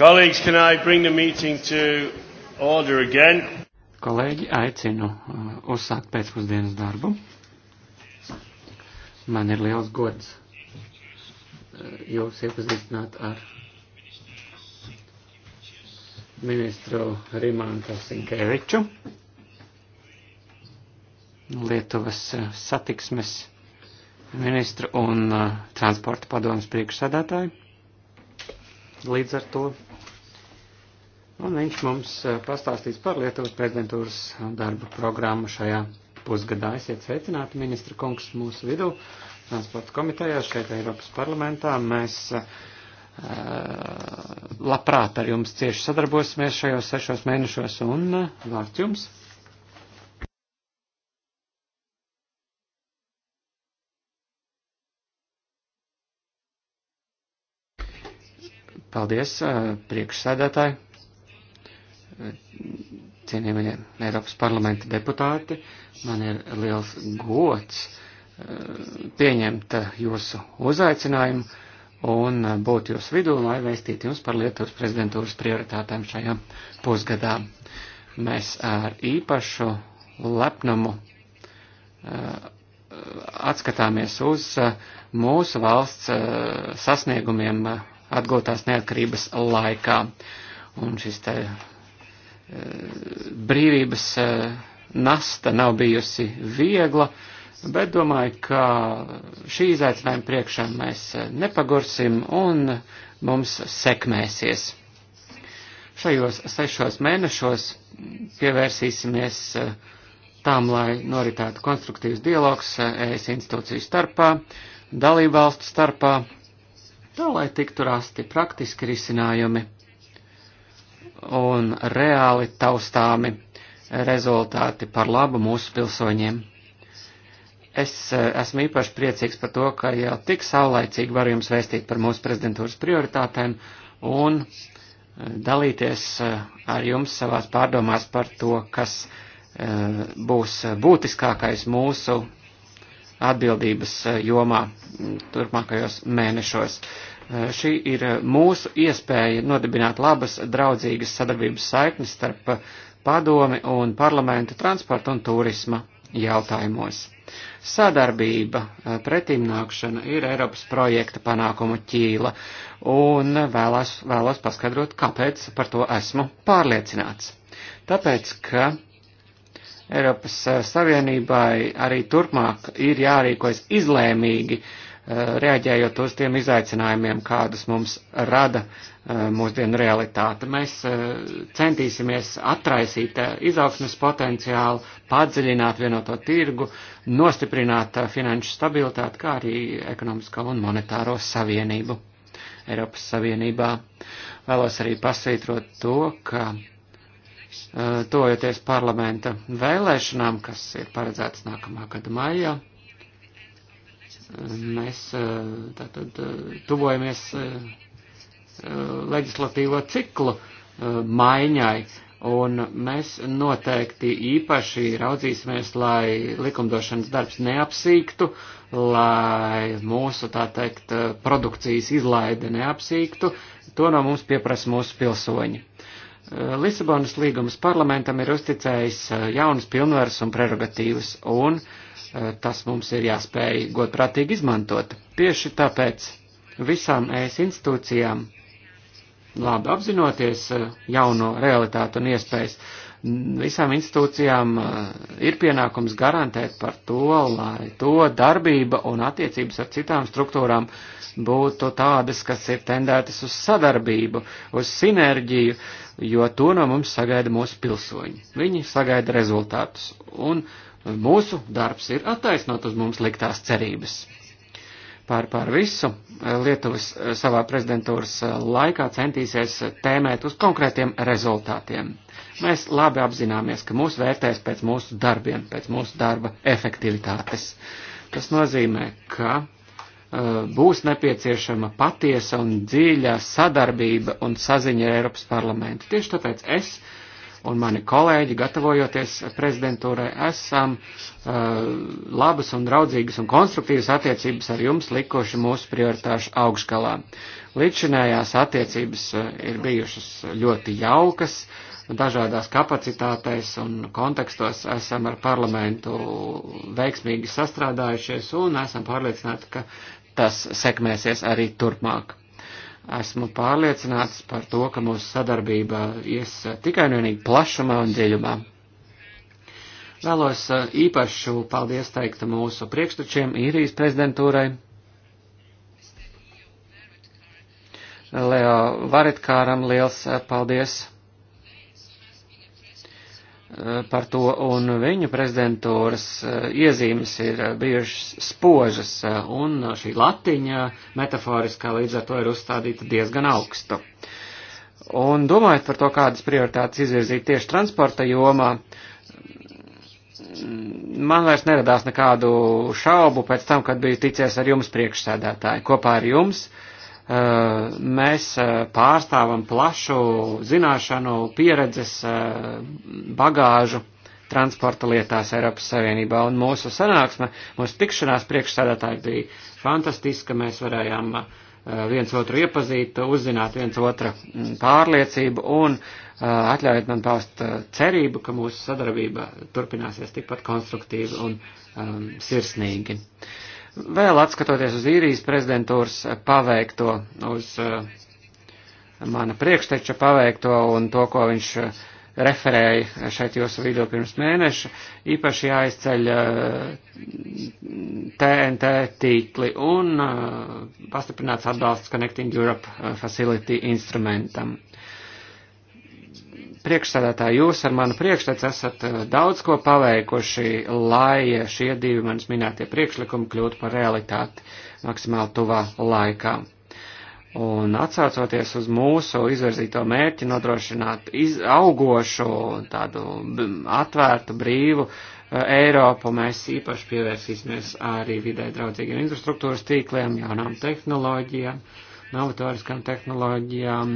Colleagues, can I bring the meeting to order again? Kolēģi, aicinu uh, uzsākt pēcpusdienas darbu. Man ir liels gods uh, jūs iepazīstināt ar ministru Rimantu Sinkeviču, Lietuvas uh, satiksmes ministru un transporta padomas priekšsēdētāju. Līdz ar to un viņš mums eh, pastāstīs par Lietuvas prezidentūras darba programmu šajā pusgadā. Esiet sveicināti, ministra kungs, mūsu vidū, transporta komitejā, šeit Eiropas parlamentā. Mēs uh, labprāt ar jums cieši sadarbosimies šajos sešos mēnešos un uh, vārds jums. Paldies, uh, priekšsēdētāji! cienījamie Eiropas parlamenta deputāti, man ir liels gods eh, pieņemt jūsu uzaicinājumu un eh, būt jūsu vidū, lai vēstītu jums par Lietuvas prezidentūras prioritātēm šajā pusgadā. Mēs ar īpašu lepnumu eh, atskatāmies uz mūsu valsts sasniegumiem atgūtās neatkarības laikā. Un šis te brīvības e, nasta nav bijusi viegla, bet domāju, ka šī izaicinājuma priekšā mēs e, nepagursim un mums sekmēsies. Šajos sešos mēnešos pievērsīsimies e, tām, lai noritētu konstruktīvs dialogs ES institūciju starpā, dalību valstu starpā, tā lai tiktu rasti praktiski risinājumi un reāli taustāmi rezultāti par labu mūsu pilsoņiem. Es eh, esmu īpaši priecīgs par to, ka jau tik saulaicīgi varu jums vēstīt par mūsu prezidentūras prioritātēm un eh, dalīties eh, ar jums savās pārdomās par to, kas būs būtiskākais mūsu atbildības jomā turpmākajos mēnešos. Eh, šī ir eh, mūsu iespēja nodibināt labas, draudzīgas sadarbības saiknes starp eh, padomi un parlamentu transporta un turisma jautājumos. Sadarbība, pretimnākšana ir Eiropas projekta panākumu ķīla, un vēlos, vēlos paskaidrot, kāpēc par to esmu pārliecināts. Tāpēc, ka Eiropas Savienībai arī turpmāk ir jārīkojas izlēmīgi, uh, Eh, reaģējot uz tiem izaicinājumiem, kādus mums rada eh, mūsdienu realitāte. Mēs eh, centīsimies atraisīt izaugsmes potenciālu, padziļināt vienoto tirgu, nostiprināt finanšu stabilitāti, kā arī ekonomisko un monetāro savienību Eiropas Savienībā. Vēlos arī pasvītrot to, ka tojoties parlamenta vēlēšanām, kas ir paredzētas nākamā gada maijā, Mēs eh, tātad eh, tuvojamies eh, leģislatīvo ciklu maiņai, un mēs noteikti īpaši raudzīsimies, lai likumdošanas darbs neapsīktu, lai mūsu, tā teikt, produkcijas izlaide neapsīktu, to no mums pieprasa mūsu pilsoņi. Lisabonas līgums parlamentam ir uzticējis jaunas pilnvaras un prerogatīvas, un uh, Eh, tas mums ir jāspēj godprātīgi izmantot. Tieši tāpēc visām ES institūcijām, labi apzinoties eh, jauno realitātu un iespējas, visām institūcijām eh, ir pienākums garantēt par to, lai to darbība un attiecības ar citām struktūrām būtu tādas, kas ir tendētas uz sadarbību, uz sinerģiju, jo to no mums sagaida mūsu pilsoņi. Viņi sagaida rezultātus. Un uh, mūsu darbs ir attaisnot uz mums liktās cerības. Pār, pār visu eh, Lietuvas eh, savā prezidentūras eh, laikā centīsies tēmēt uz konkrētiem rezultātiem. Mēs labi apzināmies, ka mūs vērtēs pēc mūsu darbiem, pēc mūsu darba efektivitātes. Tas nozīmē, ka uh, būs nepieciešama patiesa un dziļa sadarbība un saziņa ar Eiropas parlamentu. Tieši tāpēc es uh, un mani kolēģi, gatavojoties prezidentūrai, esam uh, labas un draudzīgas un konstruktīvas attiecības ar jums likuši mūsu prioritāšu augšgalā. Līdzinājās attiecības uh, ir bijušas ļoti jaukas, dažādās kapacitātēs un kontekstos esam ar parlamentu veiksmīgi sastrādājušies un esam pārliecināti, ka tas sekmēsies arī turpmāk. Esmu pārliecināts par to, ka mūsu sadarbība ies uh, tikai un vienīgi plašumā un dziļumā. Vēlos uh, īpašu paldies teikt mūsu priekštečiem īrijas prezidentūrai. Leo Varetkāram liels uh, paldies! Eh, par to, un viņu prezidentūras eh, iezīmes ir eh, bijušas spožas, un šī latiņa metaforiskā līdz ar to ir uzstādīta diezgan augstu. Un domājot par to, kādas prioritātes izvirzīt tieši transporta jomā, man vairs neradās nekādu šaubu pēc tam, kad biju ticies ar jums priekšsēdētāju kopā ar jums. Uh, Eh, mēs eh, pārstāvam plašu zināšanu, pieredzes, eh, bagāžu transporta lietās Eiropas Savienībā. Un mūsu sanāksme, mūsu tikšanās priekšsēdētāji bija fantastiska. Mēs varējām viens otru iepazīt, uzzināt viens otra mm, pārliecību un atļaujiet man paust cerību, ka mūsu sadarbība turpināsies tikpat konstruktīvi un um, sirsnīgi. Uh, Vēl atskatoties uz īrijas prezidentūras paveikto, uz eh, mana priekšteča paveikto un to, ko viņš eh, referēja šeit jūsu video pirms mēneša, īpaši jāizceļ TNT eh, tīkli un pastiprināts atbalsts Connecting Europe Facility instrumentam priekšstādātāji, jūs ar manu priekšstats esat eh, daudz ko paveikuši, lai šie divi manis minētie priekšlikumi kļūtu par realitāti maksimāli tuvā laikā. Un atsaucoties uz mūsu izvirzīto mērķi nodrošināt iz, augošu, tādu atvērtu, brīvu eh, Eiropu, mēs īpaši pievērsīsimies arī vidē draudzīgiem infrastruktūras tīkliem, jaunām tehnoloģijām. Uh, novatoriskām tehnoloģijām,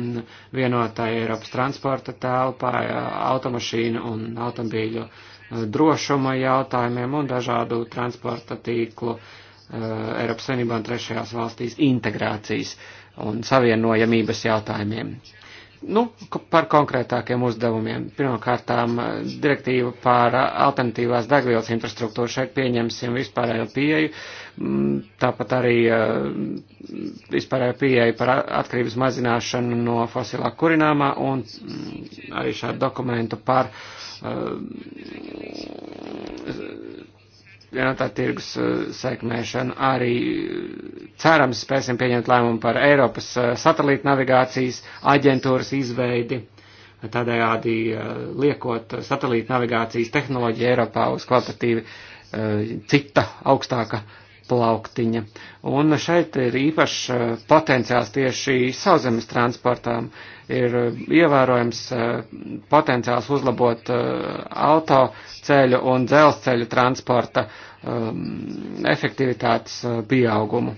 vienotai Eiropas transporta telpai, automašīnu un automobīļu eh, drošuma jautājumiem un dažādu transporta tīklu eh, Eiropas Savienībā un trešajās valstīs integrācijas un savienojamības jautājumiem. Nu, par konkrētākiem uzdevumiem. Pirmkārtām, eh, direktīva par eh, alternatīvās degvielas infrastruktūru šeit pieņemsim vispārējo pieeju, mm, tāpat arī eh, vispārējo pieeju par atkarības mazināšanu no fosilā kurināmā un mm, arī šādu dokumentu par vienotā tirgus uh, sekmēšanu. Arī uh, cerams spēsim pieņemt lēmumu par Eiropas uh, satelīta navigācijas aģentūras izveidi, tādējādi liekot satelīta navigācijas tehnoloģiju Eiropā uz kvalitatīvi cita augstāka plauktiņa. Un šeit ir īpašs eh, potenciāls tieši sauszemes transportām. Ir eh, ievērojams eh, potenciāls uzlabot autoceļu un dzelzceļu transporta ehm, efektivitātes pieaugumu.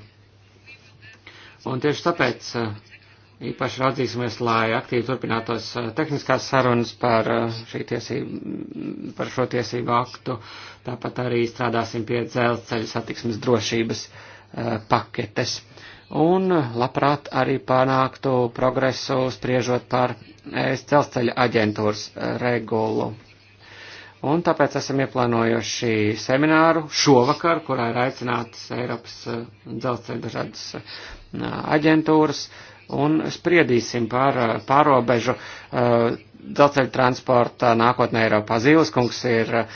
Un tieši tāpēc Īpaši raudzīsimies, lai aktīvi turpinātos eh, tehniskās sarunas par, eh, tiesību, par šo tiesību aktu. Tāpat arī strādāsim pie dzelzceļa satiksmes drošības eh, paketes. Un labprāt arī panāktu progresu spriežot par ES dzelzceļa aģentūras regulu. Un tāpēc esam ieplānojuši semināru šovakar, kurā ir aicinātas Eiropas dzelzceļa dažādas aģentūras. Uh, un spriedīsim par eh, pārobežu eh, dzelceļu transporta nākotnē Eiropā. Zīleskungs ir eh,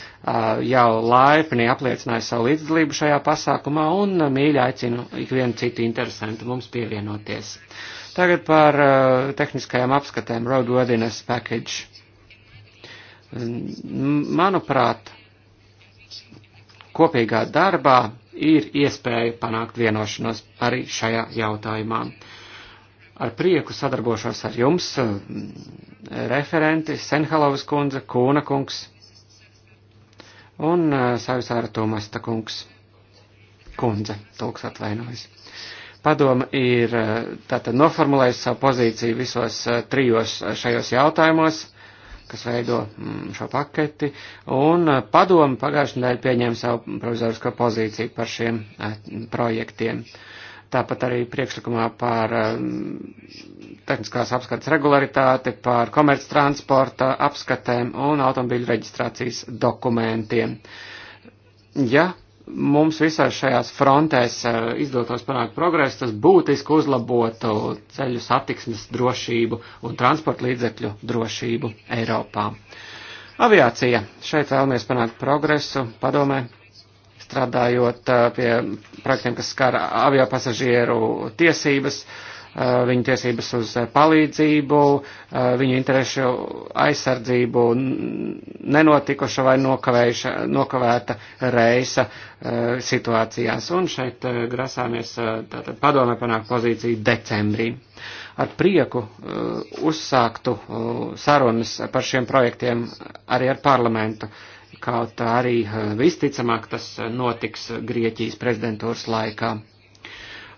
jau laipni apliecinājis savu līdzdalību šajā pasākumā un mīļi aicinu ikvienu citu interesantu mums pievienoties. Tagad par tehniskajām apskatēm Roadworthiness Package. Manuprāt, kopīgā darbā ir iespēja panākt vienošanos arī šajā jautājumā. Uh, Ar prieku sadarbošos ar jums, eh, referenti, Senhalovas kundze, Kūna kungs un eh, Savisāra Tomasta kungs, kundze, tulks atvainojas. Padoma ir eh, tātad noformulējusi savu pozīciju visos trijos šajos jautājumos kas veido mm, šo paketi, un padomu pagājušajā nedēļā pieņēma savu provizorisko pozīciju par šiem projektiem. Uh, Tāpat arī priekšlikumā par um, tehniskās apskates regularitāti, par komerc transporta apskatēm un automobīļu reģistrācijas dokumentiem. Ja mums visās šajās frontēs uh, izdotos panākt progresu, tas būtiski uzlabotu ceļu satiksmes drošību un transporta līdzekļu drošību Eiropā. Aviācija. Šeit vēlamies panākt progresu. Padomē, strādājot eh, pie projektiem, kas skar avio pasažieru tiesības, eh, viņu tiesības uz eh, palīdzību, viņu interešu aizsardzību, nenotikuša vai nokavēta reisa situācijās. Un šeit grasāmies tātad padome panākt pozīciju decembrī. Ar prieku uzsāktu sarunas par šiem projektiem arī ar parlamentu kaut arī eh, visticamāk tas eh, notiks Grieķijas prezidentūras laikā.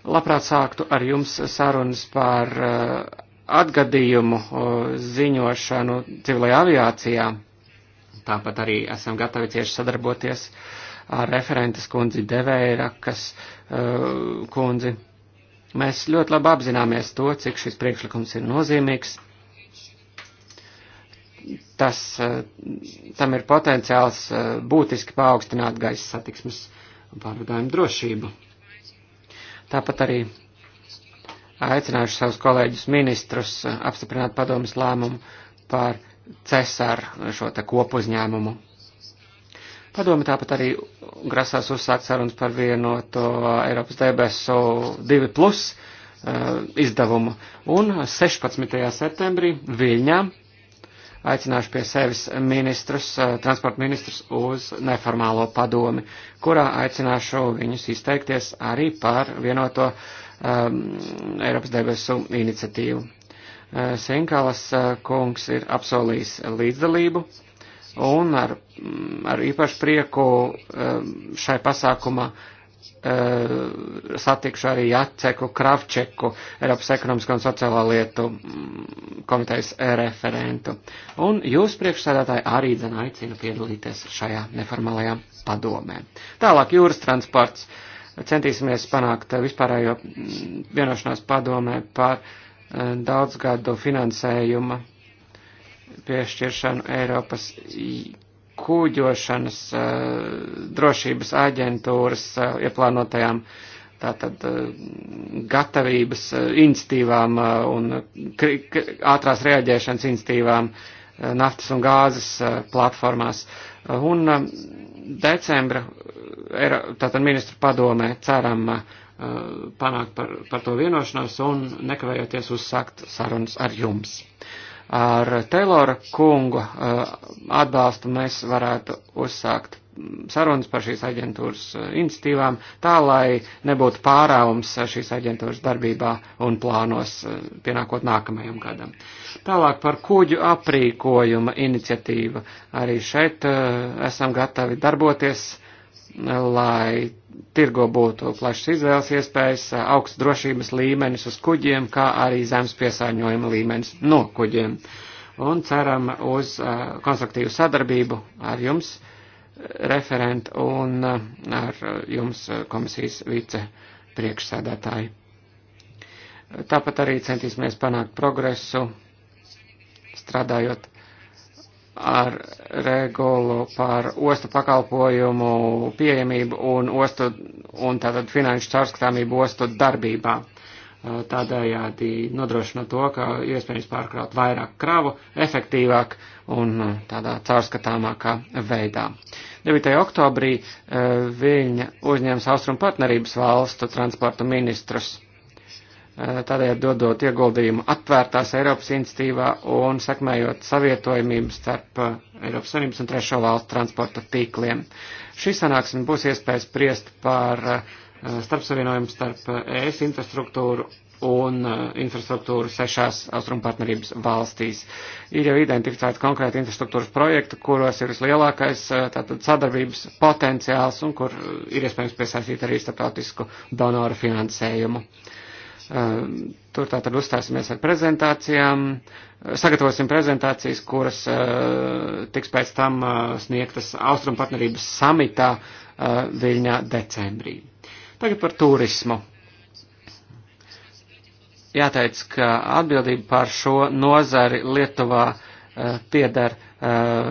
Labprāt sāktu ar jums sarunas par eh, atgadījumu ziņošanu civilajā aviācijā. Tāpat arī esam gatavi cieši sadarboties ar referentes kundzi Deveirakas kundzi. Mēs ļoti labi apzināmies to, cik šis priekšlikums ir nozīmīgs tas, eh, tam ir potenciāls eh, būtiski paaugstināt gaisa satiksmes pārvadājumu drošību. Tāpat arī aicināšu savus kolēģus ministrus eh, apstiprināt padomas lēmumu par CESAR šo te kopu uzņēmumu. Padomi tāpat arī grasās uzsākt sarunas par vienoto Eiropas debesu 2 plus uh, izdevumu. Un 16. septembrī Viļņā aicināšu pie sevis ministrus, eh, transporta ministrus uz neformālo padomi, kurā aicināšu viņus izteikties arī par vienoto um, Eiropas debesu iniciatīvu. Eh, Senkalas eh, kungs ir apsolījis līdzdalību un ar, mm, ar īpašu prieku ehm, šai pasākumā Eh, satikšu arī Jaceku Kravčeku, Eiropas ekonomiskā un sociālā lietu mm, komitejas referentu. Un jūs priekšsēdētāji arī dzen aicinu piedalīties šajā neformālajā padomē. Tālāk jūras transports. Centīsimies panākt vispārējo mm, vienošanās padomē par eh, daudzgadu finansējuma piešķiršanu Eiropas kūģošanas eh, drošības aģentūras eh, ieplānotajām tātad eh, gatavības institīvām un ātrās reaģēšanas institīvām naftas un gāzes platformās. Un decembra, tātad ministru padomē, ceram panākt par, par to vienošanos un nekavējoties uzsākt sarunas ar jums. Ar Teilora kungu eh, atbalstu mēs varētu uzsākt sarunas par šīs aģentūras eh, institīvām, tā lai nebūtu pārāvums eh, šīs aģentūras darbībā un plānos pienākot nākamajam gadam. Tālāk par kuģu aprīkojuma iniciatīvu. Arī šeit esam gatavi darboties lai tirgo būtu plašs izvēles iespējas, augsts drošības līmenis uz kuģiem, kā arī zemes piesārņojuma līmenis no kuģiem. Un ceram uz uh, konstruktīvu sadarbību ar jums, referent, un uh, ar jums komisijas vice priekšsēdētāji. Tāpat arī centīsimies panākt progresu, strādājot ar regulu par ostu pakalpojumu pieejamību un, ostu, un tātad finanšu caurskatāmību ostu darbībā. Tādējādi nodrošina to, ka iespējams pārkraut vairāk kravu, efektīvāk un tādā caurskatāmākā veidā. 9. oktobrī viņa uzņēma Austrum partnerības valstu transporta ministrus Eh, tādējādi dodot ieguldījumu atvērtās Eiropas institīvā un sekmējot savietojumību starp eh, Eiropas Savienības un trešo valstu transporta tīkliem. Šī sanāksme būs iespēja spriest par eh, starpsavienojumu starp ES e infrastruktūru un infrastruktūru sešās austrumpartnerības valstīs. Ir jau identificēts konkrēti infrastruktūras projekti, kuros ir vislielākais tātad sadarbības potenciāls un kur ir iespējams piesaistīt arī starptautisku donoru finansējumu. Uh, Ehm, tur tātad uzstāsimies ar prezentācijām, sagatavosim prezentācijas, kuras eh, tiks pēc tam eh, sniegtas Austrum partnerības samitā eh, Viļņā decembrī. Tagad par turismu. Jāteic, ka atbildība par šo nozari Lietuvā piedar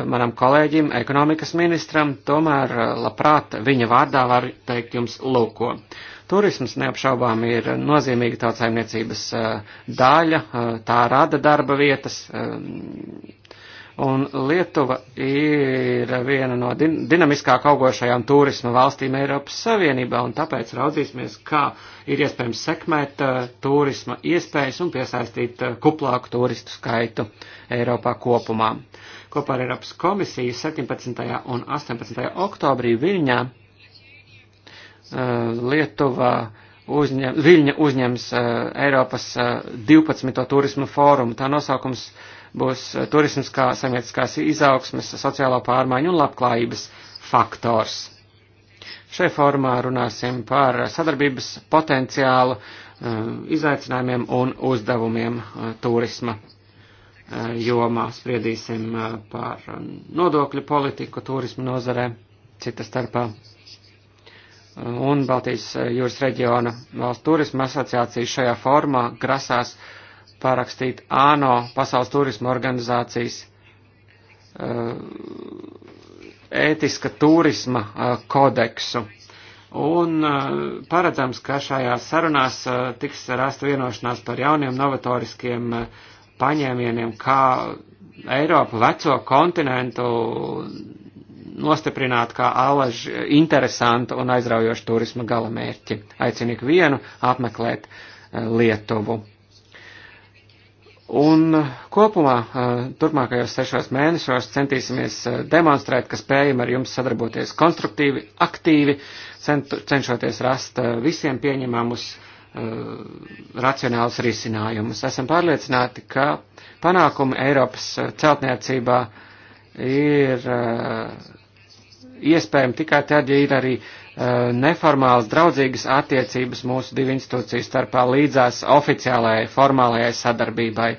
manam kolēģim, ekonomikas ministram, tomēr labprāt viņa vārdā var teikt jums lūko. Uh, Turisms neapšaubām ir nozīmīga tautsaimniecības eh, daļa, eh, tā rada darba vietas. Eh, un Lietuva ir viena no din dinamiskāk augošajām turisma valstīm Eiropas Savienībā, un tāpēc raudzīsimies, kā ir iespējams sekmēt uh, turisma iespējas un piesaistīt uh, kuplāku turistu skaitu Eiropā kopumā. Kopā ar Eiropas komisiju 17. un 18. oktobrī Viļņā Eh, Lietuvā uzņem, Viļņa uzņems eh, Eiropas 12. Eh, turismu fórumu. Tā nosaukums būs turisms kā samietiskās izaugsmes, sociālā pārmaiņa un labklājības faktors. Šai formā runāsim par sadarbības potenciālu, izaicinājumiem un uzdevumiem turisma jomā. Spriedīsim par nodokļu politiku turismu nozarē, cita starpā un Baltijas eh, jūras reģiona valsts turisma asociācija šajā formā grasās parakstīt ANO pasaules turisma organizācijas eh, ētiska turisma eh, kodeksu. Un paredzams, ka šajās sarunās tiks rasta vienošanās par jauniem novatoriskiem paņēmieniem, kā Eiropu veco kontinentu nostiprināt kā alaž interesanta un aizraujoša turisma galamērķi. Aicinu ikvienu apmeklēt eh, Lietuvu. Un eh, kopumā eh, turpmākajos sešos mēnešos centīsimies demonstrēt, ka spējam ar jums sadarboties konstruktīvi, aktīvi, cenšoties rast visiem pieņemamus racionālus risinājumus. Esam pārliecināti, ka panākumi Eiropas celtniecībā ir iespējama tikai tad, ja ir arī e, neformāls draudzīgas attiecības mūsu divu institūciju starpā līdzās oficiālajai formālajai sadarbībai.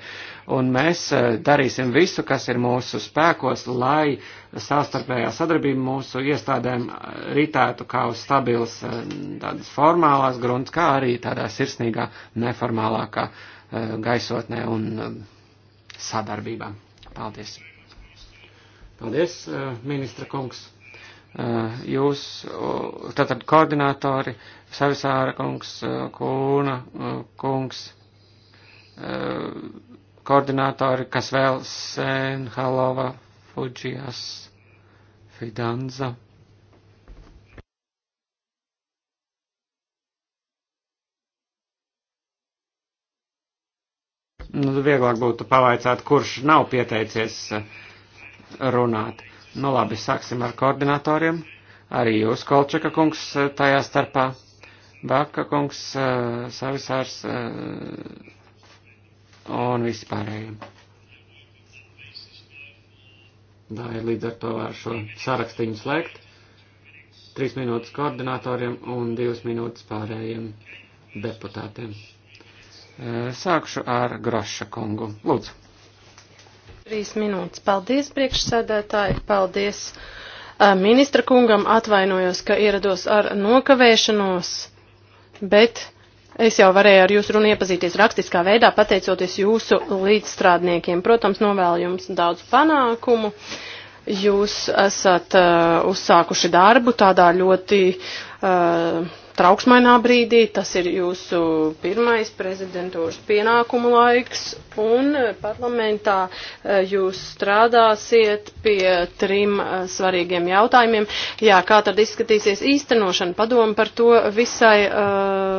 Un mēs e, darīsim visu, kas ir mūsu spēkos, lai savstarpējā sadarbība mūsu iestādēm ritētu kā uz stabils e, tādas formālās grunts, kā arī tādā sirsnīgā, neformālākā gaisotnē un sadarbībā. Paldies! Paldies, ministra kungs! Eh, jūs, tātad koordinātori, Savisāra kungs, Kūna kungs, e, koordinātori, kas vēl sen, Halova, Fudžijas, Fidanza. Nu, vieglāk būtu pavaicāt, kurš nav pieteicies e, runāt. Nu labi, sāksim ar koordinatoriem. Arī jūs, Kolčaka kungs, eh, tajā starpā. Baka kungs, eh, Savisārs eh, un visi pārējiem. Tā ir līdz ar to var šo sarakstiņu slēgt. Trīs minūtes koordinatoriem un divas minūtes pārējiem deputātiem. Sākšu ar Groša kungu. Lūdzu. Trīs minūtes. Paldies, priekšsēdētāji. Paldies ministra kungam. Atvainojos, ka ierados ar nokavēšanos, bet es jau varēju ar jūsu runu iepazīties rakstiskā veidā, pateicoties jūsu līdzstrādniekiem. Protams, novēlu jums daudz panākumu jūs esat uh, uzsākuši darbu tādā ļoti uh, trauksmainā brīdī, tas ir jūsu pirmais prezidentūras pienākumu laiks, un eh, parlamentā eh, jūs strādāsiet pie trim eh, svarīgiem jautājumiem. Jā, kā tad izskatīsies īstenošana? Padomu par to visai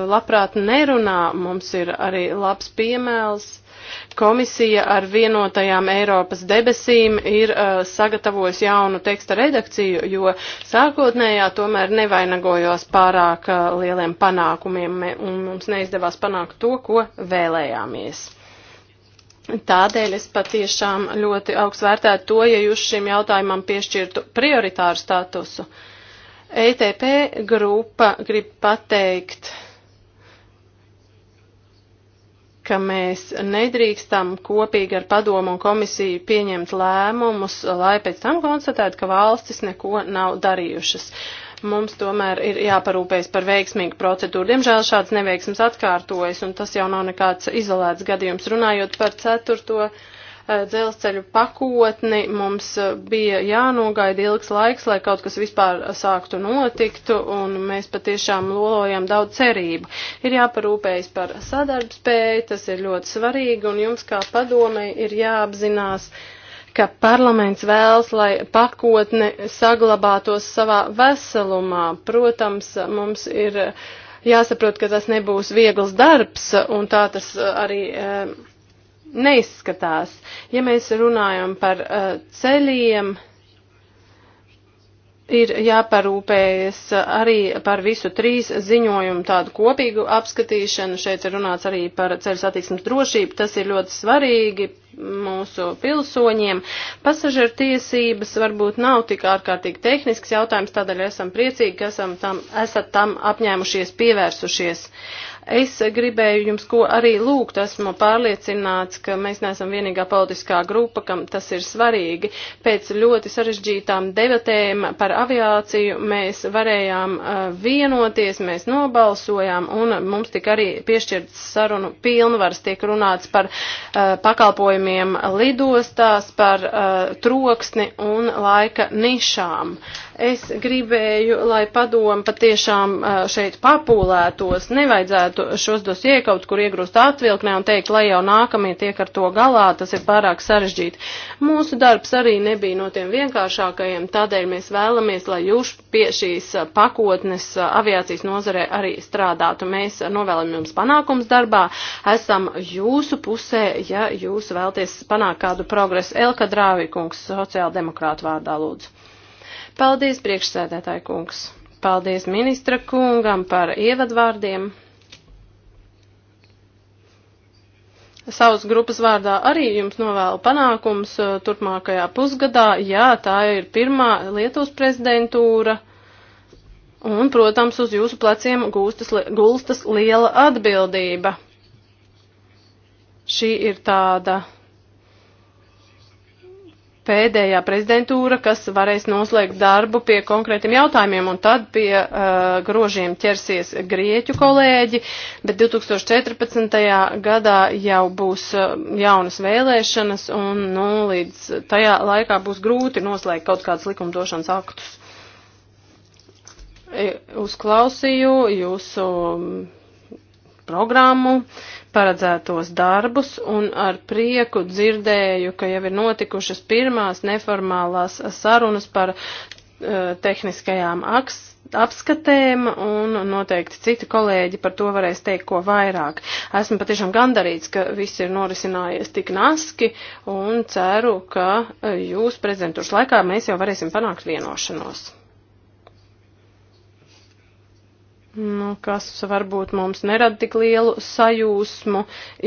labprāt nerunā. Mums ir arī labs piemēls Komisija ar vienotajām Eiropas debesīm ir uh, sagatavojusi jaunu teksta redakciju, jo sākotnējā tomēr nevainagojos pārāk uh, lieliem panākumiem un mums neizdevās panākt to, ko vēlējāmies. Tādēļ es patiešām ļoti augstu vērtētu to, ja jūs šim jautājumam piešķirtu prioritāru statusu. ETP grupa grib pateikt ka mēs nedrīkstam kopīgi ar padomu un komisiju pieņemt lēmumus, lai pēc tam konstatētu, ka valstis neko nav darījušas. Mums tomēr ir jāparūpējas par veiksmīgu procedūru. Diemžēl šāds neveiksms atkārtojas, un tas jau nav nekāds izolēts gadījums. Runājot par ceturto Eh, dzelzceļu pakotni, mums eh, bija jānogaida ilgs laiks, lai kaut kas vispār sāktu notiktu, un mēs patiešām lolojam daudz cerību. Ir jāparūpējas par sadarbspēju, tas ir ļoti svarīgi, un jums kā padomei ir jāapzinās, ka parlaments vēlas, lai pakotne saglabātos savā veselumā. Protams, mums ir jāsaprot, ka tas nebūs viegls darbs, un tā tas arī. E, neizskatās. Ja mēs runājam par uh, ceļiem, ir jāparūpējas arī par visu trīs ziņojumu tādu kopīgu apskatīšanu. Šeit ir runāts arī par ceļu satiksmes drošību. Tas ir ļoti svarīgi mūsu pilsoņiem. Pasažieru tiesības varbūt nav tik ārkārtīgi tehnisks jautājums, tādēļ esam priecīgi, ka esam tam, esat tam apņēmušies, pievērsušies. Uh, Es gribēju jums ko arī lūgt, esmu pārliecināts, ka mēs neesam vienīgā politiskā grupa, kam tas ir svarīgi. Pēc ļoti sarežģītām debatēm par aviāciju mēs varējām eh, vienoties, mēs nobalsojām un mums tika arī piešķirts sarunu pilnvars, tiek runāts par uh, pakalpojumiem lidostās, par uh, troksni un laika nišām. Uh, Es gribēju, lai padomu patiešām šeit papūlētos, nevajadzētu šos dosie kaut kur iegrūst atvilknē un teikt, lai jau nākamie tiek ar to galā, tas ir pārāk sarežģīti. Mūsu darbs arī nebija no tiem vienkāršākajiem, tādēļ mēs vēlamies, lai jūs pie šīs pakotnes aviācijas nozarē arī strādātu. Mēs novēlam jums panākums darbā, esam jūsu pusē, ja jūs vēlties panākt kādu progresu. Elka Drāvīkungs, sociāldemokrāta vārdā lūdzu. Paldies, priekšsēdētāji kungs! Paldies ministra kungam par ievadvārdiem! savas grupas vārdā arī jums novēlu panākums uh, turpmākajā pusgadā. Jā, tā ir pirmā Lietuvas prezidentūra. Un, protams, uz jūsu pleciem gūstas, gulstas liela atbildība. Šī ir tāda pēdējā prezidentūra, kas varēs noslēgt darbu pie konkrētiem jautājumiem, un tad pie uh, grožiem ķersies grieķu kolēģi, bet 2014. gadā jau būs uh, jaunas vēlēšanas, un nu, līdz tajā laikā būs grūti noslēgt kaut kādus likumdošanas aktus. E, uzklausīju jūsu programmu, paredzētos darbus un ar prieku dzirdēju, ka jau ir notikušas pirmās neformālās sarunas par uh, tehniskajām aks, apskatēm un noteikti citi kolēģi par to varēs teikt ko vairāk. Esmu patiešām gandarīts, ka viss ir norisinājies tik naski un ceru, ka eh, jūs prezidentūras laikā mēs jau varēsim panākt vienošanos. nu, kas varbūt mums nerada tik lielu sajūsmu,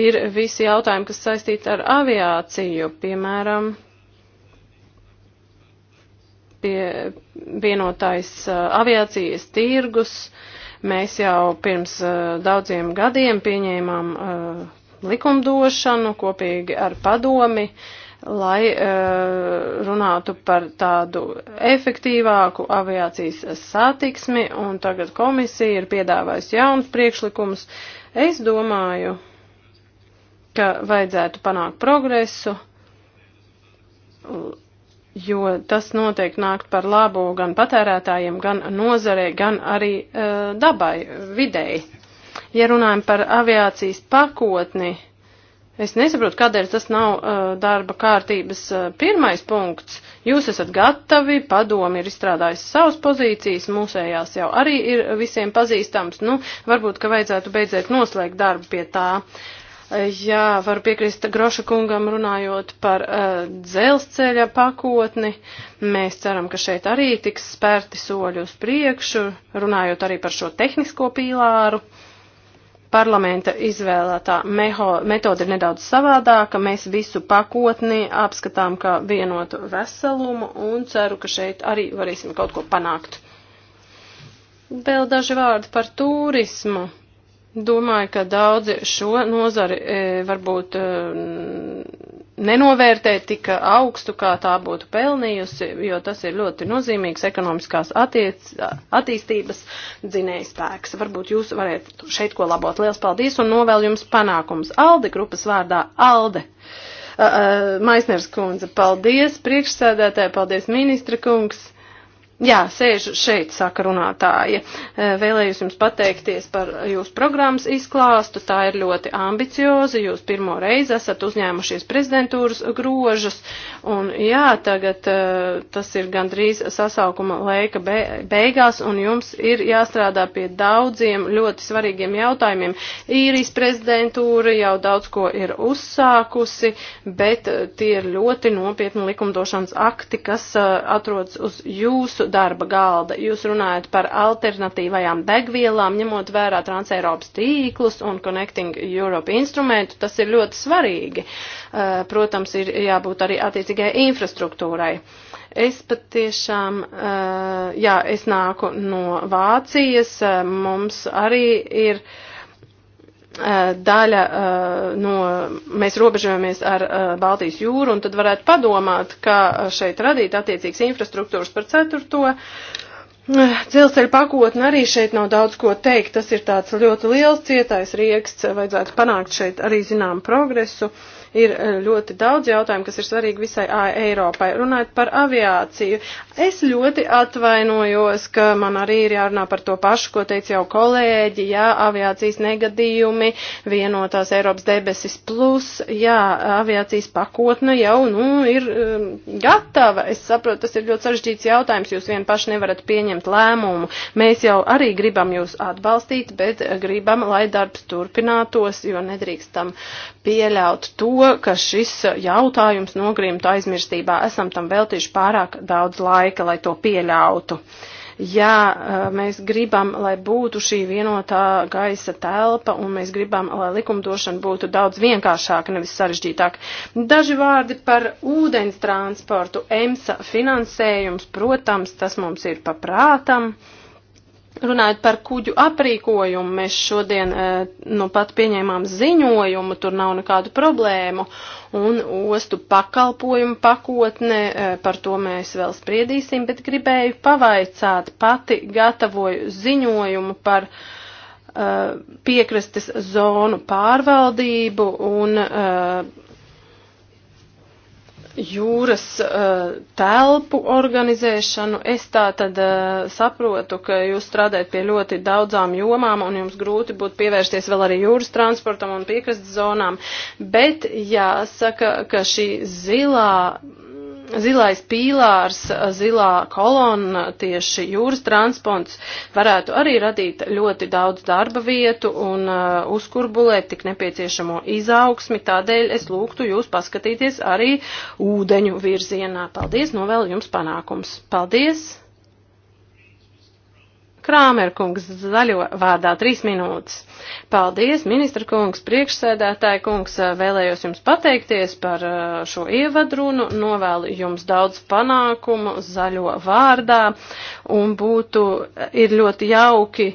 ir visi jautājumi, kas saistīti ar aviāciju, piemēram, pie vienotais uh, aviācijas tirgus. Mēs jau pirms uh, daudziem gadiem pieņēmām uh, likumdošanu kopīgi ar padomi, uh, lai uh, runātu par tādu efektīvāku aviācijas satiksmi, un tagad komisija ir piedāvājusi jauns priekšlikums. Es domāju, ka vajadzētu panākt progresu, jo tas noteikti nākt par labu gan patērētājiem, gan nozarei, gan arī uh, dabai, videi. Ja runājam par aviācijas pakotni, uh, Es nesaprotu, kādēļ tas nav uh, darba kārtības uh, pirmais punkts. Jūs esat gatavi, padomi ir izstrādājis savas pozīcijas, mūsējās jau arī ir visiem pazīstams. Nu, varbūt, ka vajadzētu beidzēt noslēgt darbu pie tā. Uh, jā, varu piekrist Groša kungam runājot par uh, dzelzceļa pakotni. Mēs ceram, ka šeit arī tiks spērti soļi uz priekšu, runājot arī par šo tehnisko pīlāru. Uh, parlamenta izvēlētā metode ir nedaudz savādāka. Mēs visu pakotni apskatām kā vienotu veselumu un ceru, ka šeit arī varēsim kaut ko panākt. Vēl daži vārdi par turismu. Domāju, ka daudzi šo nozari e, varbūt e, nenovērtē tik augstu, kā tā būtu pelnījusi, jo tas ir ļoti nozīmīgs ekonomiskās attiec, attīstības dzinējspēks. Varbūt jūs varētu šeit ko labot. Liels paldies un novēl jums panākums. Alde grupas vārdā Alde. Uh, uh, Maisners kundze, paldies priekšsēdētāji, paldies ministra kungs. Jā, sēžu šeit, saka runātāja. E, vēlējos jums pateikties par jūsu programmas izklāstu. Tā ir ļoti ambicioza. Jūs pirmo reizi esat uzņēmušies prezidentūras grožas. Un jā, tagad e, tas ir gandrīz sasaukuma laika beigās, un jums ir jāstrādā pie daudziem ļoti svarīgiem jautājumiem. Īrijas prezidentūra jau daudz ko ir uzsākusi, bet tie ir ļoti nopietni likumdošanas akti, kas e, atrodas uz jūsu darba galda. Jūs runājat par alternatīvajām degvielām, ņemot vērā Transeiropas tīklus un Connecting Europe instrumentu. Tas ir ļoti svarīgi. Eh, protams, ir jābūt arī attiecīgai infrastruktūrai. Es pat tiešām, eh, jā, es nāku no Vācijas, eh, mums arī ir Eh, daļa eh, no, mēs robežojamies ar eh, Baltijas jūru, un tad varētu padomāt, kā šeit radīt attiecīgas infrastruktūras par ceturto. Dzelzceļa pakotne arī šeit nav daudz ko teikt, tas ir tāds ļoti liels cietais rieksts, vajadzētu panākt šeit arī zinām progresu. Uh, ir eh, ļoti daudz jautājumu, kas ir svarīgi visai Eiropai. Runājot par aviāciju, es ļoti atvainojos, ka man arī ir jārunā par to pašu, ko teica jau kolēģi, jā, aviācijas negadījumi, vienotās Eiropas debesis plus, jā, aviācijas pakotne jau, nu, ir um, gatava. Es saprotu, tas ir ļoti sarežģīts jautājums, jūs vien paši nevarat pieņemt lēmumu. Mēs jau arī gribam jūs atbalstīt, bet gribam, lai darbs turpinātos, jo nedrīkstam pieļaut to, to, ka šis jautājums nogrimtu aizmirstībā. Esam tam veltījuši pārāk daudz laika, lai to pieļautu. Ja mēs gribam, lai būtu šī vienotā gaisa telpa un mēs gribam, lai likumdošana būtu daudz vienkāršāka, nevis sarežģītāka. Daži vārdi par ūdens transportu, EMSA finansējums, protams, tas mums ir paprātam. prātam Runājot par kuģu aprīkojumu, mēs šodien eh, nu pat pieņēmām ziņojumu, tur nav nekādu problēmu, un ostu pakalpojumu pakotne, eh, par to mēs vēl spriedīsim, bet gribēju pavaicāt, pati gatavoju ziņojumu par uh, piekrastes zonu pārvaldību un uh, jūras uh, telpu organizēšanu. Es tā tad uh, saprotu, ka jūs strādājat pie ļoti daudzām jomām un jums grūti būtu pievērsties vēl arī jūras transportam un piekrastes zonām, bet jāsaka, ka šī zilā Zilais pīlārs, zilā kolonna, tieši jūras transports varētu arī radīt ļoti daudz darba vietu un uh, uzkurbulēt tik nepieciešamo izaugsmi. Tādēļ es lūgtu jūs paskatīties arī ūdeņu virzienā. Paldies, novēlu jums panākums. Paldies! Krāmerkungs zaļo vārdā trīs minūtes. Paldies, ministra kungs, priekšsēdētāja kungs, vēlējos jums pateikties par uh, šo ievadrunu, novēlu jums daudz panākumu zaļo vārdā un būtu, ir ļoti jauki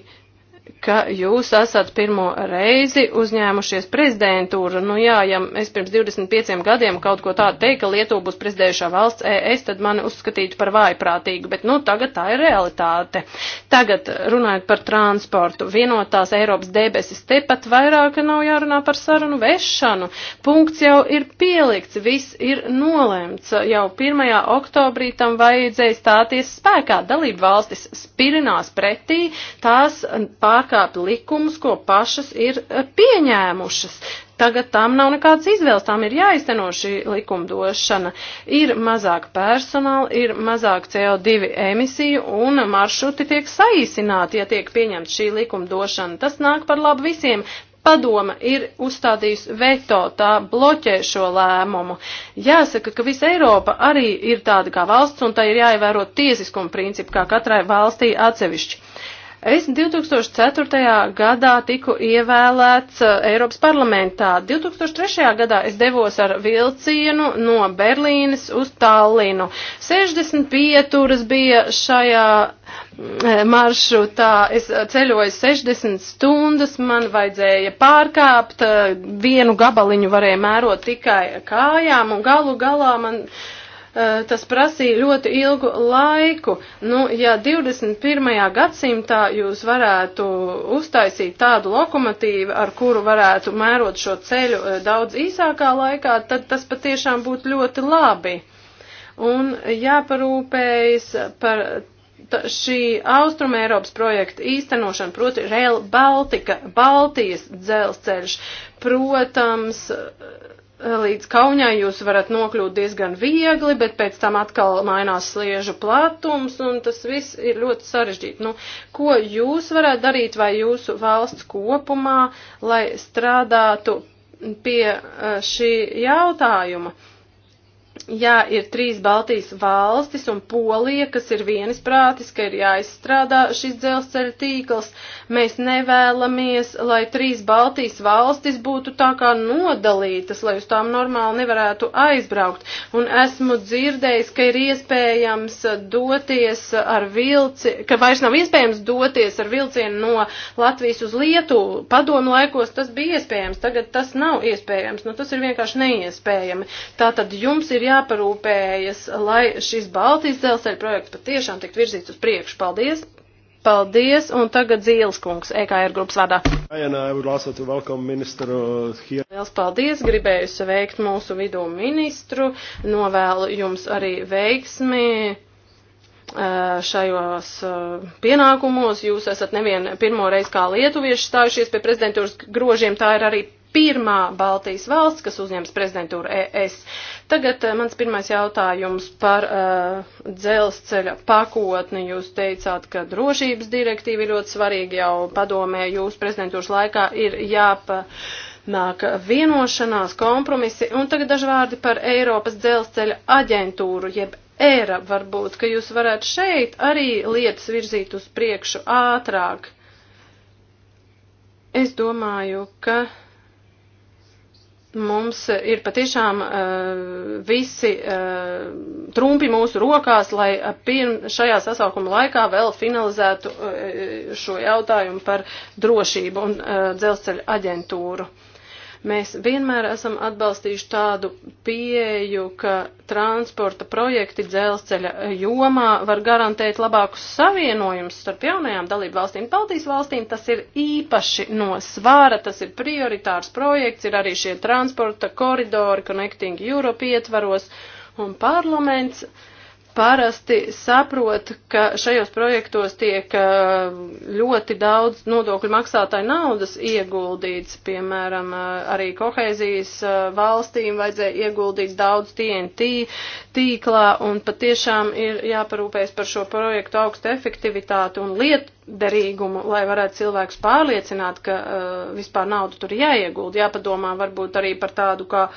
ka jūs esat pirmo reizi uzņēmušies prezidentūru. Nu jā, ja es pirms 25 gadiem kaut ko tādu teiktu, ka Lietuva būs prezidējušā valsts e, ES, tad mani uzskatītu par vājprātīgu, bet nu tagad tā ir realitāte. Tagad runājot par transportu, vienotās Eiropas debesis, te pat vairāk nav jārunā par sarunu vešanu. Punkts jau ir pielikts, viss ir nolēmts. Jau 1. oktobrī tam vajadzēja stāties spēkā. Dalību valstis spirinās pretī, tās pārkāpjas pārkāpt likumus, ko pašas ir e, pieņēmušas. Tagad tām nav nekādas izvēles, tām ir jāizteno šī likumdošana. Ir mazāk personāla, ir mazāk CO2 emisiju un maršruti tiek saīsināti, ja tiek pieņemta šī likumdošana. Tas nāk par labu visiem, padoma ir uzstādījusi veto, tā bloķē šo lēmumu. Jāsaka, ka visa Eiropa arī ir tāda kā valsts, un tā ir jāievēro tiesiskuma principi, kā katrai valstī atsevišķi. Es 2004. gadā tiku ievēlēts uh, Eiropas parlamentā. 2003. gadā es devos ar vilcienu no Berlīnes uz Tallinu. 65 turas bija šajā mm, eh, maršrutā. Es eh, ceļoju 60 stundas, man vajadzēja pārkāpt, eh, vienu gabaliņu varēja mērot tikai kājām un galu galā man Eh, tas prasīja ļoti ilgu laiku. Nu, ja 21. gadsimtā jūs varētu uztaisīt tādu lokomotīvu, ar kuru varētu mērot šo ceļu eh, daudz īsākā laikā, tad tas patiešām būtu ļoti labi. Un jāparūpējas par šī Austruma Eiropas projekta īstenošana, proti Rail Baltica, Baltijas dzelzceļš, protams, līdz kaunai jūs varat nokļūt diezgan viegli, bet pēc tam atkal mainās sliežu platums, un tas viss ir ļoti sarežģīti. Nu, ko jūs varētu darīt vai jūsu valsts kopumā, lai strādātu pie eh, šī jautājuma? Jā, ir trīs Baltijas valstis un Polija, kas ir vienisprātis, ka ir jāizstrādā šis dzelzceļa tīkls, Mēs nevēlamies, lai trīs Baltijas valstis būtu tā kā nodalītas, lai uz tām normāli nevarētu aizbraukt. Un esmu dzirdējis, ka ir iespējams doties ar vilci, ka vairs nav iespējams doties ar vilcienu no Latvijas uz Lietuvu. Padomu laikos tas bija iespējams, tagad tas nav iespējams. Nu, tas ir vienkārši neiespējami. Tātad jums ir jāparūpējas, lai šis Baltijas dzelzceļa projekts patiešām tiktu virzīts uz priekšu. Paldies! Paldies, un tagad Zīles kungs, EKR grupas vadā. Uh, Liels paldies, gribēju sveikt mūsu vidū ministru, novēlu jums arī veiksmi uh, šajos uh, pienākumos. Jūs esat nevien pirmo reizi kā lietuvieši stājušies pie prezidentūras grožiem, tā ir arī pirmā Baltijas valsts, kas uzņems prezidentūru ES. Tagad eh, mans pirmais jautājums par uh, dzelzceļa pakotni. Jūs teicāt, ka drošības direktīva ir ļoti svarīga jau padomē, jūs prezidentūras laikā ir jāpa nāk vienošanās, kompromisi, un tagad daži vārdi par Eiropas dzelzceļa aģentūru, jeb ERA varbūt, ka jūs varētu šeit arī lietas virzīt uz priekšu ātrāk. Es domāju, ka mums ir patiešām uh, visi uh, trumpi mūsu rokās, lai eh, pirm, šajā sasaukuma laikā vēl finalizētu uh, šo jautājumu par drošību un uh, dzelzceļa aģentūru. Mēs vienmēr esam atbalstījuši tādu pieeju, ka transporta projekti dzelzceļa jomā var garantēt labākus savienojumus starp jaunajām dalību valstīm. Baltijas valstīm tas ir īpaši no svāra, tas ir prioritārs projekts, ir arī šie transporta koridori Connecting Europe ietvaros un parlaments. Uh, parasti saprot, ka šajos projektos tiek eh, ļoti daudz nodokļu maksātāju naudas ieguldīts, piemēram, eh, arī kohēzijas eh, valstīm vajadzēja ieguldīt daudz TNT tīklā, un patiešām ir jāparūpējas par šo projektu augstu efektivitāti un liet, derīgumu, lai varētu cilvēkus pārliecināt, ka uh, vispār naudu tur jāiegulda. Jāpadomā varbūt arī par tādu kā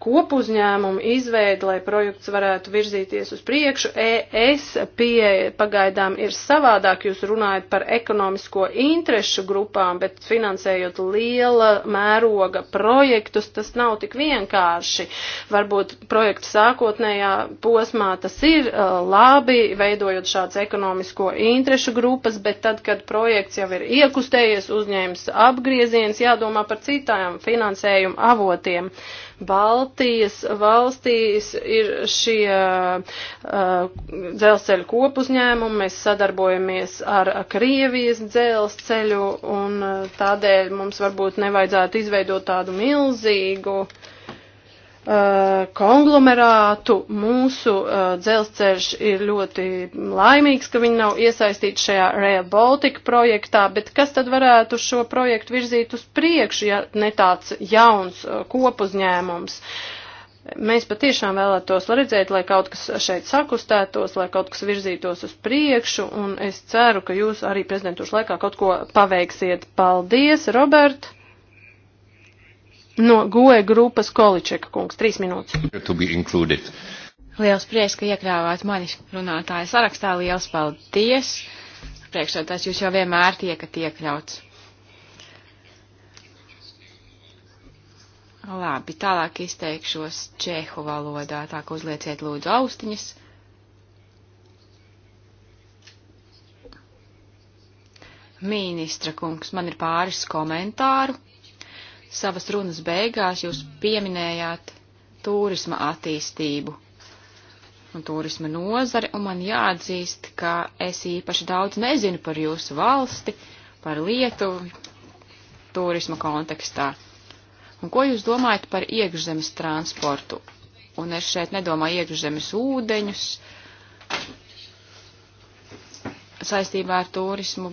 kopu uzņēmumu izveidi, lai projekts varētu virzīties uz priekšu. ES pieeja pagaidām ir savādāk, jūs runājat par ekonomisko interešu grupām, bet finansējot liela mēroga projektus, tas nav tik vienkārši. Varbūt projekta sākotnējā posmā tas ir uh, labi, veidojot šāds ekonomisko interešu grupas, bet tad, kad projekts jau ir iekustējies, uzņēmis apgrieziens, jādomā par citām finansējuma avotiem. Baltijas valstīs ir šie uh, dzelzceļu kopuzņēmumi, mēs sadarbojamies ar Krievijas dzelzceļu un uh, tādēļ mums varbūt nevajadzētu izveidot tādu milzīgu uh, Uh, konglomerātu mūsu uh, dzelzceļš ir ļoti laimīgs, ka viņi nav iesaistīti šajā Rail Baltica projektā, bet kas tad varētu šo projektu virzīt uz priekšu, ja ne tāds jauns uh, kopuzņēmums? Mēs patiešām vēlētos redzēt, lai kaut kas šeit sakustētos, lai kaut kas virzītos uz priekšu, un es ceru, ka jūs arī prezidentūšu laikā kaut ko paveiksiet. Paldies, Robert! No GOE grupas Količeka kungs, trīs minūtes. Liels prieks, ka iekrāvāt mani runātāju sarakstā. Liels paldies! Priekšsēdētājs jūs jau vienmēr tiekat iekļauts. Labi, tālāk izteikšos čehu valodā, tā ka uzlieciet lūdzu austiņas. Ministra kungs, man ir pāris komentāru savas runas beigās jūs pieminējāt turisma attīstību un turisma nozari, un man jāatzīst, ka es īpaši daudz nezinu par jūsu valsti, par Lietuvu turisma kontekstā. Un ko jūs domājat par iekšzemes transportu? Un es šeit nedomāju iekšzemes ūdeņus saistībā ar turismu,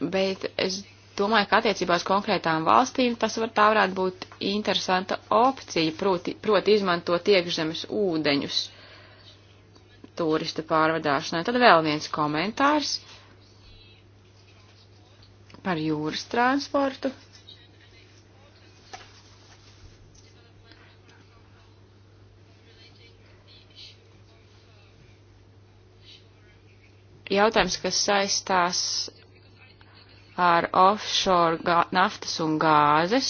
bet es domāju, ka attiecībās konkrētām valstīm tas var tā varētu būt interesanta opcija, proti, proti izmantot iekšzemes ūdeņus turista pārvadāšanai. Tad vēl viens komentārs par jūras transportu. Jautājums, kas saistās ar offshore naftas un gāzes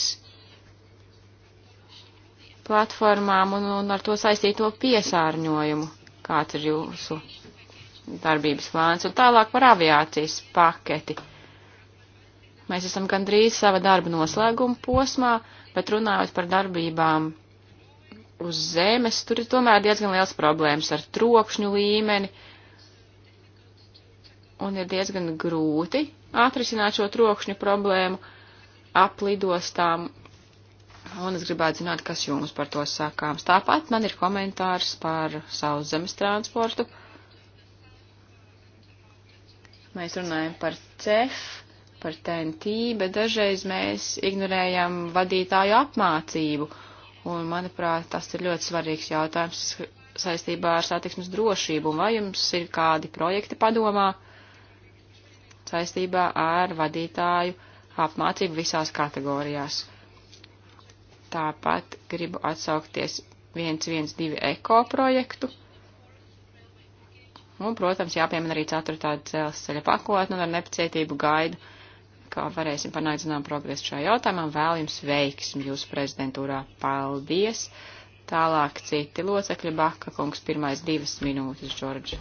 platformām un, un ar to saistīto piesārņojumu, kāds ir jūsu darbības plāns, un tālāk par aviācijas paketi. Mēs esam gandrīz sava darba noslēguma posmā, bet runājot par darbībām uz zemes, tur ir tomēr diezgan liels problēmas ar trokšņu līmeni, un ir diezgan grūti atrisināt šo trokšņu problēmu ap lidostām. Un es gribētu zināt, kas jums par to sakāms. Tāpat man ir komentārs par savu zemes transportu. Mēs runājam par CEF, par TNT, bet dažreiz mēs ignorējam vadītāju apmācību. Un, manuprāt, tas ir ļoti svarīgs jautājums saistībā ar satiksmes drošību. Vai jums ir kādi projekti padomā? saistībā ar vadītāju apmācību visās kategorijās. Tāpat gribu atsaukties 112 eko projektu. Un, protams, jāpiemina arī 4. dzelzceļa pakotne un ar nepacietību gaidu, kā varēsim panākt zinām progresu šajā jautājumā. Vēl jums veiksmi jūsu prezidentūrā. Paldies! Tālāk citi locekļi Baka kungs, pirmais divas minūtes, Džordži.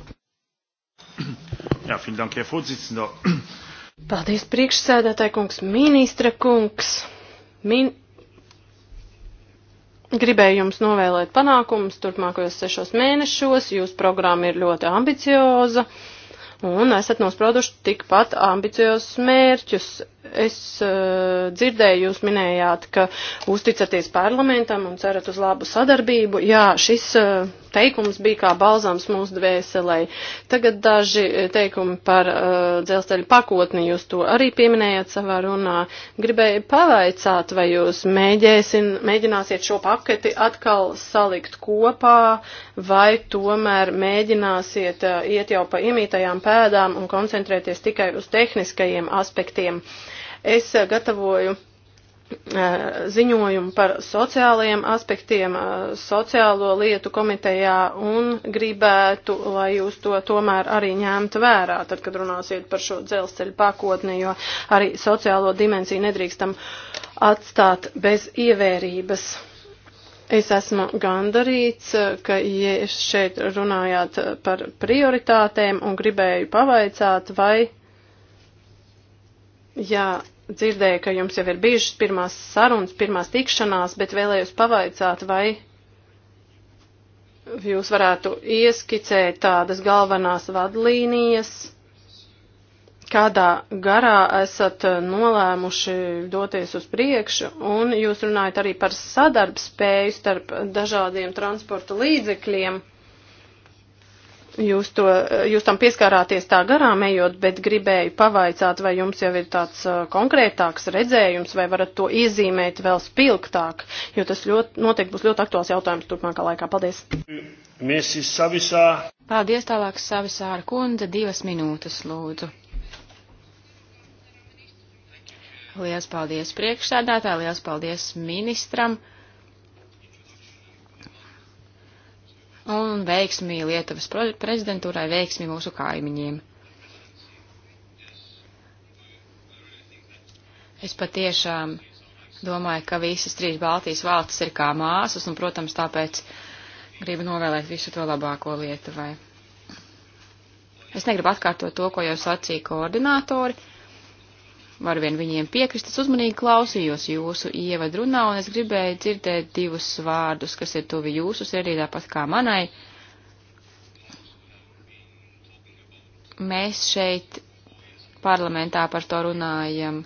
Jā, vielen dank, Herr Vorsitzender. Paldies, priekšsēdētāji kungs, ministra kungs. Min... Gribēju jums novēlēt panākumus turpmākajos sešos mēnešos. Jūsu programma ir ļoti ambicioza un esat nosprauduši tikpat ambiciozus mērķus. Es uh, dzirdēju, jūs minējāt, ka uzticaties parlamentam un cerat uz labu sadarbību. Jā, šis uh, teikums bija kā balzams mūsu dvēselē. Tagad daži eh, teikumi par uh, dzelzceļa pakotni, jūs to arī pieminējāt savā runā. Gribēju pavaicāt, vai jūs mēģēsin, mēģināsiet šo paketi atkal salikt kopā, vai tomēr mēģināsiet uh, iet jau pa iemītajām pēdām un koncentrēties tikai uz tehniskajiem aspektiem. Uh, Es eh, gatavoju eh, ziņojumu par sociālajiem aspektiem eh, sociālo lietu komitejā un gribētu, lai jūs to tomēr arī ņemtu vērā, tad, kad runāsiet par šo dzelzceļu pakotni, jo arī sociālo dimensiju nedrīkstam atstāt bez ievērības. Es esmu gandarīts, ka ja šeit runājāt par prioritātēm un gribēju pavaicāt, vai, jā, dzirdēju, ka jums jau ir bijušas pirmās sarunas, pirmās tikšanās, bet vēlējos pavaicāt, vai jūs varētu ieskicēt tādas galvenās vadlīnijas, kādā garā esat nolēmuši doties uz priekšu, un jūs runājat arī par sadarbspēju starp dažādiem transporta līdzekļiem. Jūs, to, jūs tam pieskārāties tā garām ejot, bet gribēju pavaicāt, vai jums jau ir tāds konkrētāks redzējums, vai varat to iezīmēt vēl spilgtāk, jo tas ļoti, noteikti būs ļoti aktuāls jautājums turpmākā laikā. Paldies! Mēsis Savisā. Paldies tālāk Savisāra kundze, divas minūtes lūdzu. Lielas paldies priekšsēdētāji, lielas paldies ministram. un veiksmī Lietuvas prezidentūrai, veiksmī mūsu kaimiņiem. Es patiešām domāju, ka visas trīs Baltijas valstis ir kā māsas, un, protams, tāpēc gribu novēlēt visu to labāko Lietuvai. Es negribu atkārtot to, ko jau sacīja koordinātori varvien viņiem piekrist. Es uzmanīgi klausījos jūsu ievadrunā, un es gribēju dzirdēt divus vārdus, kas ir tuvi jūsu sirdī, tāpat kā manai. Mēs šeit parlamentā par to runājam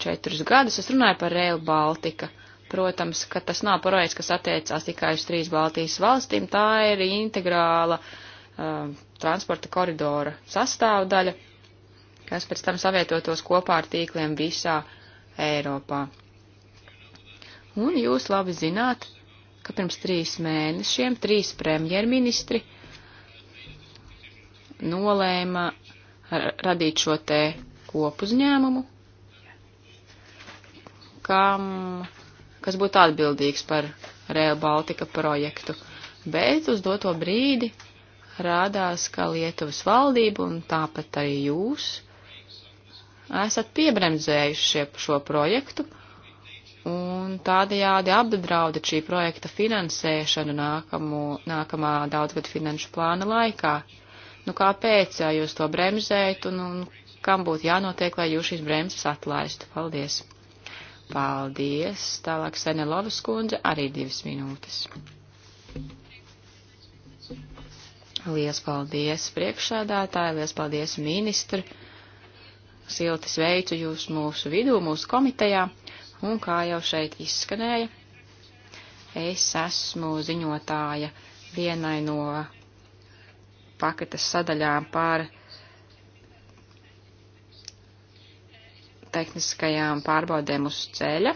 četrus gadus. Es runāju par Rail Baltica. Protams, ka tas nav projekts, kas attiecās tikai uz trīs Baltijas valstīm. Tā ir integrāla uh, transporta koridora sastāvdaļa kas pēc tam savietotos kopā ar tīkliem visā Eiropā. Un jūs labi zināt, ka pirms trīs mēnešiem trīs premjerministri nolēma radīt šo te kopuzņēmumu, kam, kas būtu atbildīgs par Rail Baltica projektu. Bet uz doto brīdi rādās, ka Lietuvas valdība un tāpat arī jūs esat piebremzējuši šo projektu un tādējādi apdraudat šī projekta finansēšanu nākamu, nākamā daudzgad finanšu plāna laikā. Nu kāpēc jūs to bremzējat un, un kam būtu jānotiek, lai jūs šīs bremzes atlaistu? Paldies! Paldies! Tālāk Senelovas kundze arī divas minūtes. Lies paldies priekšsēdētāji, lies paldies ministri! silti sveicu jūs mūsu vidū, mūsu komitejā, un kā jau šeit izskanēja, es esmu ziņotāja vienai no paketes sadaļām par tehniskajām pārbaudēm uz ceļa,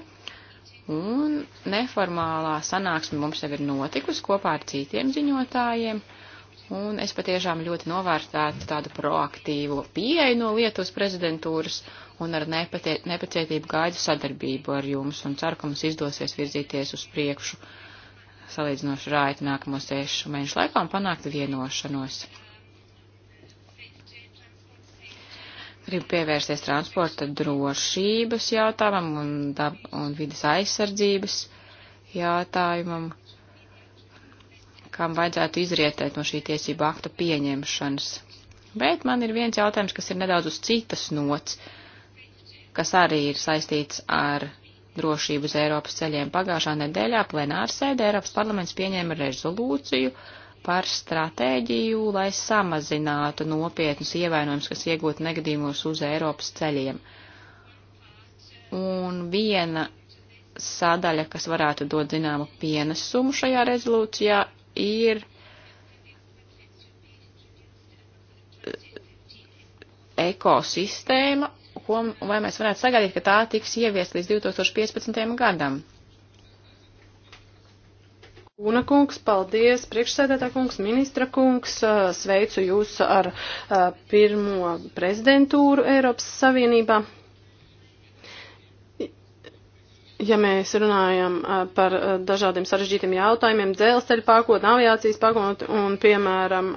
un neformālā sanāksme mums jau ir notikusi kopā ar citiem ziņotājiem Un es patiešām ļoti novērtētu tādu proaktīvu pieeju no Lietuvas prezidentūras un ar nepatie, nepacietību gaidu sadarbību ar jums un ceru, ka mums izdosies virzīties uz priekšu salīdzinoši rāiti nākamo sešu mēnešu laikā un panākt vienošanos. Gribu pievērsties transporta drošības jautājumam un, dab, un vidas aizsardzības jautājumam kam vajadzētu izrietēt no šī tiesību akta pieņemšanas. Bet man ir viens jautājums, kas ir nedaudz uz citas nots, kas arī ir saistīts ar drošību uz Eiropas ceļiem. Pagājušā nedēļā plenārsēdē Eiropas parlaments pieņēma rezolūciju par stratēģiju, lai samazinātu nopietnus ievainojumus, kas iegūtu negadījumos uz Eiropas ceļiem. Un viena sadaļa, kas varētu dot zināmu pienesumu šajā rezolūcijā, ir eh, ekosistēma, ko, vai mēs varētu sagaidīt, ka tā tiks ieviest līdz 2015. gadam. Una kungs, paldies, priekšsēdētā kungs, ministra kungs, eh, sveicu jūs ar eh, pirmo prezidentūru Eiropas Savienībā. Ja mēs runājam par dažādiem sarežģītiem jautājumiem, dzelzceļa pakotni, aviācijas pakotni un, piemēram,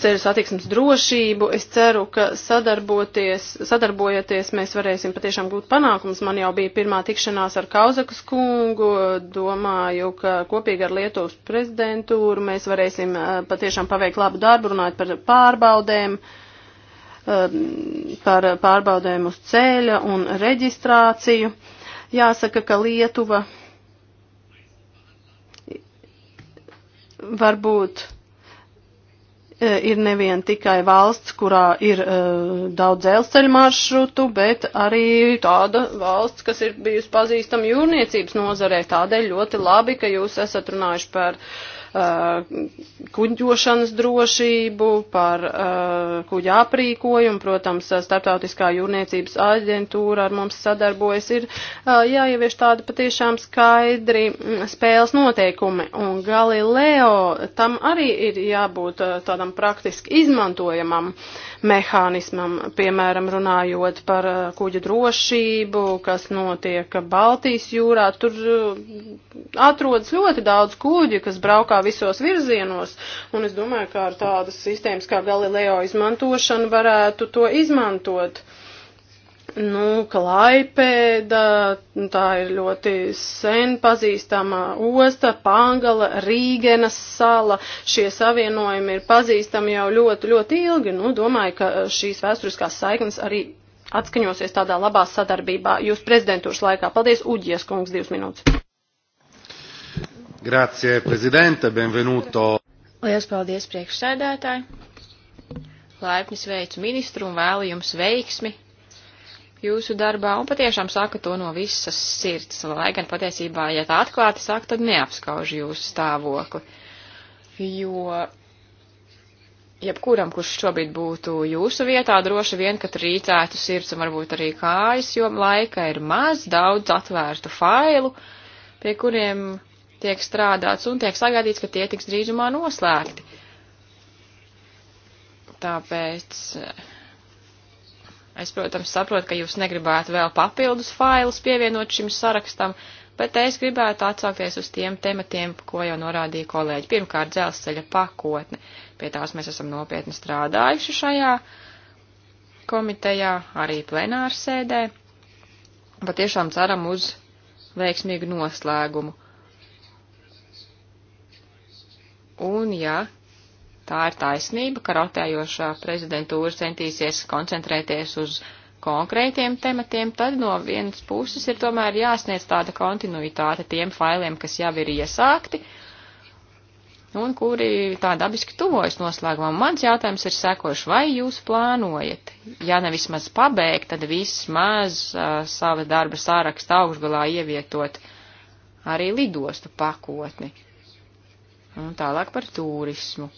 ceļu satiksmes drošību. Es ceru, ka sadarbojoties mēs varēsim patiešām gūt panākumus. Man jau bija pirmā tikšanās ar Kauzakas kungu. Domāju, ka kopīgi ar Lietuvas prezidentūru mēs varēsim patiešām paveikt labu darbu, runāt par pārbaudēm par pārbaudēm uz ceļa un reģistrāciju. Uh, Jāsaka, ka Lietuva varbūt e, ir nevien tikai valsts, kurā ir uh, daudz dzelzceļa maršrutu, bet arī tāda valsts, kas ir bijusi pazīstama jūrniecības nozarē. Tādēļ ļoti labi, ka jūs esat runājuši par uh, Uh, kuģošanas drošību, par uh, kuģa aprīkojumu. Protams, uh, Startautiskā jūrniecības aģentūra ar mums sadarbojas. Ir jāievieš tādi patiešām skaidri mm, spēles noteikumi. Un Galileo tam arī ir jābūt tādam praktiski izmantojamam mehānismam, piemēram, runājot par kuģa drošību, kas notiek Baltijas jūrā. Tur atrodas ļoti daudz kuģi, kas braukā visos virzienos, un es domāju, ka ar tādas sistēmas kā Galileo izmantošanu varētu to izmantot. Nu, Klaipēda, nu, tā ir ļoti sen pazīstama osta, Pangala, Rīgenas sala. Šie savienojumi ir pazīstami jau ļoti, ļoti ilgi. Nu, domāju, ka šīs vēsturiskās saiknes arī atskaņosies tādā labā sadarbībā jūs prezidentūras laikā. Paldies, Uģies kungs, divas minūtes. Grazie, prezidente, benvenuto. Lielas paldies priekšsēdētāji. Laipni sveicu ministru un vēlu jums veiksmi jūsu darbā un patiešām saka to no visas sirds, lai gan patiesībā, ja tā atklāti saka, tad neapskauž jūsu stāvokli. Jo jebkuram, kurš šobrīd būtu jūsu vietā, droši vien, ka trīcētu sirds un varbūt arī kājas, jo laika ir maz, daudz atvērtu failu, pie kuriem tiek strādāts un tiek sagaidīts, ka tie tiks drīzumā noslēgti. Tāpēc eh, es, protams, saprotu, ka jūs negribētu vēl papildus failus pievienot šim sarakstam, bet es gribētu atsaukties uz tiem tematiem, ko jau norādīja kolēģi. Pirmkārt, dzelzceļa pakotne. Pie tās mēs esam nopietni strādājuši šajā komitejā, arī plenārsēdē. Patiešām ceram uz veiksmīgu noslēgumu. Un, ja tā ir taisnība, ka rotējošā prezidentūra centīsies koncentrēties uz konkrētiem tematiem, tad no vienas puses ir tomēr jāsniedz tāda kontinuitāte tiem failiem, kas jau ir iesākti un kuri tā dabiski tuvojas noslēgumam. Mans jautājums ir sekošs, vai jūs plānojat, ja nevis maz pabeigt, tad vismaz uh, sava darba sāraksta augšgalā ievietot arī lidostu pakotni? Un tālāk par turismu.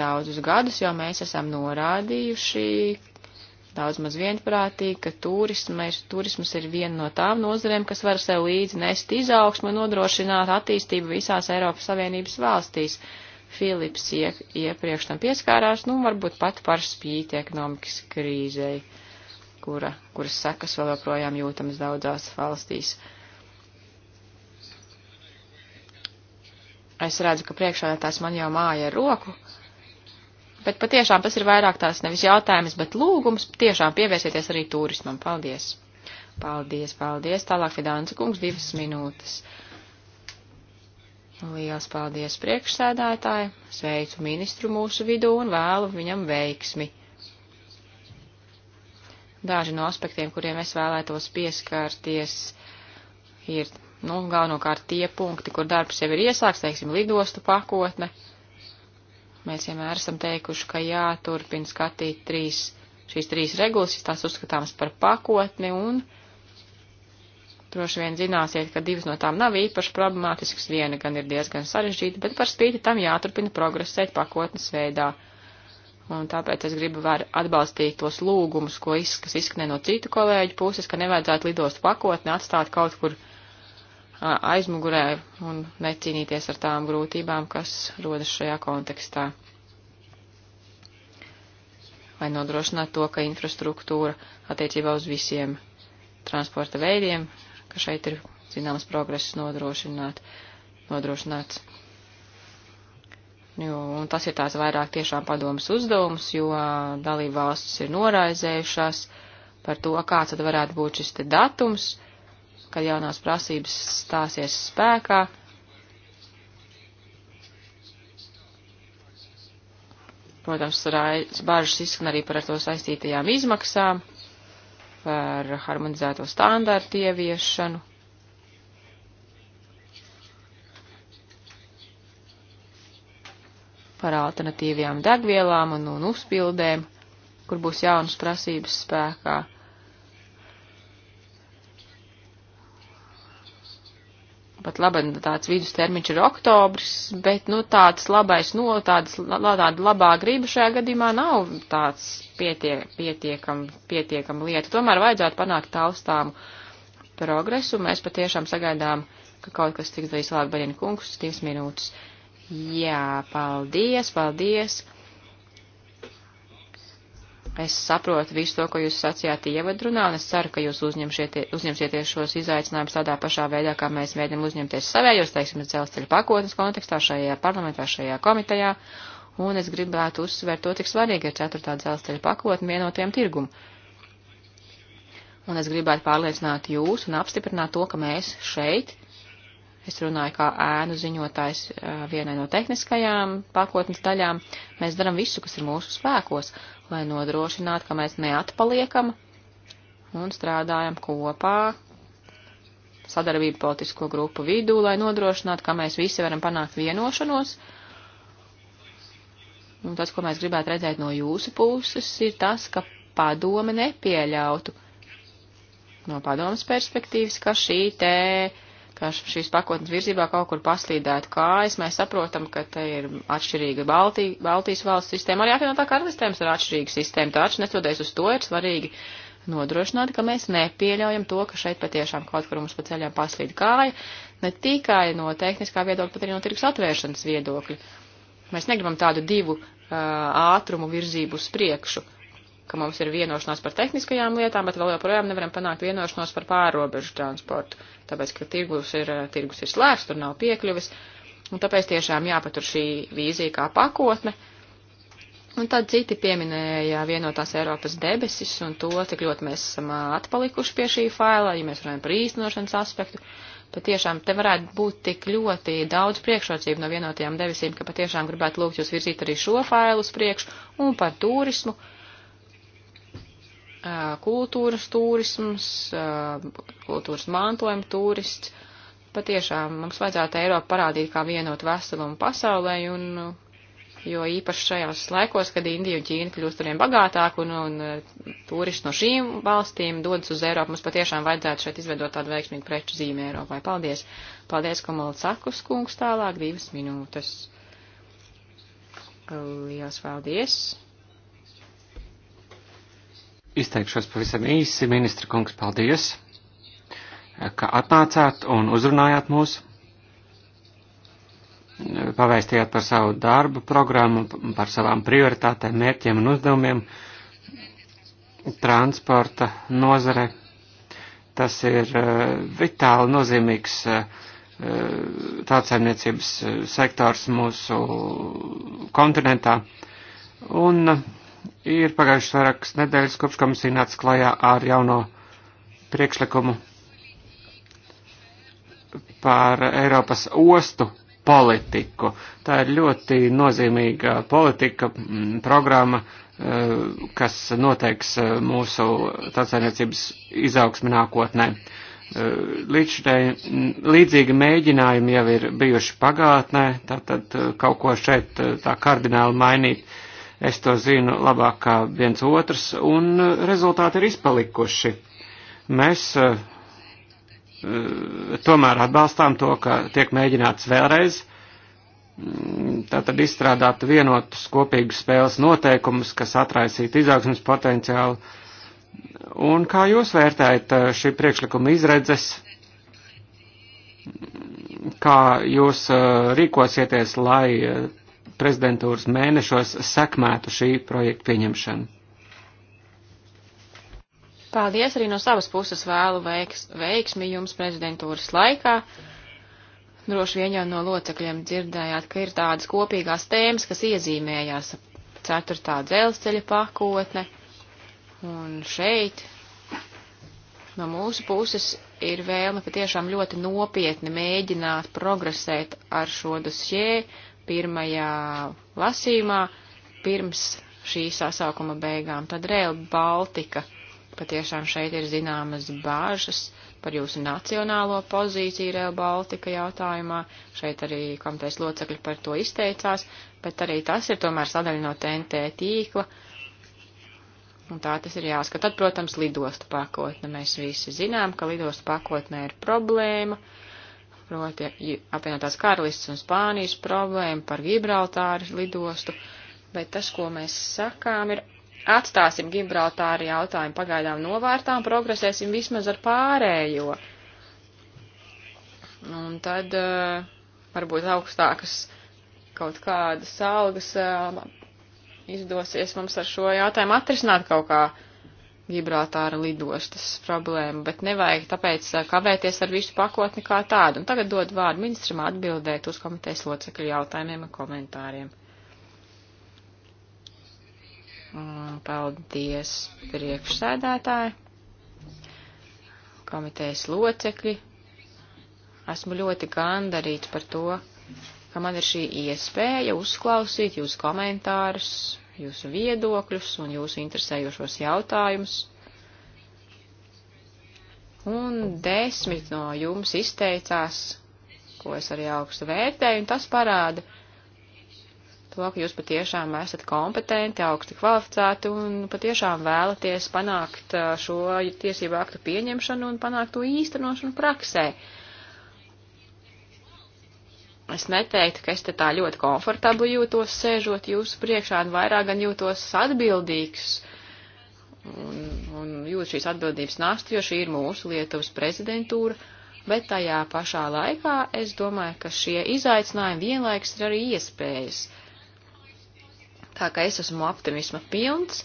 Daudzus gadus jau mēs esam norādījuši, daudz maz vienprātīgi, ka turismas, turismas ir viena no tām nozarēm, kas var sev līdzi nest izaugsmu un nodrošināt attīstību visās Eiropas Savienības valstīs. Filips ie, iepriekš tam pieskārās, nu, varbūt pat par spīti ekonomikas krīzei, kura, kuras sekas vēl joprojām jūtamas daudzās valstīs. Uh, Es redzu, ka priekšādātājs man jau māja ar roku. Bet patiešām tas ir vairāk tās nevis jautājums, bet lūgums tiešām pievērsieties arī turismam. Paldies! Paldies, paldies! Tālāk Fidanca kungs divas minūtes. Liels paldies priekšsēdētāji, sveicu ministru mūsu vidū un vēlu viņam veiksmi. Daži no aspektiem, kuriem es vēlētos pieskarties, ir nu, galvenokārt tie punkti, kur darbs jau ir iesāks, teiksim, lidostu pakotne. Mēs vienmēr esam teikuši, ka jāturpina skatīt trīs, šīs trīs regulas, tās uzskatāmas par pakotni, un droši vien zināsiet, ka divas no tām nav īpaši problemātiskas, viena gan ir diezgan sarežģīta, bet par spīti tam jāturpina progresēt pakotnes veidā. Un tāpēc es gribu var atbalstīt tos lūgumus, ko iz, kas izskanē no citu kolēģu puses, ka nevajadzētu lidostu pakotni atstāt kaut kur aizmugurē un necīnīties ar tām grūtībām, kas rodas šajā kontekstā. Lai nodrošinātu to, ka infrastruktūra attiecībā uz visiem transporta veidiem, ka šeit ir zināms progress nodrošināt, nodrošināts. Jo, un tas ir tāds vairāk tiešām padomas uzdevums, jo dalība valstis ir noraizējušās par to, kāds tad varētu būt šis te datums, uh, kad jaunās prasības stāsies spēkā. Protams, bāžas izskan arī par ar to saistītajām izmaksām, par harmonizēto standārtu ieviešanu. par alternatīvajām degvielām un, un uzpildēm, kur būs jaunas prasības spēkā. pat labi, nu, tāds vidustermiņš ir oktobris, bet, nu, tāds labais, no, tāds, la, tāda labā griba šajā gadījumā nav tāds pietiek, pietiekam, pietiekam lieta. Tomēr vajadzētu panākt taustām progresu, mēs patiešām sagaidām, ka kaut kas tiks darīts labāk, Baļina kungs, divas minūtes. Jā, paldies, paldies. Es saprotu visu to, ko jūs sacījāt ievadrunā, un es ceru, ka jūs uzņemsieties šos izaicinājumus tādā pašā veidā, kā mēs mēģinam uzņemties savējos, teiksim, dzelzceļa pakotnes kontekstā šajā parlamentā, šajā komitejā, un es gribētu uzsvērt to, cik svarīgi ir ceturtā dzelzceļa pakotne vienotiem tirgumu. Un es gribētu pārliecināt jūs un apstiprināt to, ka mēs šeit Es runāju kā ēnu ziņotājs vienai no tehniskajām pakotnes daļām. Mēs darām visu, kas ir mūsu spēkos, lai nodrošinātu, ka mēs neatpaliekam un strādājam kopā sadarbību politisko grupu vidū, lai nodrošinātu, ka mēs visi varam panākt vienošanos. Un tas, ko mēs gribētu redzēt no jūsu puses, ir tas, ka padome nepieļautu no padomas perspektīvas, ka šī te uh, ka šīs pakotnes virzībā kaut kur paslīdētu kājas. Mēs saprotam, ka te ir atšķirīga Baltī, Baltijas valsts sistēma. Arī apvienotā karalistēmas ir atšķirīga sistēma. Taču netoties uz to ir svarīgi nodrošināt, ka mēs nepieļaujam to, ka šeit patiešām kaut kur mums pa ceļām paslīd kāja, ne tikai no tehniskā viedokļa, bet arī no tirgus atvēršanas viedokļa. Mēs negribam tādu divu uh, ātrumu virzību uz priekšu ka mums ir vienošanās par tehniskajām lietām, bet vēl joprojām nevaram panākt vienošanos par pārobežu transportu, tāpēc, ka tirgus ir, eh, tirgus ir slēgts, tur nav piekļuvis, un tāpēc tiešām jāpatur šī vīzija kā pakotne. Un tad citi pieminēja vienotās Eiropas debesis un to, cik ļoti mēs esam atpalikuši pie šī faila, ja mēs runājam par īstenošanas aspektu. Pat tiešām te varētu būt tik ļoti daudz priekšrocību no vienotajām debesīm, ka patiešām gribētu lūgt jūs virzīt arī šo failu uz priekšu un par turismu. Uh, kultūras turisms, kultūras mantojuma turists. Patiešām mums vajadzētu Eiropu parādīt kā vienot veselumu pasaulē, un, jo īpaši šajās laikos, kad Indija un Ķīna kļūst arvien bagātāk, un, un turisti no šīm valstīm dodas uz Eiropu, mums patiešām vajadzētu šeit izveidot tādu veiksmīgu preču zīmi Eiropai. Paldies! Paldies, Komala Cakus kungs, tālāk divas minūtes. Lielas paldies! Izteikšos pavisam īsi. Ministra kungs, paldies, eh, ka atnācāt un uzrunājāt mūs. Pavēstījāt par savu darbu programmu, par savām prioritātēm, mērķiem un uzdevumiem. Transporta nozare. Tas ir eh, vitāli nozīmīgs eh, tādsaimniecības sektors mūsu kontinentā. Un uh, Ir pagājušas vairākas nedēļas, kopš komisija nāca klajā ar jauno priekšlikumu par Eiropas ostu politiku. Tā ir ļoti nozīmīga politika, mm, programma, eh, kas noteiks eh, mūsu tautsēmniecības izaugsmi nākotnē. Eh, līdzīgi mēģinājumi jau ir bijuši pagātnē, tātad kaut ko šeit tā kardināli mainīt Es to zinu labāk kā viens otrs, un rezultāti ir izpalikuši. Mēs uh, tomēr atbalstām to, ka tiek mēģināts vēlreiz mm, tātad izstrādāt vienotus kopīgus spēles noteikumus, kas atraisītu izaugsmas potenciālu. Un kā jūs vērtējat eh, šī priekšlikuma izredzes? Kā jūs rīkosieties, lai prezidentūras mēnešos sekmētu šī projekta pieņemšanu. Paldies arī no savas puses vēlu veiks, veiksmi jums prezidentūras laikā. Droši vien jau no locekļiem dzirdējāt, ka ir tādas kopīgās tēmas, kas iezīmējās ceturtā dzelzceļa pakotne. Un šeit no mūsu puses ir vēlme patiešām ļoti nopietni mēģināt progresēt ar šo dosjē, pirmajā lasīmā pirms šī sasaukuma beigām. Tad Rail Baltica. Patiešām šeit ir zināmas bāžas par jūsu nacionālo pozīciju Rail Baltica jautājumā. Šeit arī komitejas locekļi par to izteicās, bet arī tas ir tomēr sadaļa no TNT tīkla. Un tā tas ir jāskat. Tad, protams, lidostu pakotne. Mēs visi zinām, ka lidostu pakotnē ir problēma. Uh, proti apvienotās karalistas un Spānijas problēmu par Gibraltāru lidostu, bet tas, ko mēs sakām, ir atstāsim Gibraltāru jautājumu pagaidām novērtām, progresēsim vismaz ar pārējo. Un tad uh, varbūt augstākas kaut kādas algas uh, izdosies mums ar šo jautājumu atrisināt kaut kā. Uh, Gibraltāra lidostas problēmu, bet nevajag tāpēc uh, kavēties ar visu pakotni kā tādu. Un tagad dod vārdu ministram atbildēt uz komitejas locekļu jautājumiem un komentāriem. Mm, paldies, priekšsēdētāji, komitejas locekļi. Esmu ļoti gandarīts par to, ka man ir šī iespēja uzklausīt jūsu komentārus jūsu viedokļus un jūsu interesējošos jautājumus. Un desmit no jums izteicās, ko es arī augstu vērtēju, un tas parāda to, ka jūs patiešām esat kompetenti, augsti kvalificēti un patiešām vēlaties panākt uh, šo tiesību aktu pieņemšanu un panākt to īstenošanu praksē. Uh, Es neteiktu, ka es te tā ļoti komfortabli jūtos sēžot jūsu priekšā un vairāk gan jūtos atbildīgs un, un jūt šīs atbildības nastu, jo šī ir mūsu Lietuvas prezidentūra, bet tajā pašā laikā es domāju, ka šie izaicinājumi vienlaiks ir arī iespējas. Tā kā es esmu optimisma pilns,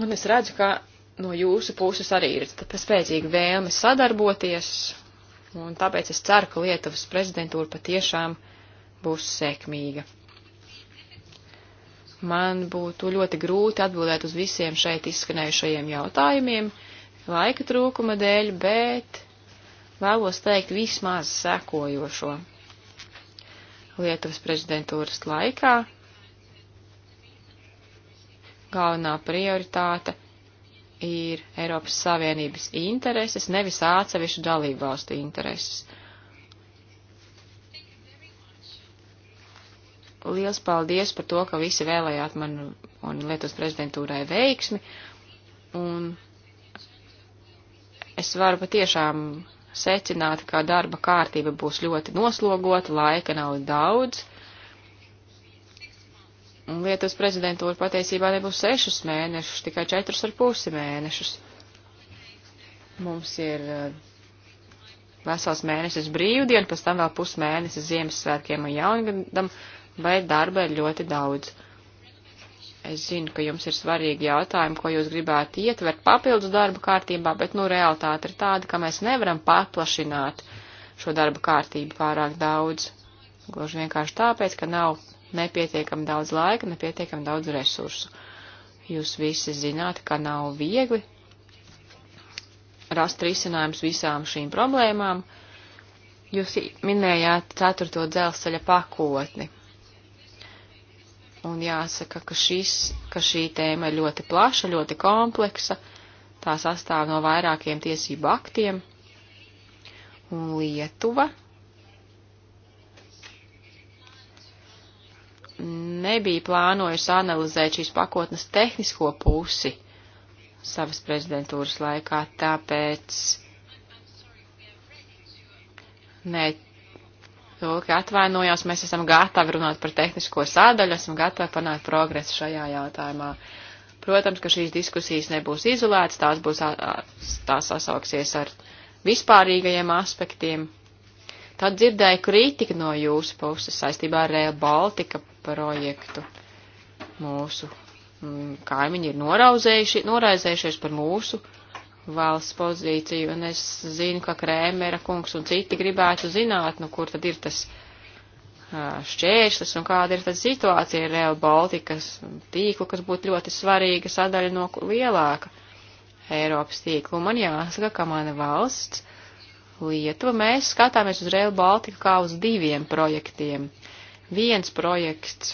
un es redzu, ka no jūsu puses arī ir spēcīga vēlme sadarboties un tāpēc es ceru, ka Lietuvas prezidentūra patiešām būs sekmīga. Man būtu ļoti grūti atbildēt uz visiem šeit izskanējušajiem jautājumiem laika trūkuma dēļ, bet vēlos teikt vismaz sekojošo. Lietuvas prezidentūras laikā galvenā prioritāte ir Eiropas Savienības intereses, nevis atsevišķu dalību valstu intereses. Liels paldies par to, ka visi vēlējāt man un Lietuvas prezidentūrai veiksmi, un es varu patiešām secināt, ka darba kārtība būs ļoti noslogota, laika nav daudz Lietuvas prezidentūra patiesībā nebūs sešus mēnešus, tikai četrus ar pusi mēnešus. Mums ir eh, vesels mēnesis brīvdiena, pēc tam vēl pusmēnesis Ziemassvētkiem un jaungadam, bet darba ir ļoti daudz. Es zinu, ka jums ir svarīgi jautājumi, ko jūs gribētu ietvert papildus darba kārtībā, bet nu realitāte ir tāda, ka mēs nevaram paplašināt šo darba kārtību pārāk daudz. Gluži vienkārši tāpēc, ka nav nepietiekam daudz laika, nepietiekam daudz resursu. Jūs visi zināt, ka nav viegli rast risinājums visām šīm problēmām. Jūs minējāt ceturto dzelzceļa pakotni. Un jāsaka, ka, šis, ka šī tēma ir ļoti plaša, ļoti kompleksa. Tā sastāv no vairākiem tiesību aktiem. Un Lietuva nebija plānojusi analizēt šīs pakotnes tehnisko pusi savas prezidentūras laikā, tāpēc. Nē, lūk, atvainojos, mēs esam gatavi runāt par tehnisko sādaļu, esam gatavi panākt progresu šajā jautājumā. Protams, ka šīs diskusijas nebūs izolētas, tās būs, tās sasauksies ar vispārīgajiem aspektiem, Tad dzirdēju kritiku no jūsu puses saistībā ar Real Baltica projektu. Mūsu mm, kaimiņi ir noraizējušies par mūsu valsts pozīciju, un es zinu, ka Krēmera kungs un citi gribētu zināt, nu kur tad ir tas šķēršļus un kāda ir tad situācija ar Real Baltikas tīklu, kas būtu ļoti svarīga sadaļa no lielāka Eiropas tīkla. Un man jāsaka, ka mana valsts lietu, mēs skatāmies uz Rail Baltica kā uz diviem projektiem. Viens projekts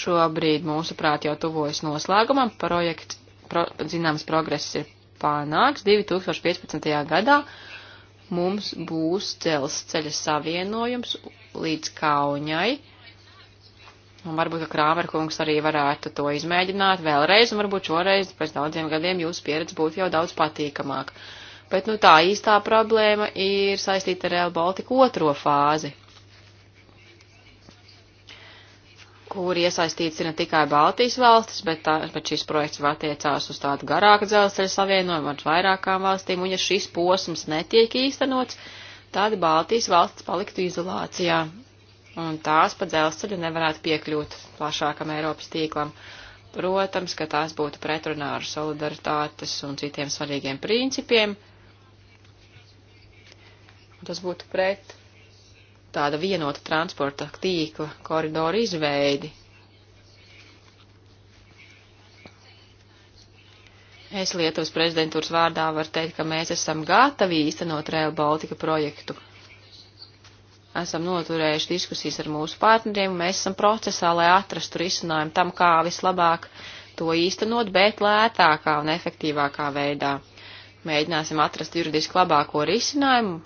šobrīd, mūsuprāt, jau tuvojas noslēgumam, projekts, pro, zināms, progress ir panāks 2015. gadā. Mums būs dzelzceļa savienojums līdz Kaunai. Un varbūt, ka Krāmerkungs arī varētu to izmēģināt vēlreiz, un varbūt šoreiz pēc daudziem gadiem jūsu pieredze būtu jau daudz patīkamāka. Bet nu, tā īstā problēma ir saistīta ar Real Baltica otro fāzi, kur iesaistīts ir ne tikai Baltijas valstis, bet, tā, bet šis projekts attiecās uz tādu garāku dzelzceļa savienojumu ar vairākām valstīm, un ja šis posms netiek īstenots, tad Baltijas valsts paliktu izolācijā, un tās pa dzelzceļu nevarētu piekļūt plašākam Eiropas tīklam. Protams, ka tās būtu pretrunā ar solidaritātes un citiem svarīgiem principiem Tas būtu pret tāda vienota transporta tīkla koridoru izveidi. Es Lietuvas prezidentūras vārdā varu teikt, ka mēs esam gatavi īstenot Rail Baltica projektu. Esam noturējuši diskusijas ar mūsu partneriem, mēs esam procesā, lai atrastu risinājumu tam, kā vislabāk to īstenot, bet lētākā un efektīvākā veidā. Mēģināsim atrast juridiski labāko risinājumu,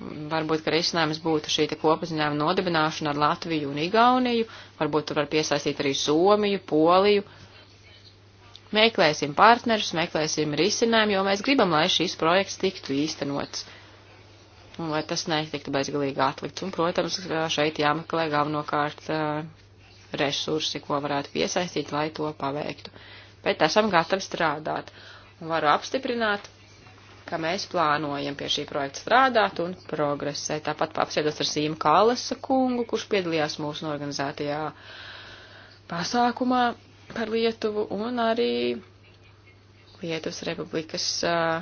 varbūt, ka risinājums būtu šī kopaziņojuma nodibināšana ar Latviju un Igauniju, varbūt tur var piesaistīt arī Somiju, Poliju. Meklēsim partnerus, meklēsim risinājumu, jo mēs gribam, lai šīs projekts tiktu īstenots. Un lai tas netiktu bezgalīgi atlikts. Un, protams, šeit jāmeklē galvenokārt resursi, ko varētu piesaistīt, lai to paveiktu. Bet esam gatavi strādāt. Un varu apstiprināt, ka mēs plānojam pie šī projekta strādāt un progresēt. Tāpat apsēdos ar Sīmu Kālesa kungu, kurš piedalījās mūsu norganizētajā pasākumā par Lietuvu un arī Lietuvas Republikas uh,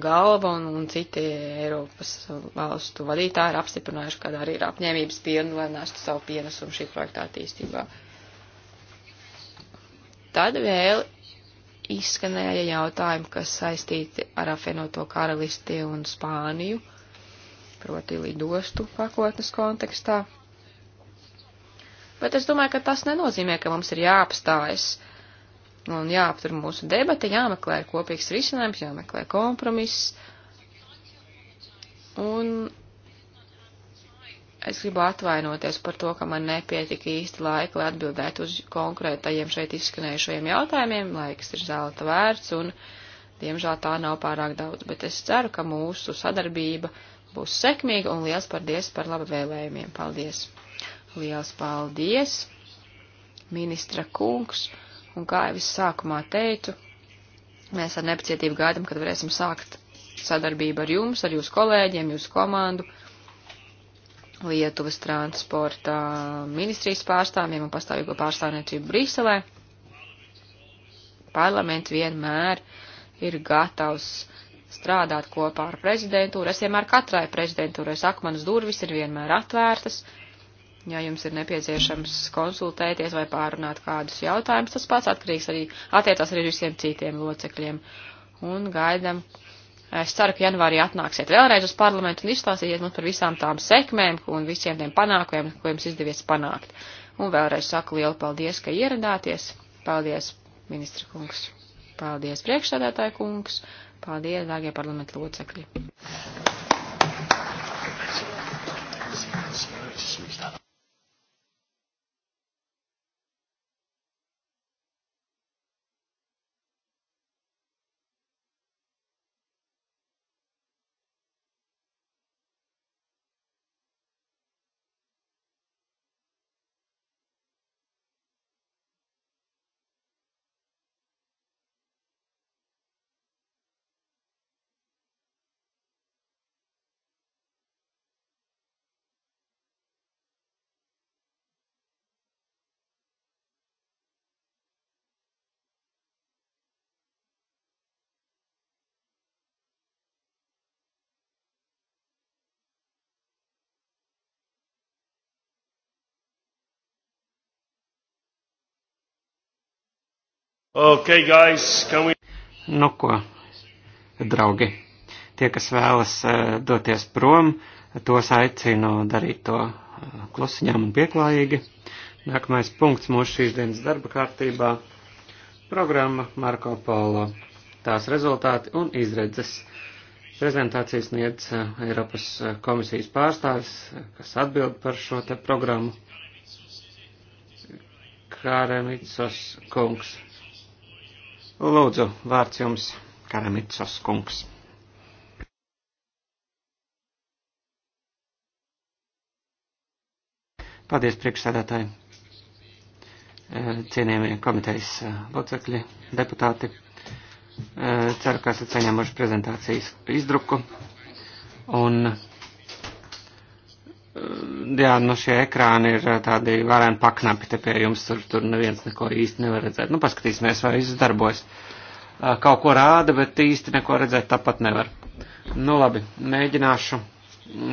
galva un, un citi Eiropas valstu vadītāji ir apstiprinājuši, kāda arī ir apņēmības pilna, lai nestu savu pienesumu šī projekta attīstībā. Tad vēl izskanēja jautājumi, kas saistīti ar apvienoto karalisti un Spāniju, proti lidostu pakotnes kontekstā. Bet es domāju, ka tas nenozīmē, ka mums ir jāapstājas un jāaptur mūsu debata, jāmeklē kopīgs risinājums, jāmeklē kompromiss. Un Es gribu atvainoties par to, ka man nepietika īsti laika, lai atbildētu uz konkrētajiem šeit izskanējušajiem jautājumiem. Laiks ir zelta vērts un, diemžēl, tā nav pārāk daudz, bet es ceru, ka mūsu sadarbība būs sekmīga un liels paldies par laba vēlējumiem. Paldies! Liels paldies, ministra kungs! Un kā jau es sākumā teicu, mēs ar nepacietību gaidam, kad varēsim sākt sadarbību ar jums, ar jūsu kolēģiem, jūsu komandu Lietuvas transporta ministrijas pārstāvjiem un pastāvīgo pārstāvniecību Briselē. Parlaments vienmēr ir gatavs strādāt kopā ar prezidentūru. Es vienmēr katrai prezidentūrai saku, manas durvis ir vienmēr atvērtas. Ja jums ir nepieciešams konsultēties vai pārunāt kādus jautājumus, tas pats atkarīgs arī attiecās arī visiem citiem locekļiem. Un gaidam, Es ceru, ka janvārī atnāksiet vēlreiz uz parlamentu un izstāstīsiet mums par visām tām sekmēm un visiem tiem panākumiem, ko jums izdevies panākt. Un vēlreiz saku lielu paldies, ka ieradāties. Paldies, ministra kungs. Paldies, priekšsēdētāja kungs. Paldies, dārgie parlamentu locekļi. Okay, guys, we... Nu ko, draugi, tie, kas vēlas eh, doties prom, tos aicinu darīt to eh, klusiņām un pieklājīgi. Nākamais punkts mūsu šīs dienas darba kārtībā - programma Marko Polo. Tās rezultāti un izredzes. Prezentācijas sniedz eh, Eiropas komisijas pārstāvis, kas atbild par šo te programmu. Kāremicos kungs. Lūdzu, vārds jums, Karamicos kungs. Paldies, priekšsēdētāji, eh, cienījamie komitejas eh, locekļi, deputāti. Eh, ceru, ka esat saņēmuši prezentācijas izdruku un jā, nu šie ekrāni ir uh, tādi varēni paknapi te pie jums, tur, tur neviens neko īsti nevar redzēt. Nu, paskatīsimies, vai viss darbojas. Uh, kaut ko rāda, bet īsti neko redzēt tāpat nevar. Nu, labi, mēģināšu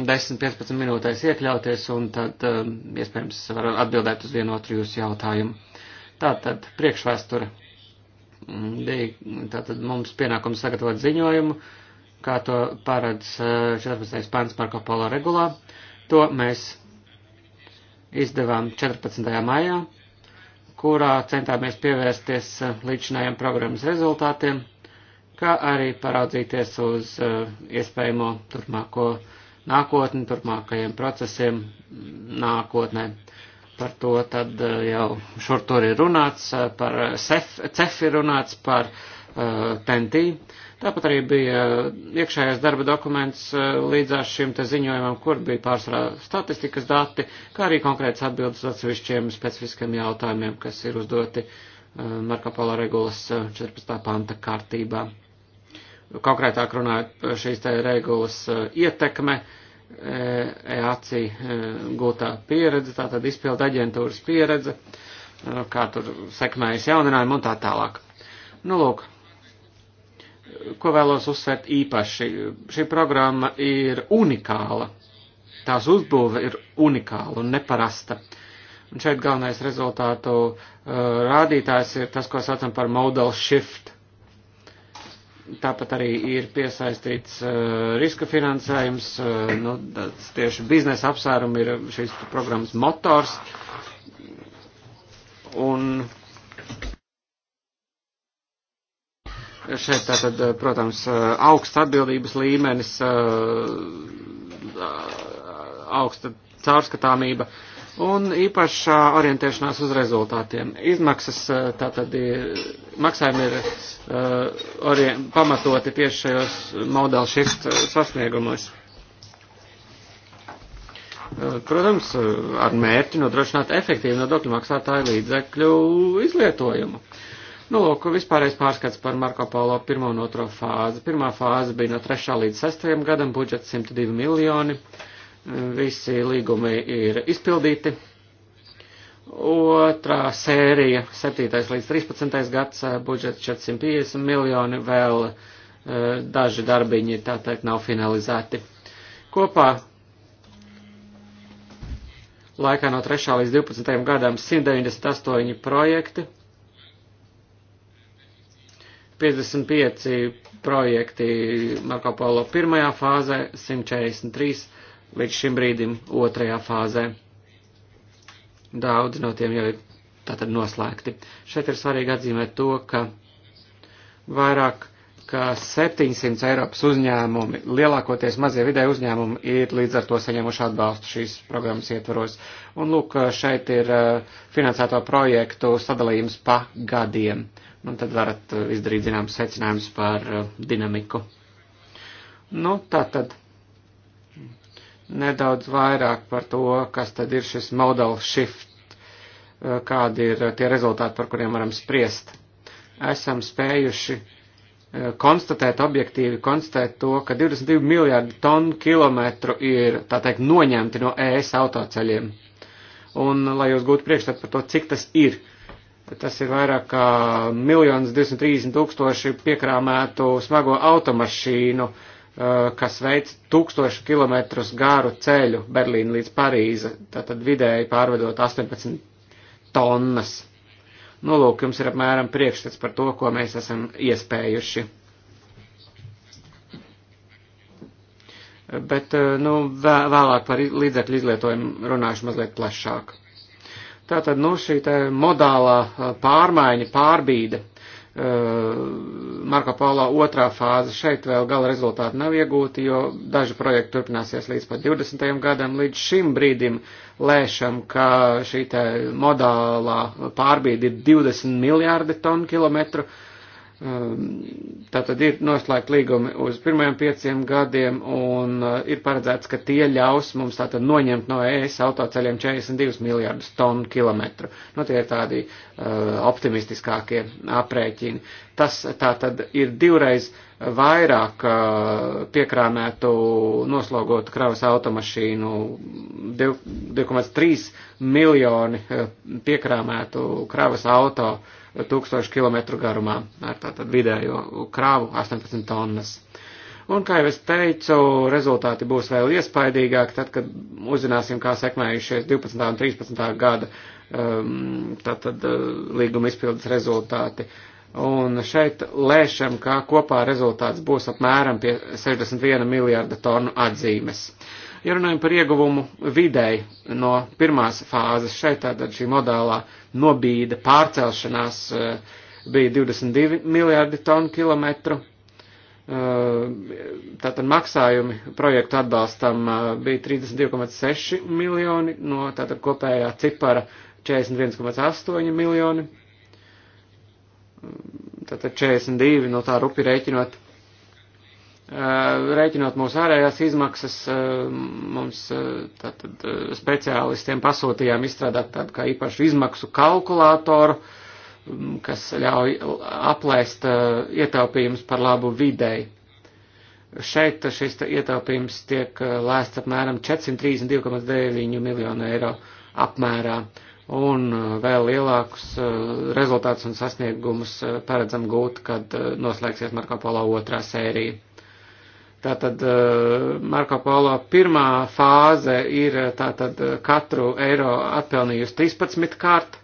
10-15 minūtēs iekļauties un tad um, iespējams varu atbildēt uz vienu otru jūsu jautājumu. Tātad priekšvēsture. Bija mm, tātad mums pienākums sagatavot ziņojumu, kā to paredz 14. Uh, pants Marko Polo regulā. Uh, To mēs izdevām 14. maijā, kurā centāmies pievērsties eh, līdzinājiem programmas rezultātiem, kā arī paraudzīties uz eh, iespējamo turpmāko nākotni, turpmākajiem procesiem mm, nākotnē. Par to tad eh, jau šur tur ir runāts, par CEF, CEF ir runāts, par uh, TNT. Uh, Tāpat arī bija iekšējais darba dokuments e, līdzās šim te ziņojumam, kur bija pārsvarā statistikas dati, kā arī konkrēts atbildes uz atsevišķiem specifiskiem jautājumiem, kas ir uzdoti e, Marka Pola regulas 14. E, panta kārtībā. Konkrētāk runājot, šīs te regulas ietekme. EACI gūtā pieredze, tātad izpilda aģentūras pieredze, kā tur sekmējas jauninājumi un tā tālāk. Nu, lūk, ko vēlos uzsvērt īpaši. Šī programma ir unikāla. Tās uzbūve ir unikāla un neparasta. Un šeit galvenais rezultātu uh, rādītājs ir tas, ko saucam par model shift. Tāpat arī ir piesaistīts uh, riska finansējums, uh, nu, tieši biznesa apsvērumi ir šīs programmas motors. Un uh, Šeit tātad, eh, protams, eh, augsts atbildības līmenis, eh, augsta caurskatāmība un īpašā orientēšanās uz rezultātiem. Izmaksas tātad maksājumi ir orien, pamatoti tieši šajos model shift sasniegumos. Protams, ar mērķi nodrošināt efektīvu nodokļu maksātāju līdzekļu izlietojumu. Uh, Nu, lūk, vispārējais pārskats par Marko Polo pirmo un otro fāzi. Pirmā fāze bija no 3. līdz 6. gadam, budžets 102 miljoni, visi līgumi ir izpildīti. Otrā sērija, 7. līdz 13. gads, eh, budžets 450 miljoni, vēl eh, daži darbiņi, tā teikt, nav finalizēti. Kopā laikā no 3. līdz 12. gadam 198 projekti, 55 projekti Marko Polo pirmajā fāzē, 143 līdz šim brīdim otrajā fāzē. Daudz no tiem jau ir tātad noslēgti. Šeit ir svarīgi atzīmēt to, ka vairāk ka 700 Eiropas uzņēmumi, lielākoties mazie vidēji uzņēmumi, ir līdz ar to saņēmuši atbalstu šīs programmas ietvaros. Un lūk, šeit ir eh, finansēto projektu sadalījums pa gadiem. Un tad varat eh, izdarīt zināmas secinājumus par eh, dinamiku. Nu, tā tad nedaudz vairāk par to, kas tad ir šis model shift, kādi ir tie rezultāti, par kuriem varam spriest. Esam spējuši konstatēt, objektīvi konstatēt to, ka 22 miljārdi tonu kilometru ir, tā teikt, noņemti no ES autoceļiem. Un, lai jūs gūtu priekšstatu par to, cik tas ir, tas ir vairāk kā 1 230 tūkstoši piekrāmētu smago automašīnu, eh, kas veic tūkstošu kilometrus garu ceļu Berlīna līdz Parīze, tātad vidēji pārvedot 18 tonnas Nolūk, jums ir apmēram priekšstats par to, ko mēs esam iespējuši. Bet, eh, nu, vēlāk par līdzekļu izlietojumu runāšu mazliet plašāk. Tātad, nu, šī tā modālā eh, pārmaiņa, pārbīde Eh, Marko Polo otrā fāze. Šeit vēl gala rezultāti nav iegūti, jo daži projekti turpināsies līdz pat 20. gadam. Līdz šim brīdim lēšam, ka šī modālā pārbīde ir 20 miljārdi tonu kilometru. Uh, Um, tātad ir noslēgt līgumi uz pirmajiem pieciem gadiem un uh, ir paredzēts, ka tie ļaus mums tātad noņemt no ES autoceļiem 42 miljārdus tonu kilometru. Nu, tie ir tādi uh, optimistiskākie aprēķini. Tas tātad ir divreiz vairāk uh, piekrāmētu noslogotu kravas automašīnu, 2,3 miljoni uh, piekrāmētu kravas automašīnu 1000 km garumā ar tātad vidējo krāvu 18 tonnas. Un, kā jau es teicu, rezultāti būs vēl iespaidīgāki tad, kad uzzināsim, kā sekmējušies 12. un 13. gada um, tātad uh, līguma izpildes rezultāti. Un šeit lēšam, ka kopā rezultāts būs apmēram pie 61 miljārda tonu atzīmes. Uh, Ja runājam par ieguvumu videi no pirmās fāzes, šeit tātad šī modālā nobīda pārcelšanās eh, bija 22 miljārdi tonu kilometru. Eh, tātad maksājumi projektu atbalstam eh, bija 32,6 miljoni no tātad kopējā cipara 41,8 miljoni. Tātad 42 no tā rupi rēķinot Eh, rēķinot mūsu ārējās izmaksas, eh, mums eh, tātad speciālistiem pasūtījām izstrādāt tādu kā īpašu izmaksu kalkulātoru, mm, kas ļauj aplēst ietaupījumus par labu videi. Šeit šis ietaupījums tiek lēsts apmēram 432,9 miljonu eiro apmērā, un vēl lielākus rezultātus un sasniegumus paredzam gūt, kad noslēgsies Marko Polo otrā sērija. Tātad eh, Marko Polo pirmā fāze ir eh, tātad eh, katru eiro atpelnījusi 13 kārt.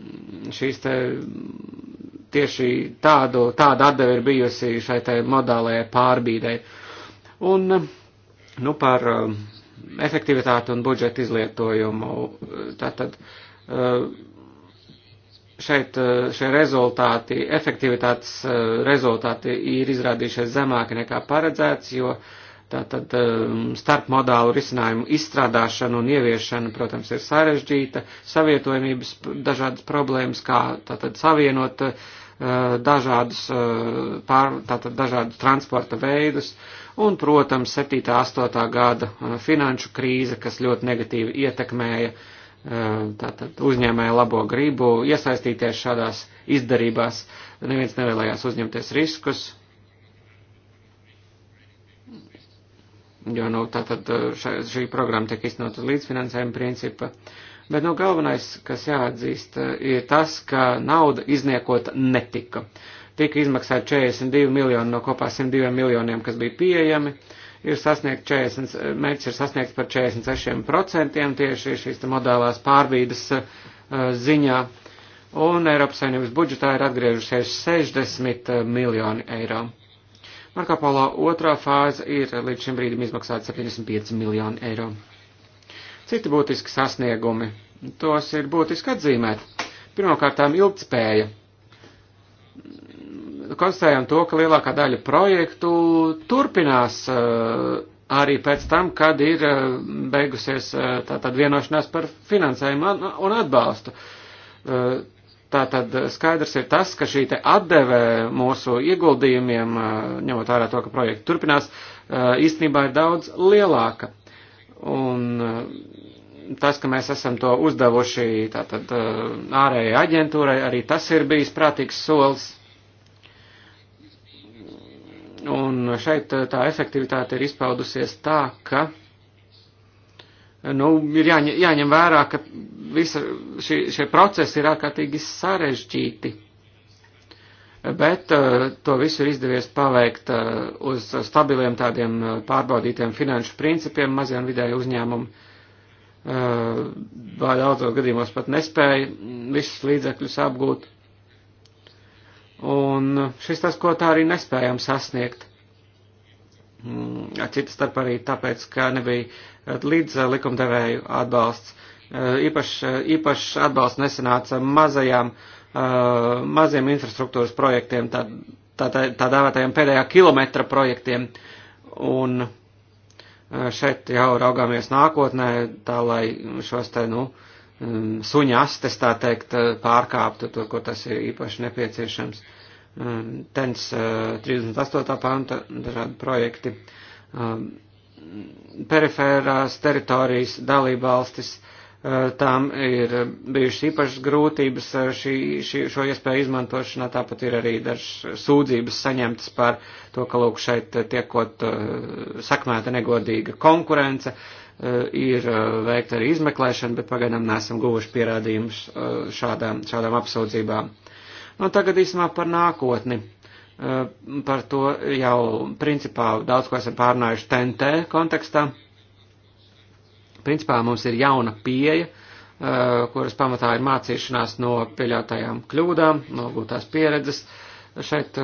Mm, šīs te mm, tieši tādu, tāda atdeve ir bijusi šai te modālajai pārbīdei. Un, nu, par efektivitāti un budžeta izlietojumu. Tātad, uh, šeit eh, šie rezultāti, efektivitātes eh, rezultāti ir izrādījušies zemāki nekā paredzēts, jo tātad eh, starpmodālu risinājumu izstrādāšana un ieviešana, protams, ir sarežģīta, savietojamības dažādas problēmas, kā tātad savienot dažādus, pār, tātad dažādus transporta veidus, un, protams, 7. 8. gada finanšu krīze, kas ļoti negatīvi ietekmēja uh, tātad uzņēmēja labo gribu iesaistīties šādās izdarībās. Neviens nevēlējās uzņemties riskus, jo nu, tātad šā, šī programma tiek iznot uz līdzfinansējuma principa. Bet nu, galvenais, kas jāatzīst, ir tas, ka nauda izniekota netika. Tika izmaksāta 42 miljoni no kopā 102 miljoniem, kas bija pieejami. Uh, ir sasniegt 40, mērķis ir sasniegt par 46% tieši šīs modālās pārvīdes uh, eh, ziņā, un Eiropas saimnības budžetā ir atgriežusies 60 eh, miljoni eiro. Marko Polo otrā fāze ir līdz šim brīdim izmaksāta 75 miljoni eiro. Citi būtiski sasniegumi, tos ir būtiski atzīmēt. Pirmkārtām ilgtspēja konstatējam to, ka lielākā daļa projektu turpinās eh, arī pēc tam, kad ir eh, beigusies eh, tātad vienošanās par finansējumu un atbalstu. Tātad skaidrs ir tas, ka šī te atdeve mūsu ieguldījumiem, ņemot vērā to, ka projekti turpinās, īstenībā ir daudz lielāka. Un tas, ka mēs esam to uzdevuši tātad ārējai aģentūrai, arī tas ir bijis prātīgs solis Un šeit eh, tā efektivitāte ir izpaudusies tā, ka nu, ir jāņem, jāņem vērā, ka visa šī, šie procesi ir ārkārtīgi sarežģīti. Bet eh, to visu ir izdevies paveikt eh, uz stabiliem tādiem pārbaudītiem finanšu principiem mazie un vidēji uzņēmumi. Vai daudzos gadījumos pat nespēja visus līdzekļus apgūt. Un šis tas, ko tā arī nespējām sasniegt. Mm, cita starp arī tāpēc, ka nebija eh, līdz eh, likumdevēju atbalsts. Eh, īpašs īpaš atbalsts nesanāca mazajām, maziem infrastruktūras projektiem, tā, tā, tā dēvētajiem pēdējā kilometra projektiem. Un šeit jau raugāmies nākotnē, tā lai šos te, nu, uh, um, suņa astes, tā teikt, uh, pārkāptu tur, kur tas ir īpaši nepieciešams. Um, TENS uh, 38. panta dažādi projekti. Um, perifērās teritorijas dalībvalstis, uh, tām ir bijušas īpašas grūtības uh, šī, šī, šo iespēju izmantošanā, tāpat ir arī dažas sūdzības saņemtas par to, ka lūk šeit tiekot sakmēta negodīga konkurence, uh, Eh, ir eh, veikta arī izmeklēšana, bet pagaidām nesam guvuši pierādījumus eh, šādām, šādām apsūdzībām. Nu, tagad īsumā par nākotni. Par to jau principā daudz ko esam pārnājuši TNT kontekstā. Principā mums ir jauna pieeja, kuras pamatā ir mācīšanās no pieļautajām kļūdām, no gūtās pieredzes. Šeit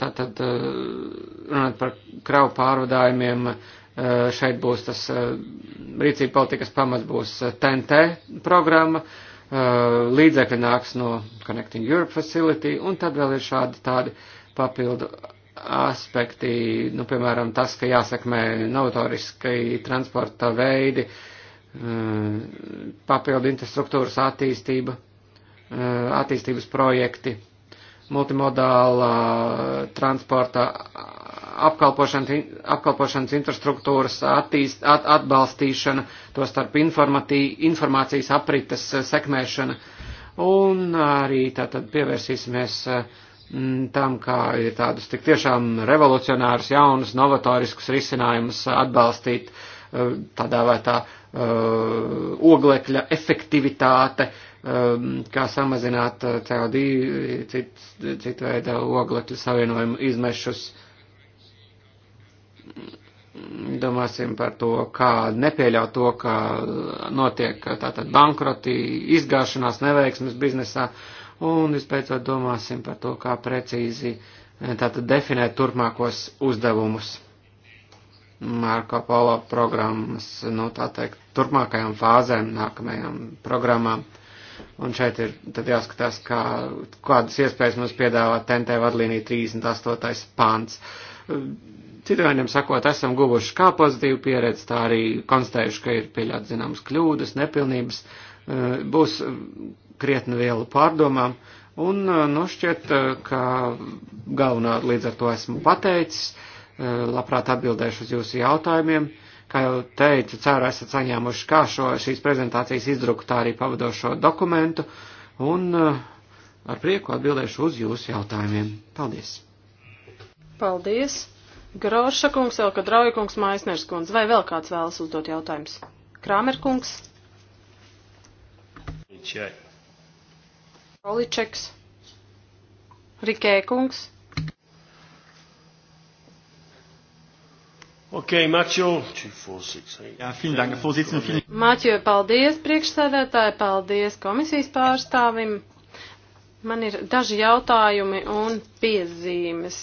tātad runāt par kravu pārvadājumiem, uh, Eh, šeit būs tas eh, rīcība politikas pamats būs TNT eh, programma, līdzekļi nāks no Connecting Europe Facility, un tad vēl ir šādi tādi papildu aspekti, nu, piemēram, tas, ka jāsekmē novatoriskai transporta veidi, papildu infrastruktūras attīstība, attīstības projekti, multimodāla transporta apkalpošanas, apkalpošanas infrastruktūras attīst, at, atbalstīšana, to starp informācijas aprites eh, sekmēšana. Un arī tātad pievērsīsimies eh, tam, kā ir tādus tik tiešām revolucionārus, jaunus, novatoriskus risinājumus atbalstīt eh, tādā vai tā uh, oglekļa efektivitāte, um, kā samazināt CO2, citu cit veidu oglekļa savienojumu izmešus. Uh, domāsim par to, kā nepieļaut to, ka notiek tātad bankroti, izgāšanās, neveiksmes biznesā, un vispēcot domāsim par to, kā precīzi eh, tātad definēt turpmākos uzdevumus Marko Polo programmas, nu tā teikt, turpmākajām fāzēm, nākamajām programmām. Un šeit ir tad jāskatās, kā, kādas iespējas mums piedāvā TNT vadlīnija 38. pants Citu vienam sakot, esam guvuši kā pozitīvu pieredzi, tā arī konstatējuši, ka ir pieļaut zināmas kļūdas, nepilnības, e, būs krietni vielu pārdomām, un e, nu šķiet, e, ka galvenā līdz ar to esmu pateicis, labprāt atbildēšu uz jūsu jautājumiem. Kā jau teicu, ceru esat saņēmuši kā šo, šīs prezentācijas izdruku, tā arī pavadošo dokumentu, un ar prieku atbildēšu uz jūsu jautājumiem. Paldies! Paldies! Groša kungs, Elka Drauja kungs, Maisners kungs. Vai vēl kāds vēlas uzdot jautājumus? Krāmer kungs. Oličeks. Rikē kungs. Ok, Mačo. Jā, vielen dank, Vorsitzende. Mačo, paldies priekšsēdētāji, paldies komisijas pārstāvim. Man ir daži jautājumi un piezīmes.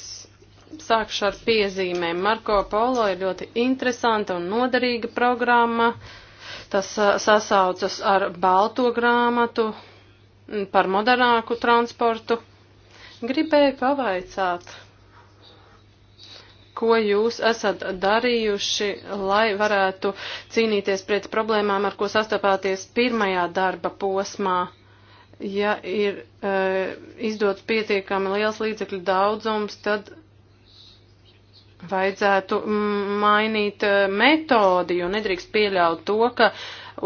Sākšu ar piezīmēm. Marko Polo ir ļoti interesanta un noderīga programma. Tas uh, sasaucas ar balto grāmatu mm, par modernāku transportu. Gribēju pavaicāt, ko jūs esat darījuši, lai varētu cīnīties pret problēmām, ar ko sastapāties pirmajā darba posmā, ja ir e, izdots pietiekami liels līdzekļu daudzums, tad vajadzētu mm, mainīt eh, metodi, jo nedrīkst pieļaut to, ka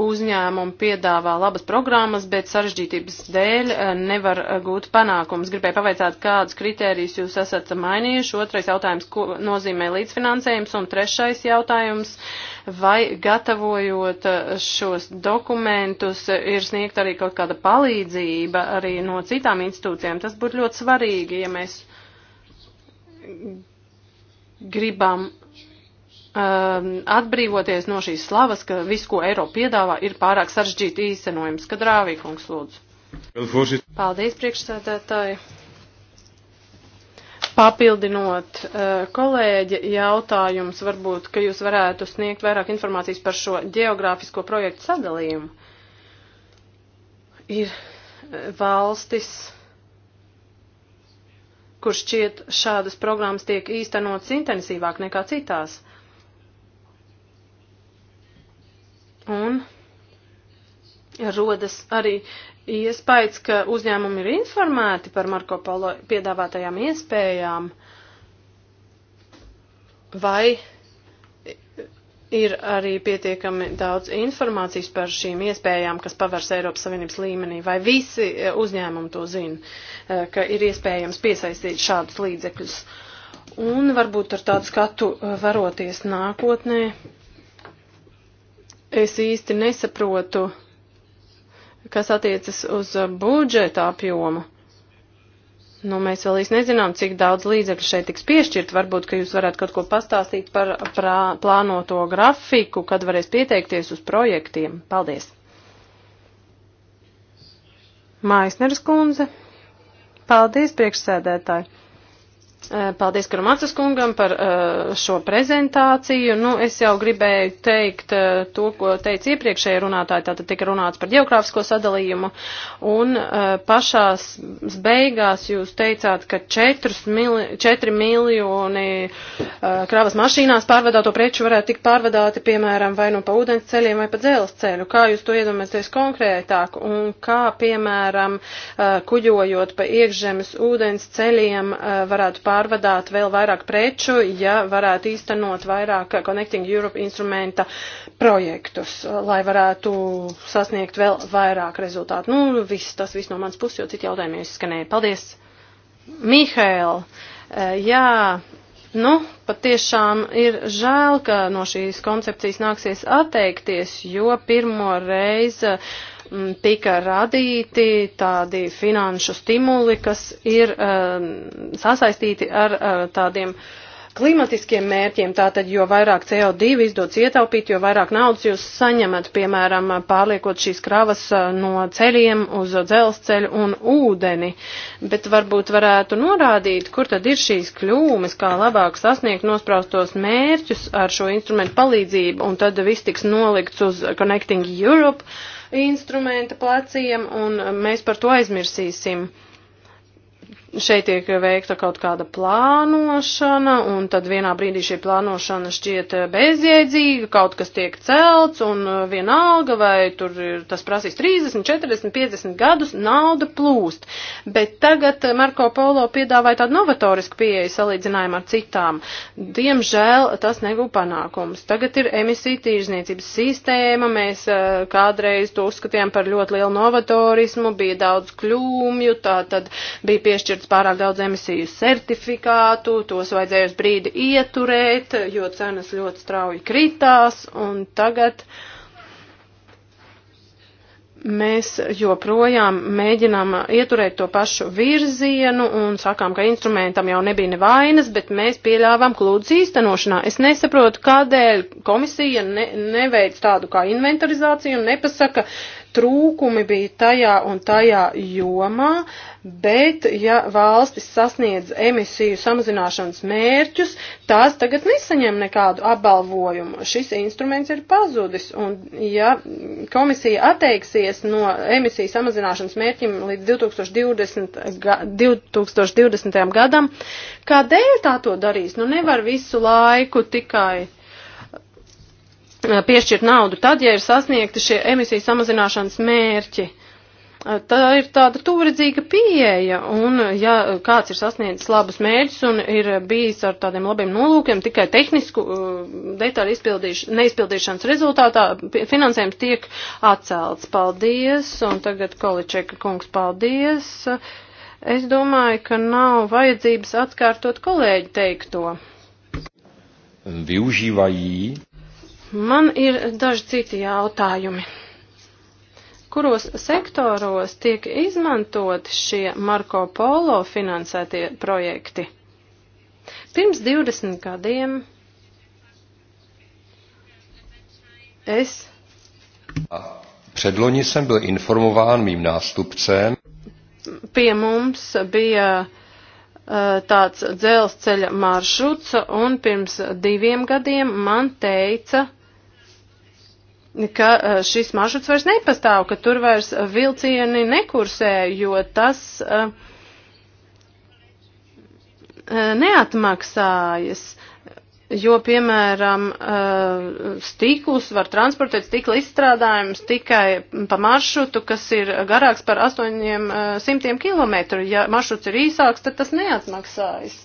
uzņēmumi piedāvā labas programmas, bet sarežģītības dēļ eh, nevar eh, gūt panākumus. Gribēju pavaicāt, kādus kritērijus jūs esat mainījuši. Otrais jautājums, ko nozīmē līdzfinansējums, un trešais jautājums, vai gatavojot šos dokumentus ir sniegta arī kaut kāda palīdzība arī no citām institūcijām. Tas būtu ļoti svarīgi, ja mēs gribam um, atbrīvoties no šīs slavas, ka viss, ko Eiropa piedāvā, ir pārāk saržģīti īstenojums. Kad Rāvīkungs lūdzu. Paldies, priekšsēdētāji. Papildinot uh, kolēģi jautājums, varbūt, ka jūs varētu sniegt vairāk informācijas par šo geogrāfisko projektu sadalījumu. Ir uh, valstis, kur šķiet šādas programmas tiek īstenotas intensīvāk nekā citās. Un rodas arī iespējas, ka uzņēmumi ir informēti par Marko Polo piedāvātajām iespējām, vai ir arī pietiekami daudz informācijas par šīm iespējām, kas pavērs Eiropas Savienības līmenī, vai visi e, uzņēmumi to zina, e, ka ir iespējams piesaistīt šādus līdzekļus. Un varbūt ar tādu skatu e, varoties nākotnē, es īsti nesaprotu, kas attiecas uz budžeta apjomu. Nu, mēs vēl īsti nezinām, cik daudz līdzekļu šeit tiks piešķirt. Varbūt, ka jūs varētu kaut ko pastāstīt par prā, plānoto grafiku, kad varēs pieteikties uz projektiem. Paldies! Maisneras kundze. Paldies, priekšsēdētāji! Eh, paldies Karamacas kungam par eh, šo prezentāciju. Nu, es jau gribēju teikt eh, to, ko teica iepriekšēja runātāja, tātad tika runāts par geogrāfisko sadalījumu, un pašās beigās jūs teicāt, ka 4, mili, 4 miljoni kravas mašīnās pārvadāto preču varētu tikt pārvadāti, piemēram, vai nu pa ūdens ceļiem vai pa dzelzs ceļu. Kā jūs to iedomājaties konkrētāk, un kā, piemēram, kuģojot pa iekšzemes ūdens ceļiem varētu pārvadāt? pārvadāt vēl vairāk preču, ja varētu īstenot vairāk Connecting Europe instrumenta projektus, eh, lai varētu sasniegt vēl vairāk rezultātu. Nu, viss, tas viss no manas puses, jo citi jautājumi jau izskanēja. Paldies! Mihail, eh, jā, Nu, patiešām ir žēl, ka no šīs koncepcijas nāksies atteikties, jo pirmo reizi mm, tika radīti tādi finanšu stimuli, kas ir um, sasaistīti ar uh, tādiem uh, klimatiskiem mērķiem, tātad jo vairāk CO2 izdodas ietaupīt, jo vairāk naudas jūs saņemat, piemēram, pārliekot šīs kravas no ceļiem uz dzelzceļu un ūdeni. Bet varbūt varētu norādīt, kur tad ir šīs kļūmes, kā labāk sasniegt nospraustos mērķus ar šo instrumentu palīdzību, un tad viss tiks nolikts uz Connecting Europe instrumenta pleciem, un mēs par to aizmirsīsim šeit tiek veikta kaut kāda plānošana, un tad vienā brīdī šī plānošana šķiet bezjēdzīga, kaut kas tiek celts, un uh, vienalga, vai tur tas prasīs 30, 40, 50 gadus, nauda plūst. Bet tagad uh, Marko Polo piedāvāja tādu novatorisku pieeju salīdzinājumu ar citām. Diemžēl tas neguv panākums. Tagad ir emisija tīrzniecības sistēma, mēs uh, kādreiz to uzskatījām par ļoti lielu novatorismu, bija daudz kļūmju, tā tad bija piešķirt pēc pārāk daudz emisiju certifikātu, tos vajadzēja uz brīdi ieturēt, jo cenas ļoti strauji kritās, un tagad mēs joprojām mēģinām ieturēt to pašu virzienu un sakām, ka instrumentam jau nebija nevainas, bet mēs pieļāvām kļūdas īstenošanā. Es nesaprotu, kādēļ komisija ne, neveic tādu kā inventarizāciju un nepasaka, uh, trūkumi bija tajā un tajā jomā, bet ja valstis sasniedz emisiju samazināšanas mērķus, tās tagad nesaņem nekādu apbalvojumu. Šis instruments ir pazudis, un ja komisija atteiksies no emisiju samazināšanas mērķim līdz 2020, 2020. gadam, kādēļ tā to darīs? Nu nevar visu laiku tikai Eh, piešķirt naudu tad, ja ir sasniegti šie emisiju samazināšanas mērķi. Eh, tā ir tāda tūredzīga pieeja, un eh, ja kāds ir sasniedzis labus mērķus un ir bijis ar tādiem labiem nolūkiem, tikai tehnisku detaļu neizpildīšanas rezultātā finansējums tiek atcelts. Paldies, un tagad Količeka kungs, paldies. Es domāju, ka nav vajadzības atkārtot kolēģi teikto. Využīvāji. Man ir daži citi jautājumi. Kuros sektoros tiek izmantot šie Marko Polo finansētie projekti? Pirms 20 gadiem es. Předloni jsem byl informován mým nástupcem. Pie mums bija e, tāds dzelzceļa maršruts, un pirms diviem gadiem man teica, ka e, šis maršruts vairs nepastāv, ka tur vairs vilcieni nekursē, jo tas e, e, neatmaksājas. Jo, piemēram, stiklus var transportēt, stikla izstrādājums tikai pa maršrutu, kas ir garāks par 800 km. Ja maršruts ir īsāks, tad tas neatmaksājas.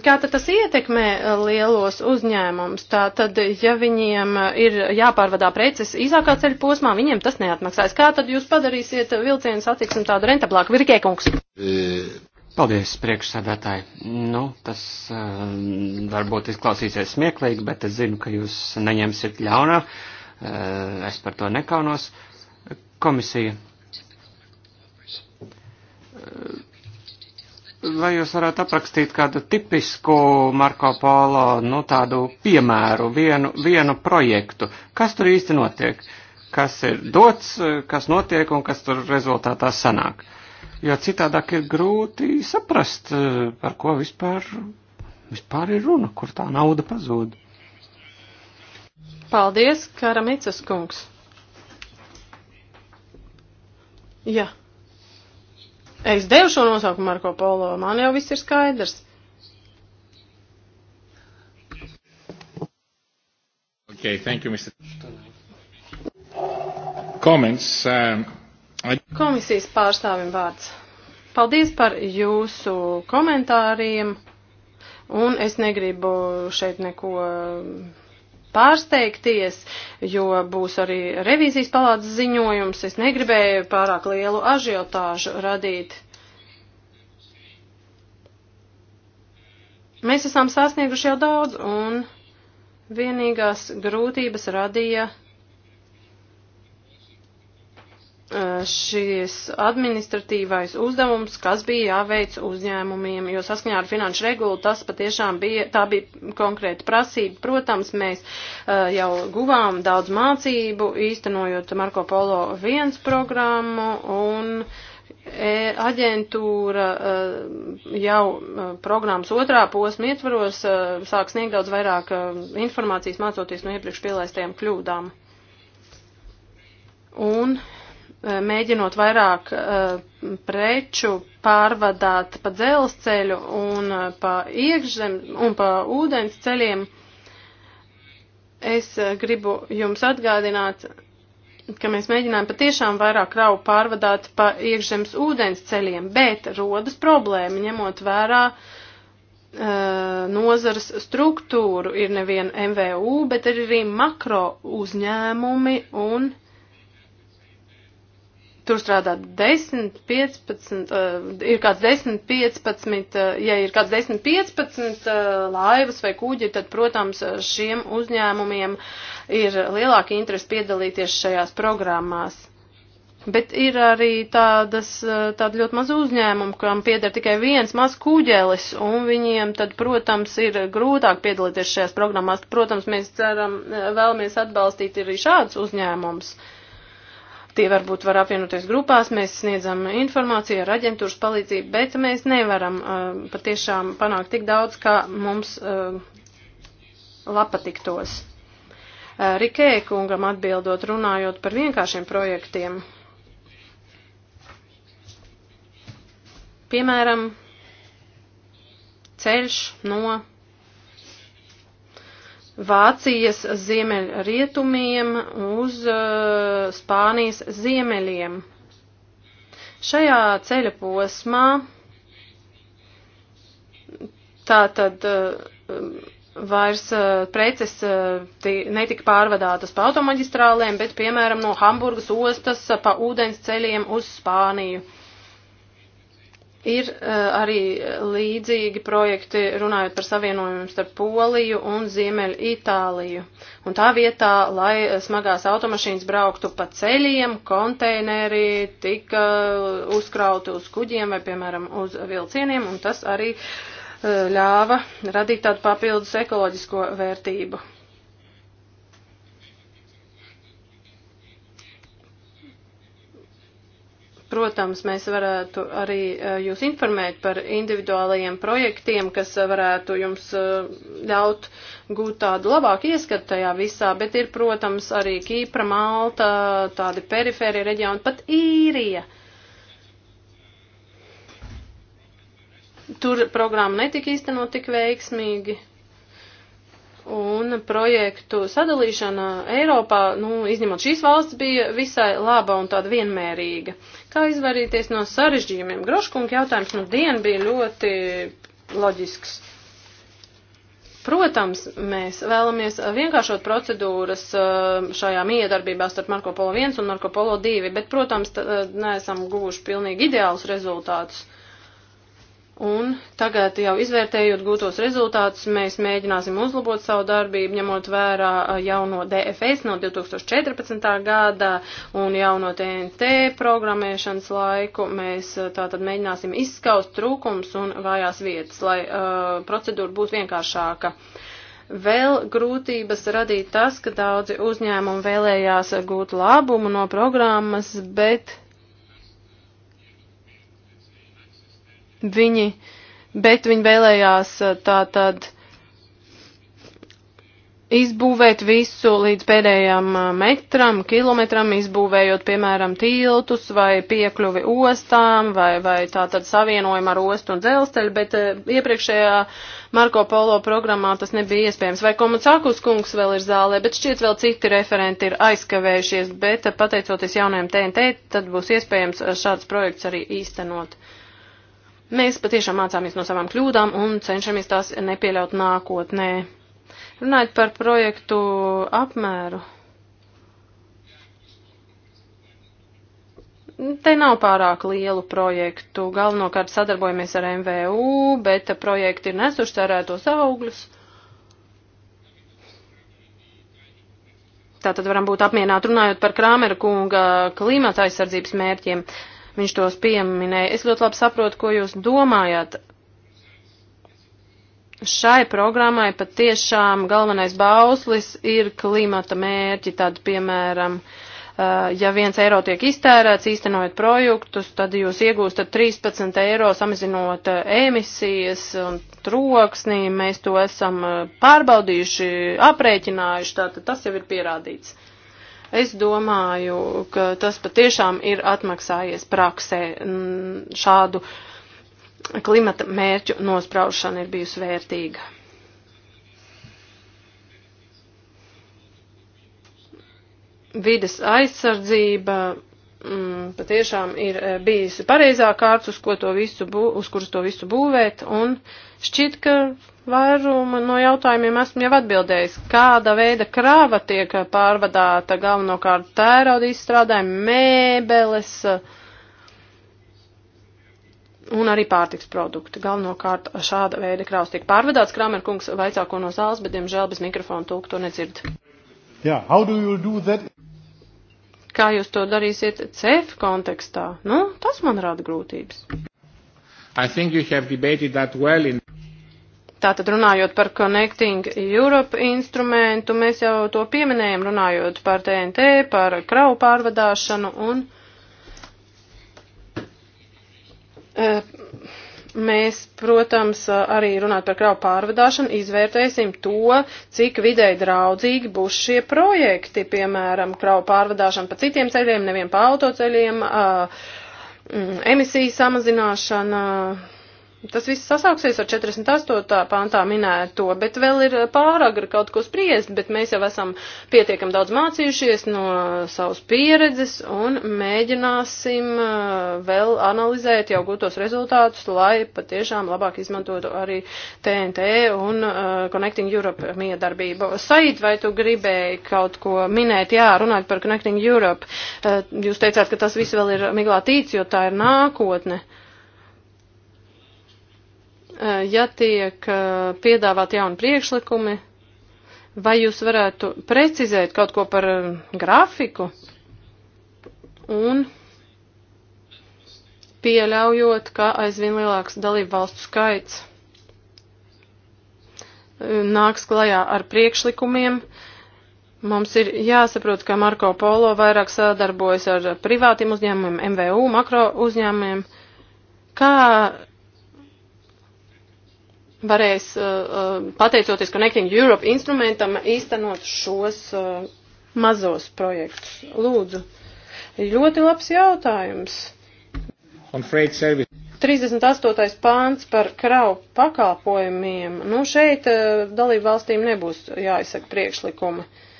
Kā tad tas ietekmē e, lielos uzņēmumus? Tā tad, ja viņiem e, ir jāpārvadā preces īsākā ceļa posmā, viņiem tas neatmaksājas. Kā tad jūs padarīsiet vilcienu satiksmi tādu rentablāku? Virkē kungs. E, Paldies, priekšsēdētāji. Nu, tas uh, varbūt izklausīsies smieklīgi, bet es zinu, ka jūs neņemsiet ļaunā. Uh, es par to nekaunos. Komisija. Uh, Vai jūs varētu aprakstīt kādu tipisku Marko Polo, nu tādu piemēru, vienu, vienu projektu? Kas tur īsti notiek? Kas ir dots, kas notiek un kas tur rezultātā sanāk? Jo citādāk ir grūti saprast, par ko vispār, vispār ir runa, kur tā nauda pazūd. Paldies, Karamicas kungs. Jā. Ja. Es devu šo nosaukumu Marko Polo, man jau viss ir skaidrs. Okay, thank you, Mr. Comments. Um, I... Komisijas pārstāvim vārds. Paldies par jūsu komentāriem, un es negribu šeit neko pārsteigties, jo būs arī revīzijas palātas ziņojums. Es negribēju pārāk lielu ažiotāžu radīt. Mēs esam sasnieguši jau daudz, un vienīgās grūtības radīja Eh, šis administratīvais uzdevums, kas bija jāveic uzņēmumiem, jo saskaņā ar finanšu regulu tas patiešām bija, tā bija konkrēta prasība. Protams, mēs uh, jau guvām daudz mācību, īstenojot Marko Polo 1 programmu un e aģentūra uh, jau programmas otrā posma ietvaros uh, sāk sniegt daudz vairāk informācijas mācoties no iepriekš pielaistajām kļūdām. Un uh, Eh, mēģinot vairāk eh, preču pārvadāt pa dzelzceļu un eh, pa iekšzem un pa ūdens ceļiem, es gribu jums atgādināt, ka mēs mēģinām patiešām vairāk kravu pārvadāt pa iekšzemes ūdens ceļiem, bet rodas problēma ņemot vērā uh, nozares struktūru. Ir nevien MVU, bet ir arī makro uzņēmumi un tur strādā 10, 15, uh, ir kāds 10, 15, uh, ja ir kāds 10, 15 uh, laivas vai kuģi, tad, protams, eh, šiem uzņēmumiem ir lielāka interese piedalīties šajās programmās. Bet ir arī tādas, eh, tāda ļoti maza uzņēmuma, kam pieder tikai viens maz kuģelis, un viņiem tad, protams, ir grūtāk piedalīties šajās programmās. Protams, mēs ceram, eh, vēlamies atbalstīt arī šādus uzņēmumus. Uh, Tie varbūt var apvienoties grupās, mēs sniedzam informāciju ar aģentūras palīdzību, bet mēs nevaram uh, patiešām panākt tik daudz, kā mums uh, um, patiktos. Uh, Rikē kungam atbildot runājot par vienkāršiem projektiem. Piemēram, ceļš no Vācijas ziemeļrietumiem uz uh, Spānijas ziemeļiem. Šajā ceļa posmā tātad uh, vairs uh, preces uh, netika pārvadātas pa automaģistrālēm, bet piemēram no Hamburgas ostas uh, pa ūdens ceļiem uz Spāniju. Uh, Ir uh, arī līdzīgi projekti runājot par savienojumu starp Poliju un Ziemeļu Itāliju. Un tā vietā, lai smagās automašīnas brauktu pa ceļiem, konteineri tika uzkrauti uz kuģiem vai, piemēram, uz vilcieniem, un tas arī uh, ļāva radīt tādu papildus ekoloģisko vērtību. Protams, mēs varētu arī e, jūs informēt par individuālajiem projektiem, kas varētu jums e, ļaut gūt tādu labāku ieskatu tajā visā, bet ir, protams, arī Kīpra, Malta, tādi perifēri reģioni, pat īrija. Tur programma netika īstenot tik veiksmīgi. Un projektu sadalīšana Eiropā, nu, izņemot šīs valsts, bija visai laba un tāda vienmērīga. Kā izvairīties no sarežģījumiem? Groškunga jautājums nu dien bija ļoti loģisks. Protams, mēs vēlamies vienkāršot procedūras um, šajā miedarbībā starp Marko Polo 1 un Marko Polo 2, bet, protams, uh, neesam guvuši pilnīgi ideālus rezultātus. Un tagad jau izvērtējot gūtos rezultātus, mēs mēģināsim uzlabot savu darbību, ņemot vērā uh, jauno DFS no 2014. gada un jauno TNT programmēšanas laiku. Mēs uh, tātad mēģināsim izskaust trūkums un vājās vietas, lai uh, procedūra būtu vienkāršāka. Vēl grūtības radīja tas, ka daudzi uzņēmumi vēlējās gūt labumu no programmas, bet Viņi, bet viņi vēlējās eh, tā tad izbūvēt visu līdz pēdējām eh, metram, kilometram, izbūvējot, piemēram, tiltus vai piekļuvi ostām vai, vai tā tad savienojumu ar ostu un dzelzceļu, bet eh, iepriekšējā Marko Polo programmā tas nebija iespējams. Vai Komacakus kungs vēl ir zālē, bet šķiet vēl citi referenti ir aizkavējušies, bet pateicoties jaunajam TNT, tad būs iespējams šāds projekts arī īstenot. Mēs patiešām mācāmies no savām kļūdām un cenšamies tās nepieļaut nākotnē. Runājot par projektu apmēru. Te nav pārāk lielu projektu. Galvenokārt sadarbojamies ar MVU, bet projekti ir nesuši cerētos augļus. Tātad varam būt apmierināti runājot par Krāmera kunga klimata aizsardzības mērķiem. Uh, Viņš tos pieminēja. Es ļoti labi saprotu, ko jūs domājat. Šai programmai patiešām galvenais bauslis ir klimata mērķi, tad, piemēram, eh, ja viens eiro tiek iztērēts, īstenojot projektus, tad jūs iegūstat 13 eiro samazinot eh, emisijas un troksnī. Mēs to esam eh, pārbaudījuši, aprēķinājuši, tātad tas jau ir pierādīts. Es domāju, ka tas patiešām ir atmaksājies praksē. Šādu klimata mērķu nospraušana ir bijusi vērtīga. Vides aizsardzība mm, patiešām ir e, bijusi pareizā kārts, uz, to visu, bū, uz kuras to visu būvēt, un šķiet, ka Vairuma no jautājumiem esmu jau atbildējis. Kāda veida krāva tiek pārvadāta galvenokārt tērauda izstrādājumi, mēbeles eh, un arī pārtiks produkti. Galvenokārt šāda veida krāvas tiek pārvadāts. Kramerkungs vaicā, ko no zāles, bet diemžēl bez mikrofona tūk to nedzird. Yeah, how do you do that? Kā jūs to darīsiet CEF kontekstā? Nu, tas man rada grūtības. I think you have debated that well in Tātad runājot par Connecting Europe instrumentu, mēs jau to pieminējam, runājot par TNT, par kravu pārvadāšanu un. E, mēs, protams, arī runāt par kravu pārvadāšanu, izvērtēsim to, cik videi draudzīgi būs šie projekti, piemēram, kravu pārvadāšana pa citiem ceļiem, nevien pa autoceļiem, emisiju samazināšana, Tas viss sasauksies ar 48. pāntā minēto, bet vēl ir pāragri kaut ko spriest, bet mēs jau esam pietiekam daudz mācījušies no savas pieredzes un mēģināsim uh, vēl analizēt jau gūtos rezultātus, lai patiešām labāk izmantotu arī TNT un uh, Connecting Europe miedarbību. Said, vai tu gribēji kaut ko minēt? Jā, runāt par Connecting Europe. Uh, jūs teicāt, ka tas viss vēl ir miglātīts, jo tā ir nākotne. Uh, Eh, ja tiek eh, piedāvāt jauni priekšlikumi, vai jūs varētu precizēt kaut ko par eh, grafiku un pieļaujot, ka aizvien lielāks dalību valstu skaits nāks klajā ar priekšlikumiem, Mums ir jāsaprot, ka Marko Polo vairāk sadarbojas ar privātiem uzņēmumiem, MVU, makro uzņēmumiem. Kā varēs, uh, uh, pateicoties Connecting Europe instrumentam, īstenot šos uh, mazos projektus. Lūdzu. Ļoti labs jautājums. 38. pāns par kravu pakalpojumiem. Nu, šeit dalību valstīm nebūs jāizsaka priekšlikumi. Uh,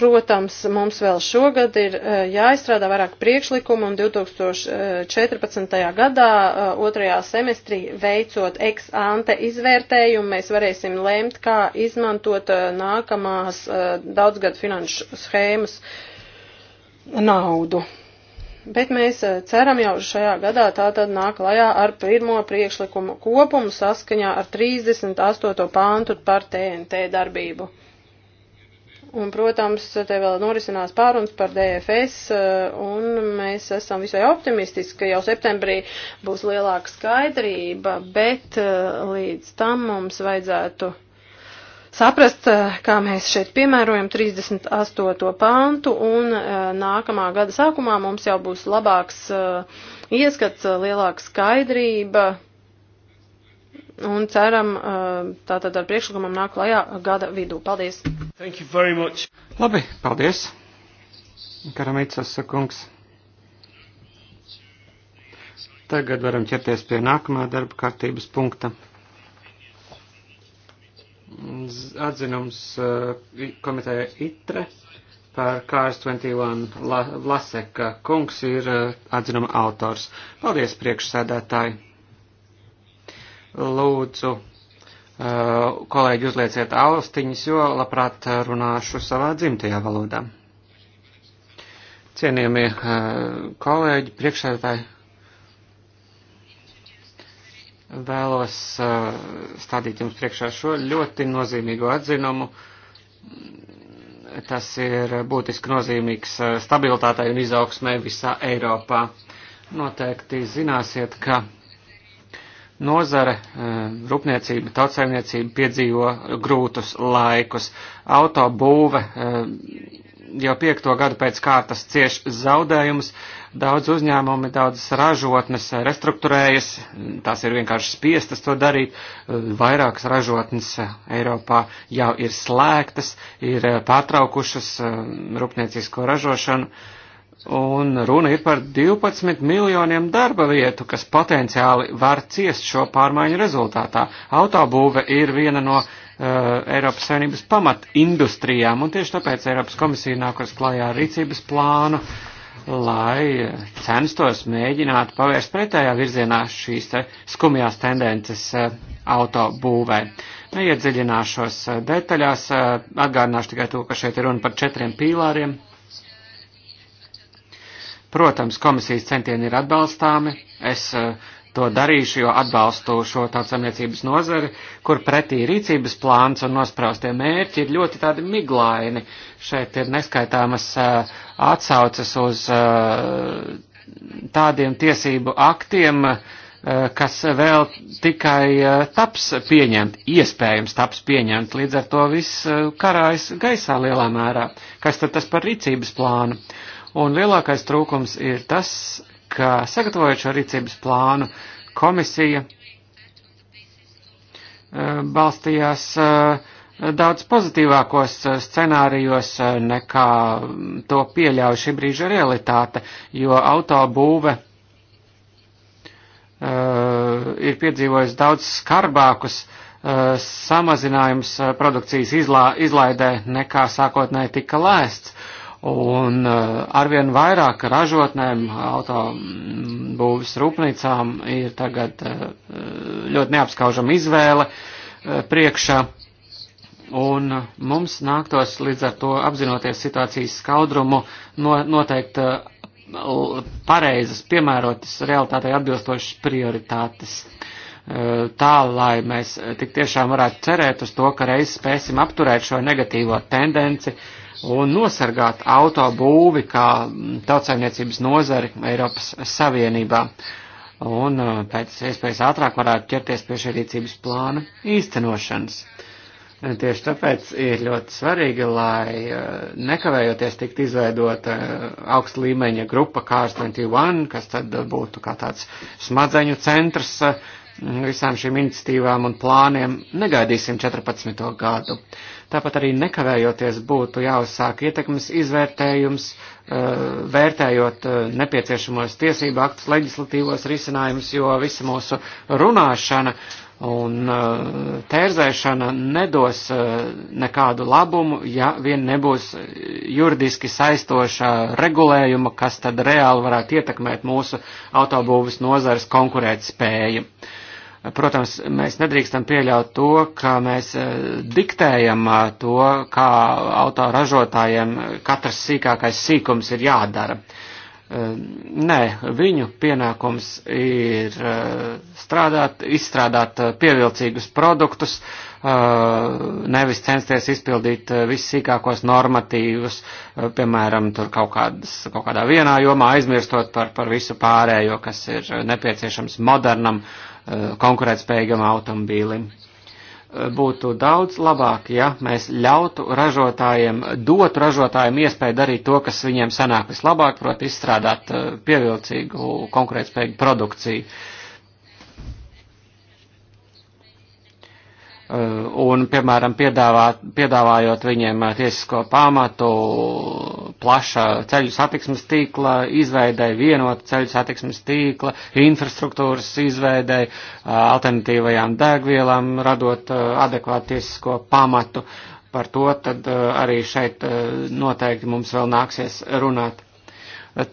Protams, mums vēl šogad ir eh, jāizstrādā vairāk priekšlikumu un 2014. gadā eh, otrajā semestrī veicot ex ante izvērtējumu mēs varēsim lēmt, kā izmantot eh, nākamās daudzgad finanšu schēmas naudu. Bet mēs ceram jau šajā gadā tātad nāk lajā ar pirmo priekšlikumu kopumu saskaņā ar 38. pāntu par TNT darbību. Un, protams, te vēl norisinās pārunas par DFS, eh, un mēs esam visai optimistiski, ka jau septembrī būs lielāka skaidrība, bet eh, līdz tam mums vajadzētu saprast, eh, kā mēs šeit piemērojam 38. pāntu, un nākamā gada sākumā mums jau būs labāks ieskats, lielāka skaidrība un ceram uh, tātad ar priekšlikumam nāk klajā gada vidū. Paldies! Thank you very much! Labi, paldies! Karamicas kungs. Tagad varam ķerties pie nākamā darba kārtības punkta. Atzinums uh, komiteja ITRE par KS21 Laseka kungs ir uh, atzinuma autors. Paldies priekšsēdētāji! Lūdzu, uh, kolēģi, uzlieciet austiņas, jo labprāt runāšu savā dzimtajā valodā. Cienījamie uh, kolēģi, priekšsēdētāji, vēlos uh, stādīt jums priekšā šo ļoti nozīmīgo atzinumu. Tas ir būtiski nozīmīgs stabilitātei un izaugsmē visā Eiropā. Noteikti zināsiet, ka Nozare, eh, rūpniecība, tautsēmniecība piedzīvo grūtus laikus. Auto būve eh, jau piekto gadu pēc kārtas cieš zaudējumus, daudz uzņēmumi, daudzas ražotnes restruktūrējas, tās ir vienkārši spiestas to darīt, eh, vairākas ražotnes Eiropā jau ir slēgtas, ir pārtraukušas rūpniecisko ražošanu Un runa ir par 12 miljoniem darba vietu, kas potenciāli var ciest šo pārmaiņu rezultātā. Autobūve ir viena no uh, Eiropas Savienības pamat industrijām, un tieši tāpēc Eiropas komisija nākos klājā ar rīcības plānu, lai eh, censtos mēģināt pavērst pretējā virzienā šīs te skumjās tendences uh, autobūvē. Neiedziļināšos detaļās, uh, atgādināšu tikai to, ka šeit ir runa par četriem pīlāriem Protams, komisijas centieni ir atbalstāmi. Es eh, to darīšu, jo atbalstu šo tautsamniecības nozari, kur pretī rīcības plāns un nospraustie mērķi ir ļoti tādi miglaini. Šeit ir neskaitāmas eh, atsaucas uz eh, tādiem tiesību aktiem, kas vēl tikai taps pieņemt, iespējams taps pieņemt, līdz ar to viss karājas gaisā lielā mērā. Kas tad tas par rīcības plānu? Un lielākais trūkums ir tas, ka sagatavojot šo rīcības plānu, komisija eh, balstījās eh, daudz pozitīvākos eh, scenārijos nekā mm, to pieļauj šī brīža realitāte, jo autobūve ir piedzīvojis daudz skarbākus samazinājums produkcijas izlā, izlaidē nekā sākotnēji tika lēsts Un eh, arvien vairāk ražotnēm, autobūvis mm, rūpnīcām ir tagad eh, ļoti neapskaužama izvēle eh, priekšā. Un mums nāktos līdz ar to apzinoties situācijas skaudrumu noteikt pareizas, piemērotas realitātei atbilstošas prioritātes. Tā, lai mēs tik tiešām varētu cerēt uz to, ka reiz spēsim apturēt šo negatīvo tendenci, uh, un nosargāt autobūvi kā tautsaimniecības nozari Eiropas Savienībā. Un uh, pēc iespējas ātrāk varētu ķerties pie šī rīcības plāna īstenošanas. Tieši tāpēc ir ļoti svarīgi, lai uh, nekavējoties tikt izveidota uh, augsta līmeņa grupa Cars 21, kas tad būtu kā tāds smadzeņu centrs visām šīm iniciatīvām un plāniem. Negaidīsim 14. gadu. Tāpat arī nekavējoties būtu jāuzsāk ietekmes izvērtējums, eh, vērtējot eh, nepieciešamos tiesību aktus, leģislatīvos risinājumus, jo visa mūsu runāšana un eh, tērzēšana nedos nekādu labumu, ja vien nebūs juridiski saistošā regulējuma, kas tad reāli varētu ietekmēt mūsu autobūvis nozares konkurēt spēju. Uh, Protams, mēs nedrīkstam pieļaut to, ka mēs eh, diktējam eh, to, kā autoražotājiem katrs sīkākais sīkums ir jādara. Eh, nē, viņu pienākums ir strādāt, izstrādāt pievilcīgus produktus, nevis censties izpildīt vissīkākos normatīvus, piemēram, tur kaut, kādas, kaut kādā vienā jomā aizmirstot par, par visu pārējo, kas ir nepieciešams modernam uh, Eh, konkurētspējīgam automobīlim. Eh, būtu daudz labāk, ja mēs ļautu ražotājiem, dotu ražotājiem iespēju darīt to, kas viņiem sanāk vislabāk, proti izstrādāt eh, pievilcīgu konkurētspējīgu produkciju. Uh, Uh, un, piemēram, piedāvā, piedāvājot viņiem uh, tiesisko pamatu plaša ceļu satiksmes tīkla izveidai, vienota ceļu satiksmes tīkla, infrastruktūras izveidai, uh, alternatīvajām degvielām, radot adekvātu tiesisko pamatu. Par to tad arī šeit noteikti mums vēl nāksies runāt.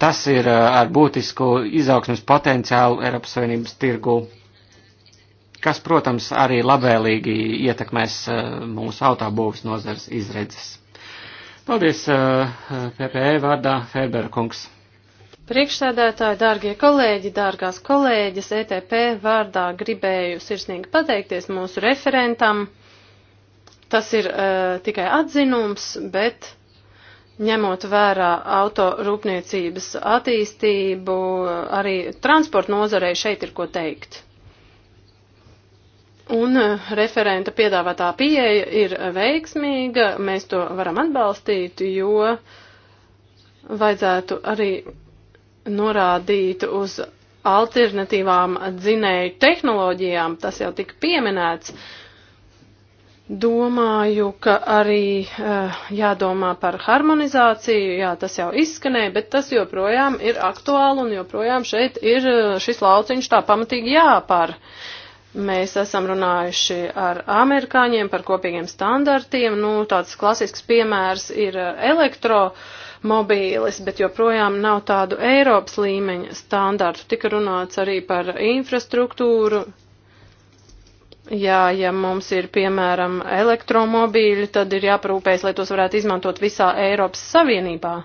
Tas ir ar būtisku izaugsmas potenciālu Eiropas Savienības tirgū kas, protams, arī labvēlīgi ietekmēs eh, mūsu autobūvas nozars izredzes. Paldies, eh, PPE vārdā, Febera kungs. Priekšsēdētāji, dārgie kolēģi, dārgās kolēģis, ETP vārdā gribēju sirsnīgi pateikties mūsu referentam. Tas ir uh, tikai atzinums, bet ņemot vērā auto rūpniecības attīstību, arī transporta nozarei šeit ir ko teikt. Un eh, referenta piedāvātā pieeja ir veiksmīga, mēs to varam atbalstīt, jo vajadzētu arī norādīt uz alternatīvām dzinēju tehnoloģijām, tas jau tika pieminēts. Domāju, ka arī uh, jādomā par harmonizāciju, jā, tas jau izskanēja, bet tas joprojām ir aktuāli un joprojām šeit ir eh, šis lauciņš tā pamatīgi jāpār. Uh, Mēs esam runājuši ar amerikāņiem par kopīgiem standartiem. Nu, tāds klasisks piemērs ir eh, elektromobīlis, bet joprojām nav tādu Eiropas līmeņa standartu. Tika runāts arī par infrastruktūru. Jā, ja mums ir, piemēram, elektromobīļi, tad ir jāparūpējas, lai tos varētu izmantot visā Eiropas Savienībā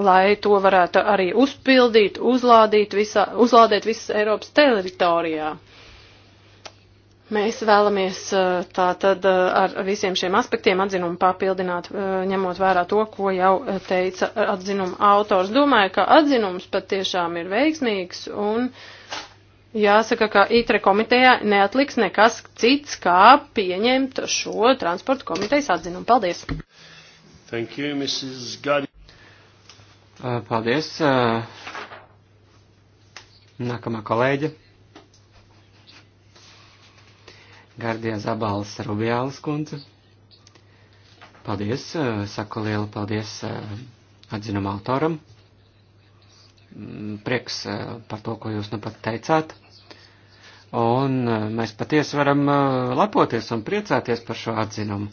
lai to varētu arī uzpildīt, uzlādīt visā, uzlādēt visas Eiropas teritorijā. Mēs vēlamies eh, tā tad eh, ar visiem šiem aspektiem atzinumu papildināt, eh, ņemot vērā to, ko jau teica atzinuma autors. Domāju, ka atzinums patiešām ir veiksmīgs un jāsaka, ka ITRE komitejā neatliks nekas cits, kā pieņemt šo transporta komitejas atzinumu. Paldies! Thank you, Mrs. Gadi. Paldies. Nākamā kolēģe. Gardijā Zabāls Rubjāls kundze. Paldies, eh, saku lielu paldies eh, atzinam autoram. Mm, prieks eh, par to, ko jūs nu pat teicāt. Un mēs patiesi varam lepoties un priecāties par šo atzinumu.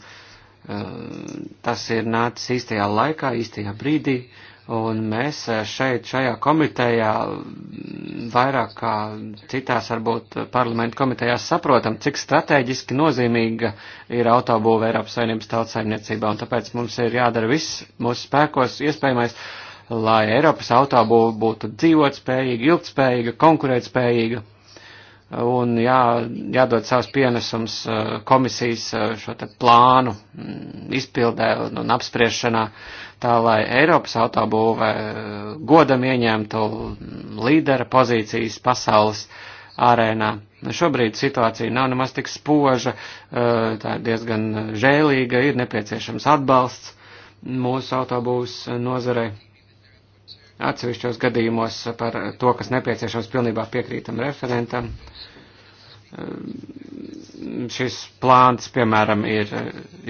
Tas ir nācis īstajā laikā, īstajā brīdī. Uh, Un mēs eh, šeit, šajā komitejā, vairāk kā citās, varbūt, parlamentu komitejās saprotam, cik strateģiski nozīmīga ir autobūve Eiropas Savienības tautsaimniecībā. Un tāpēc mums ir jādara viss mūsu spēkos iespējamais, lai Eiropas autobūve būtu dzīvotspējīga, ilgtspējīga, konkurētspējīga un jā, jādod savs pienesums uh, komisijas uh, šo te plānu mm, izpildē un, un apspriešanā, tā lai Eiropas autobūvē uh, godam ieņemtu līdera pozīcijas pasaules arēnā. Šobrīd situācija nav nemaz tik spoža, tā ir diezgan žēlīga, ir nepieciešams atbalsts mūsu autobūvas nozarei Atsevišķos gadījumos par to, kas nepieciešams, pilnībā piekrītam referentam. Ehm, šis plāns, piemēram, ir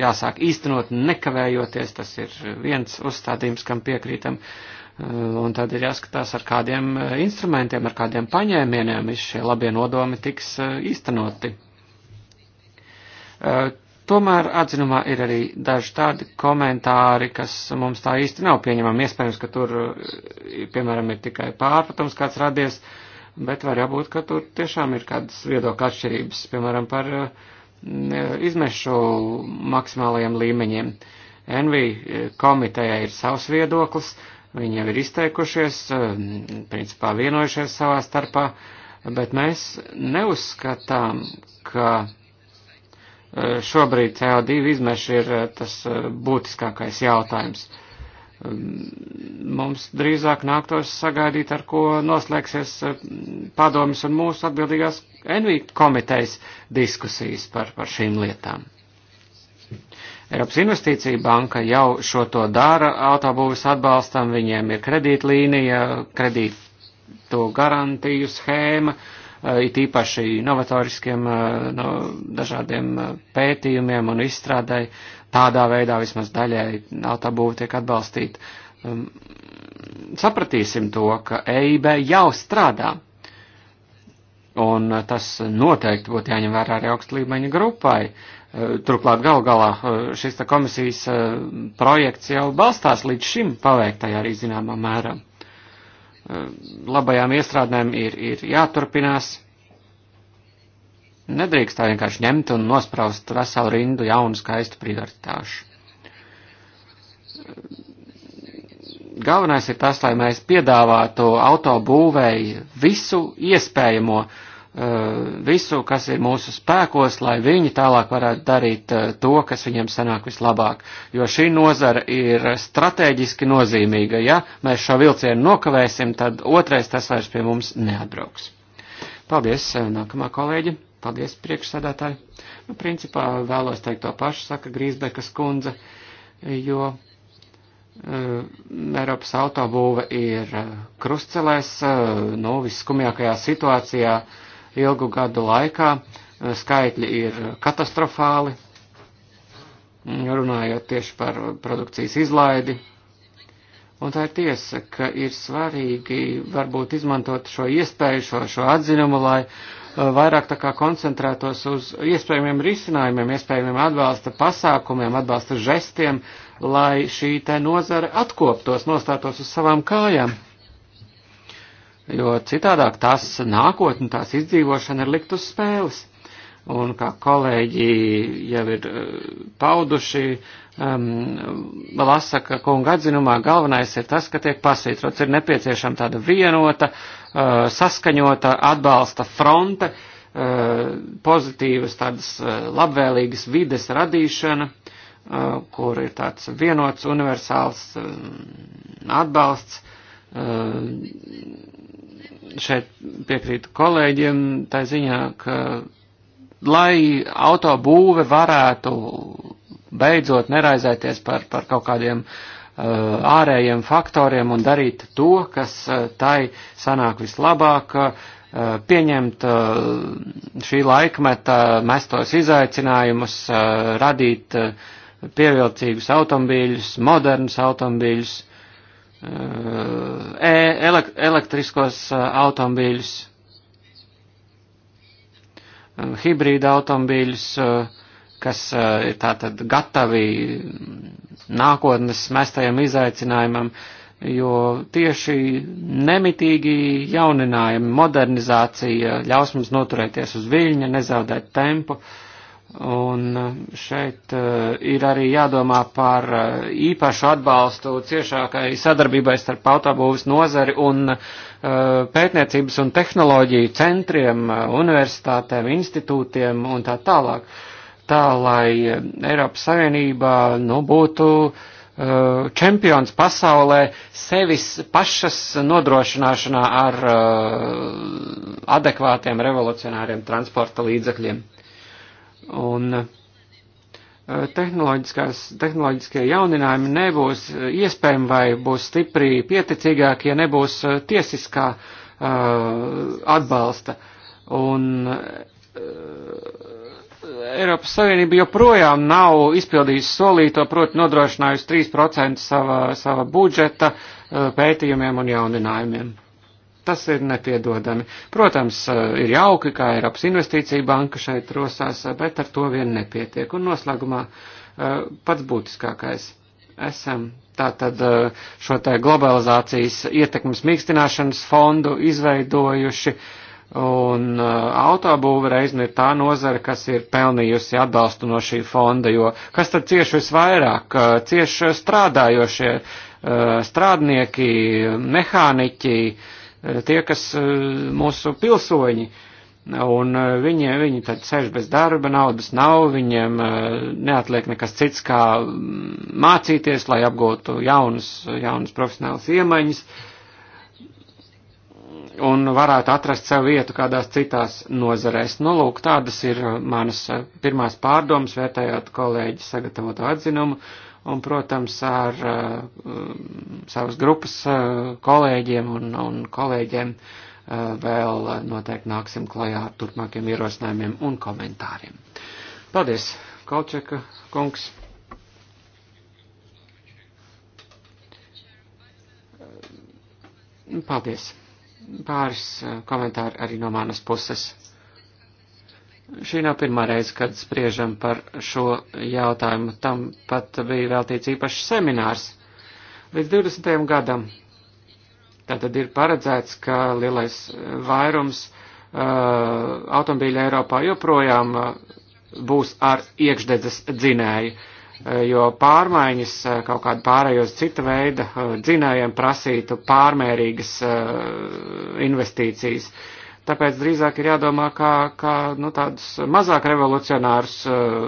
jāsāk īstenot nekavējoties, tas ir viens uzstādījums, kam piekrītam. Ehm, un tad ir jāskatās, ar kādiem instrumentiem, ar kādiem paņēmieniem šie labie nodomi tiks ehm, īstenoti Tomēr atzinumā ir arī daži tādi komentāri, kas mums tā īsti nav pieņemami. Iespējams, ka tur, eh, piemēram, ir tikai pārpratums kāds radies, bet var jābūt, ka tur tiešām ir kādas viedokļa atšķirības, piemēram, par eh, izmešu maksimālajiem līmeņiem. NV komitejai ir savs viedoklis, viņi jau ir izteikušies, eh, principā vienojušies savā starpā, bet mēs neuzskatām, ka Eh, šobrīd CO2 izmeši ir eh, tas eh, būtiskākais jautājums. Mm, mums drīzāk nāktos sagaidīt, ar ko noslēgsies padomjas un mūsu atbildīgās NV komitejas diskusijas par, par šīm lietām. Eiropas investīcija banka jau šo to dara autobūvis atbalstam, viņiem ir kredītlīnija, kredītu garantiju schēma, uh, Eh, it īpaši novatoriskiem eh, no dažādiem eh, pētījumiem un izstrādai. Tādā veidā vismaz daļai nav tā būva tiek atbalstīta. Ehm, sapratīsim to, ka EIB jau strādā. Un tas noteikti būtu jāņem vērā arī augstu līmeņu grupai. Turklāt gal galā šis komisijas projekts jau balstās līdz šim paveiktajā arī zināmā mērā. Ehm, labajām iestrādēm ir, ir jāturpinās. Nedrīkst tā vienkārši ņemt un nospraust veselu rindu jaunu skaistu prioritāšu. Ehm, galvenais ir tas, lai mēs piedāvātu autobūvēji visu iespējamo uh, Eh, visu, kas ir mūsu spēkos, lai viņi tālāk varētu darīt eh, to, kas viņiem sanāk vislabāk. Jo šī nozara ir strateģiski nozīmīga. Ja mēs šo vilcienu nokavēsim, tad otrais tas vairs pie mums neatbrauks. Paldies, eh, nākamā kolēģi. Paldies, priekšsēdētāji. Nu, principā vēlos teikt to pašu, saka Grīsbekas kundze, jo. Eiropas autobūve ir krustcelēs, nu, visskumjākajā situācijā uh, ilgu gadu laikā. Eh, skaitļi ir katastrofāli, runājot tieši par produkcijas izlaidi. Un tā ir tiesa, ka ir svarīgi varbūt izmantot šo iespēju, šo, šo atzinumu, lai eh, vairāk tā kā koncentrētos uz iespējamiem risinājumiem, iespējamiem atbalsta pasākumiem, atbalsta žestiem, lai šī te nozare atkoptos, nostātos uz savām kājām jo citādāk tās nākotne, tās izdzīvošana ir likt uz spēles. Un kā kolēģi jau ir eh, pauduši, um, Lasaka kunga atzinumā galvenais ir tas, ka tiek pasvītrots, ir nepieciešama tāda vienota, uh, saskaņota atbalsta fronte, uh, pozitīvas tādas uh, labvēlīgas vides radīšana, uh, kur ir tāds vienots universāls uh, atbalsts. Uh, šeit piekrītu kolēģiem, tā ziņā, ka lai autobūve varētu beidzot neraizēties par, par kaut kādiem uh, ārējiem faktoriem un darīt to, kas uh, tai sanāk vislabāk, uh, pieņemt uh, šī laikmeta mestos izaicinājumus, uh, radīt uh, pievilcīgus automobīļus, modernus automobīļus, Uh, e, elektriskos uh, automobīļus, uh, hibrīda automobīļus, kas ir tātad gatavi nākotnes mestajam izaicinājumam, jo tieši nemitīgi jauninājumi, modernizācija ļaus mums noturēties uz viļņa, nezaudēt tempu. Uh, Un e, šeit e, ir arī jādomā par e, īpašu atbalstu ciešākai sadarbībai starp autobūvas nozari un pētniecības un tehnoloģiju centriem, universitātēm, institūtiem un tā tālāk. Tā, lai Eiropas Savienība nu, būtu čempions pasaulē sevis pašas nodrošināšanā ar adekvātiem revolucionāriem transporta līdzekļiem. Un e, tehnoloģiskie jauninājumi nebūs e, iespējami vai būs stipri pieticīgāki, ja nebūs e, tiesiskā uh, atbalsta. Un uh, Eiropas Savienība joprojām nav izpildījusi solīto, proti nodrošinājusi 3% sava, sava budžeta pētījumiem un jauninājumiem. Tas ir nepiedodami. Protams, eh, ir jauki, kā Eiropas investīcija banka šeit rosās, eh, bet ar to vien nepietiek. Un noslēgumā eh, pats būtiskākais. Esam tātad šo tā globalizācijas ietekmes mīkstināšanas fondu izveidojuši, un autobūva reizme ir tā nozara, kas ir pelnījusi atbalstu no šī fonda, jo kas tad cieši visvairāk? Cieši strādājošie strādnieki, mehāniķi, tie, kas e, mūsu pilsoņi, un e, viņi, viņi tad sēž bez darba, naudas nav, viņiem e, neatliek nekas cits, kā mm, mācīties, lai apgūtu jaunas, jaunas profesionālas iemaņas un varētu atrast sev vietu kādās citās nozarēs. Nu, lūk, tādas ir manas pirmās pārdomas, vērtējot kolēģi sagatavotu atzinumu. Uh, un, protams, ar uh, savas grupas uh, kolēģiem un, un kolēģiem uh, vēl noteikti nāksim klajā ar turpmākiem ierosinājumiem un komentāriem. Paldies, Kalčeka kungs! Paldies! Pāris komentāri arī no manas puses. Šī nav pirmā reize, kad spriežam par šo jautājumu. Tam pat bija veltīts īpašs seminārs līdz 20. gadam. Tātad ir paredzēts, ka lielais vairums uh, automobīļa Eiropā joprojām uh, būs ar iekšdedzes dzinēju, uh, jo pārmaiņas uh, kaut kādu pārējos cita veida uh, dzinējiem prasītu pārmērīgas uh, investīcijas. Uh, Tāpēc drīzāk ir jādomā, kā, kā nu, tādus mazāk revolucionārus uh,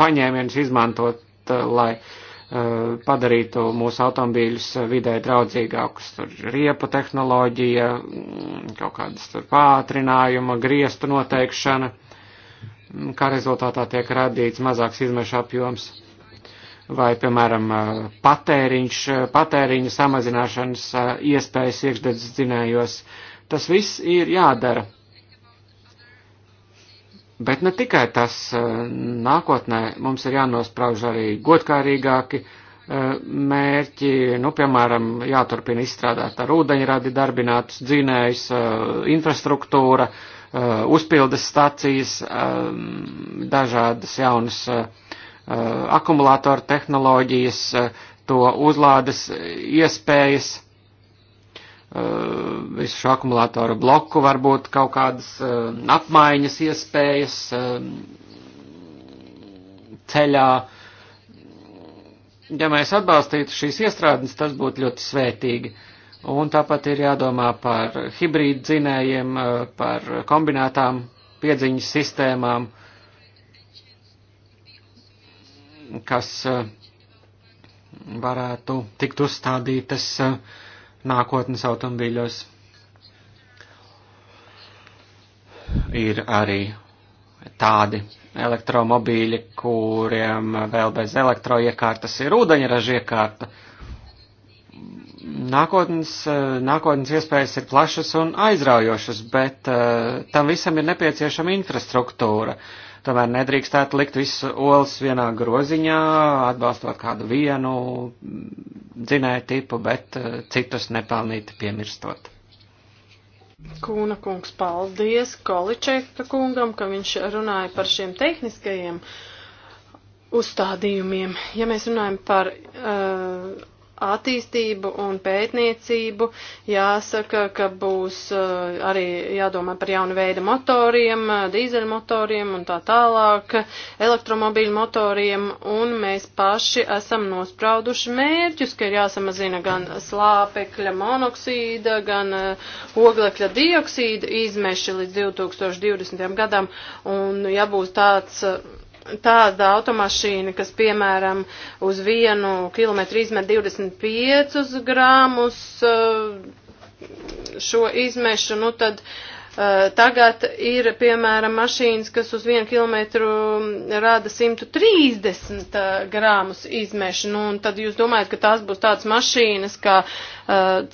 paņēmienus izmantot, uh, lai uh, padarītu mūsu automobīļus vidē draudzīgākus. Tur riepu tehnoloģija, mm, kaut kādas tur pātrinājuma, griestu noteikšana, mm, kā rezultātā tiek radīts mazāks izmešu apjoms. Vai, piemēram, patēriņš, patēriņa samazināšanas iespējas iekšdedzes dzinējos, uh, Tas viss ir jādara. Bet ne tikai tas, eh, nākotnē mums ir jānosprauž arī godkārīgāki eh, mērķi, nu, piemēram, jāturpina izstrādāt ar ūdeņradi darbinātus dzinējus, eh, infrastruktūra, uzpildes stacijas, dažādas jaunas akumulātoru tehnoloģijas, to uzlādes iespējas Uh, visu šo akumulātoru bloku, varbūt kaut kādas uh, apmaiņas iespējas um, ceļā. Ja mēs atbalstītu šīs iestrādes, tas būtu ļoti svētīgi. Un tāpat ir jādomā par hibrīd dzinējiem, uh, par kombinētām piedziņas sistēmām, kas varētu tikt uzstādītas uh, nākotnes automobīļos. Ir arī tādi elektromobīļi, kuriem vēl bez elektroiekārtas ir ūdeņraža iekārta. Nākotnes, eh, nākotnes iespējas ir plašas un aizraujošas, bet uh, tam visam ir nepieciešama infrastruktūra. Uh, Tomēr nedrīkstētu likt visu olas vienā groziņā, atbalstot kādu vienu dzinēju tipu, bet eh, citus nepelnīti piemirstot. Kūna kungs, paldies Količeka kungam, ka viņš runāja par šiem tehniskajiem uzstādījumiem. Ja mēs runājam par uh, attīstību un pētniecību, jāsaka, ka būs eh, arī jādomā par jaunu veidu motoriem, eh, dīzeļmotoriem un tā tālāk, elektromobīļu motoriem, un mēs paši esam nosprauduši mērķus, ka ir jāsamazina gan slāpekļa monoksīda, gan eh, oglekļa dioksīda izmeši līdz 2020. gadam, un ja būs tāds tāda automašīna, kas, piemēram, uz vienu kilometru izmet 25 gramus eh, šo izmešu, nu tad eh, tagad ir, piemēram, mašīnas, kas uz vienu kilometru rada 130 grāmus izmešu, nu un tad jūs domājat, ka tās būs tādas mašīnas, kā eh,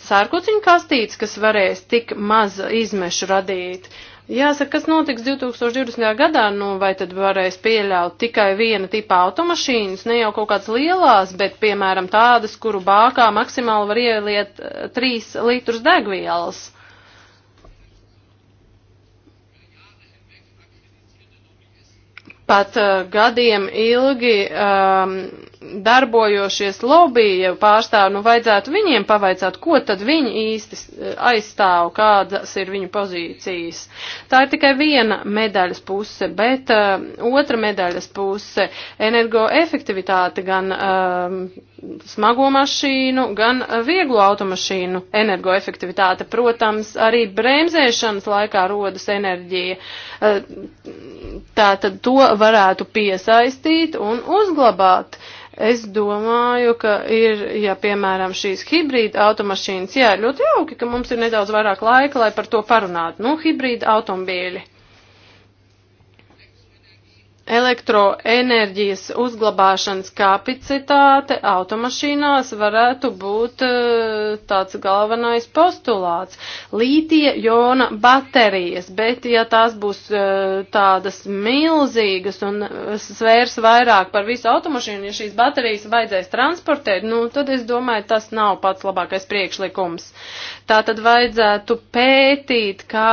sārkociņu kastītes, kas varēs tik maz izmešu radīt. Uh, Jāsaka, kas notiks 2020. gadā, nu vai tad varēs pieļaut tikai viena tipa automašīnas, ne jau kaut kādas lielās, bet piemēram tādas, kuru bākā maksimāli var ieliet 3 eh, litrus degvielas. Pat uh, gadiem ilgi um, darbojošies lobby pārstāv, nu vajadzētu viņiem pavaicāt, ko tad viņi īsti eh, aizstāv, kādas ir viņu pozīcijas. Tā ir tikai viena medaļas puse, bet uh, otra medaļas puse - energoefektivitāte gan uh, smago mašīnu, gan vieglo automašīnu energoefektivitāte. Protams, arī bremzēšanas laikā rodas enerģija. Uh, tā tad to varētu piesaistīt un uzglabāt. Es domāju, ka ir, ja piemēram šīs hibrīda automašīnas, jā, ļoti jauki, ka mums ir nedaudz vairāk laika, lai par to parunātu. Nu, hibrīda automobīļi elektroenerģijas uzglabāšanas kapacitāte automašīnās varētu būt e, tāds galvenais postulāts. Lītie jona baterijas, bet ja tās būs e, tādas milzīgas un svērs vairāk par visu automašīnu, ja šīs baterijas vajadzēs transportēt, nu tad es domāju, tas nav pats labākais priekšlikums. Tā tad vajadzētu pētīt, kā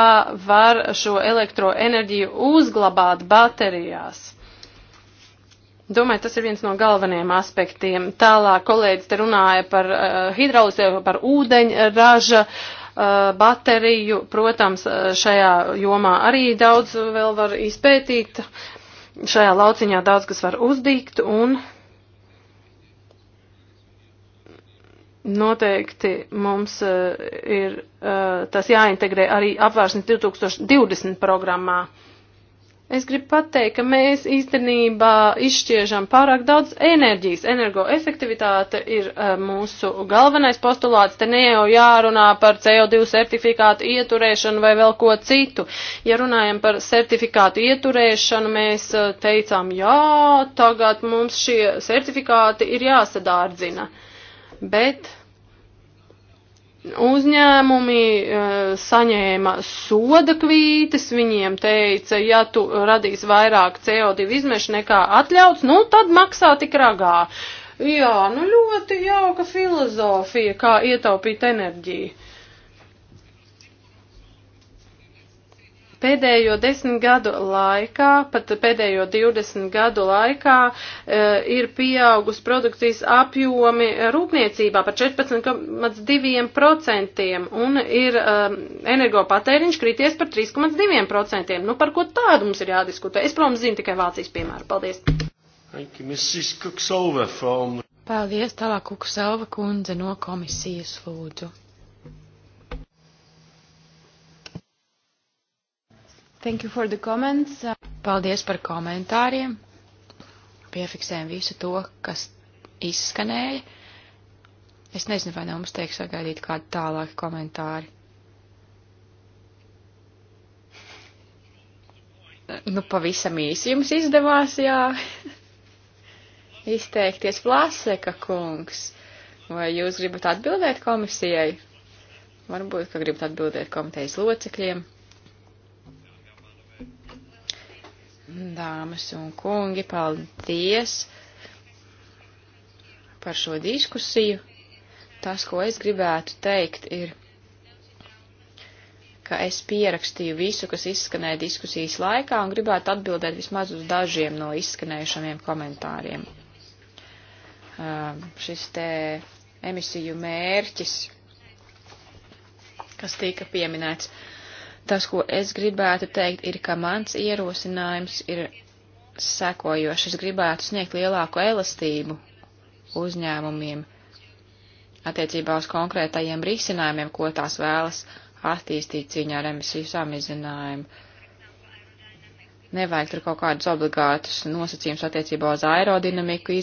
var šo elektroenerģiju uzglabāt baterijās. Domāju, tas ir viens no galvenajiem aspektiem. Tālāk kolēģis te runāja par uh, hidraulizēju, par ūdeņraža uh, bateriju. Protams, eh, šajā jomā arī daudz vēl var izpētīt. Šajā lauciņā daudz kas var uzdīgt un noteikti mums uh, ir uh, tas jāintegrē arī apvārsnes 2020 programmā. Uh, Es gribu pateikt, ka mēs īstenībā izšķiežam pārāk daudz enerģijas. Energoefektivitāte ir uh, mūsu galvenais postulāts. Te ne jau jārunā par CO2 certifikātu ieturēšanu vai vēl ko citu. Ja runājam par certifikātu ieturēšanu, mēs uh, teicām, jā, tagad mums šie certifikāti ir jāsadārdzina. Bet uzņēmumi uh, saņēma soda kvītes, viņiem teica, ja tu radīs vairāk CO2 izmešu nekā atļauts, nu tad maksā tik ragā. Jā, nu ļoti jauka filozofija, kā ietaupīt enerģiju. Pēdējo desmit gadu laikā, pat pēdējo 20 gadu laikā e, ir pieaugus produkcijas apjomi rūpniecībā par 14,2% un ir e, energopatēriņš krities par 3,2%. Nu, par ko tādu mums ir jādiskutē? Es, protams, zinu tikai Vācijas piemēru. Paldies! Thank you, Mrs. Kuksova from... Paldies, tālāk Kuksova kundze no komisijas lūdzu. Thank you for the comments. Paldies par komentāriem. Piefiksējam visu to, kas izskanēja. Es nezinu, vai no mums tiek sagaidīt kādi tālāki komentāri. Nu, pavisam īsi jums izdevās, jā. Izteikties Plaseka kungs. Vai jūs gribat atbildēt komisijai? Varbūt, ka gribat atbildēt komitejas locekļiem. dāmas un kungi, paldies par šo diskusiju. Tas, ko es gribētu teikt, ir, ka es pierakstīju visu, kas izskanēja diskusijas laikā, un gribētu atbildēt vismaz uz dažiem no izskanējušamiem komentāriem. Uh, šis te emisiju mērķis, kas tika pieminēts. Uh, Tas, ko es gribētu teikt, ir, ka mans ierosinājums ir sekojošs. Es gribētu sniegt lielāku elastību uzņēmumiem attiecībā uz konkrētajiem risinājumiem, ko tās vēlas attīstīt cīņā ar emisiju samazinājumu. Nevajag tur kaut kādus obligātus nosacījumus attiecībā uz aerodinamiku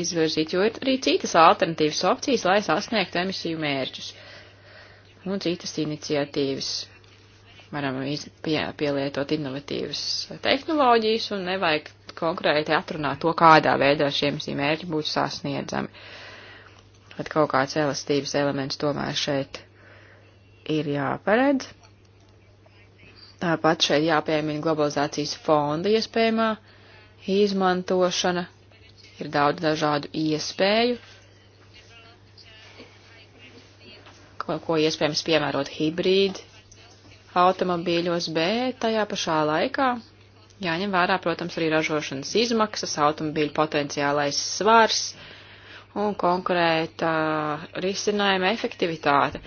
izvirzīt, jo ir arī citas alternatīvas opcijas, lai sasniegtu emisiju mērķus un citas iniciatīvas varam pie, pielietot innovatīvas tehnoloģijas un nevajag konkrēti atrunāt to, kādā veidā šiem mērķi būtu sasniedzami. Bet kaut kāds elastības elements tomēr šeit ir jāparedz. Tāpat šeit jāpiemina globalizācijas fonda iespējamā izmantošana. Ir daudz dažādu iespēju, ko, ko iespējams piemērot hibrīdi automobīļos, bet tajā pašā laikā jāņem vērā, protams, arī ražošanas izmaksas, automobīļu potenciālais svars un konkurēta risinājuma efektivitāte.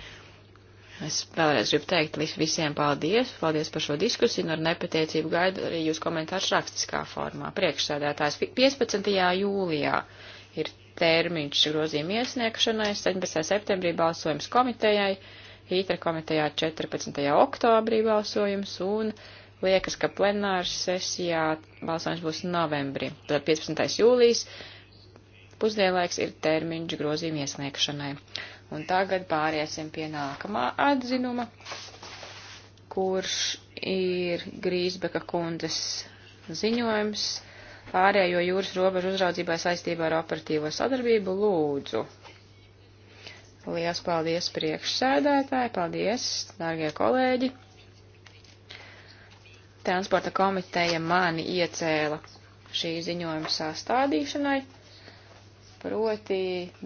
Es vēlreiz gribu teikt visiem paldies, paldies par šo diskusiju un ar nepatiecību gaidu arī jūs komentārus rakstiskā formā. Priekšsēdētājs 15. jūlijā ir termiņš grozījuma iesniegšanai, 17. septembrī balsojums komitejai. Hītra komitejā 14. oktobrī balsojums un liekas, ka plenāras sesijā balsojums būs novembrī. Tad 15. jūlijas pusdienlaiks ir termiņš grozījuma iesniegšanai. Un tagad pāriesim pie nākamā atzinuma, kurš ir Grīsbeka kundzes ziņojums pārējo jūras robežu uzraudzībai saistībā ar operatīvo sadarbību lūdzu. Liels paldies priekšsēdētāji, paldies, dārgie kolēģi. Transporta komiteja mani iecēla šī ziņojuma sastādīšanai, proti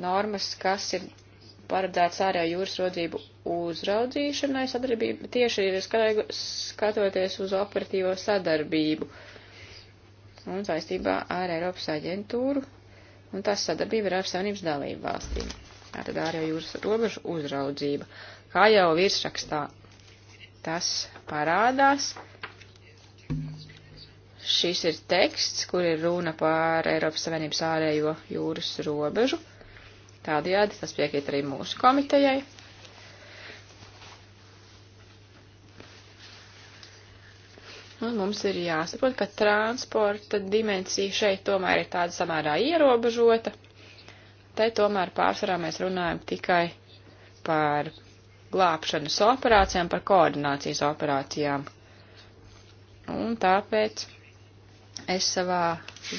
normas, kas ir paredzēts ārējo jūras rodzību uzraudzīšanai sadarbību, tieši skatoties uz operatīvo sadarbību un saistībā ar Eiropas aģentūru, un tās sadarbība ir ar savienības dalību valstīm tātad ārējo jūras robežu uzraudzība. Kā jau virsrakstā tas parādās, šis ir teksts, kur ir runa par Eiropas Savienības ārējo jūras robežu. Tādējādi tas piekrīt arī mūsu komitejai. Un mums ir jāsaprot, ka transporta dimensija šeit tomēr ir tāda samērā ierobežota. Te tomēr pārsvarā mēs runājam tikai par glābšanas operācijām, par koordinācijas operācijām. Un tāpēc es savā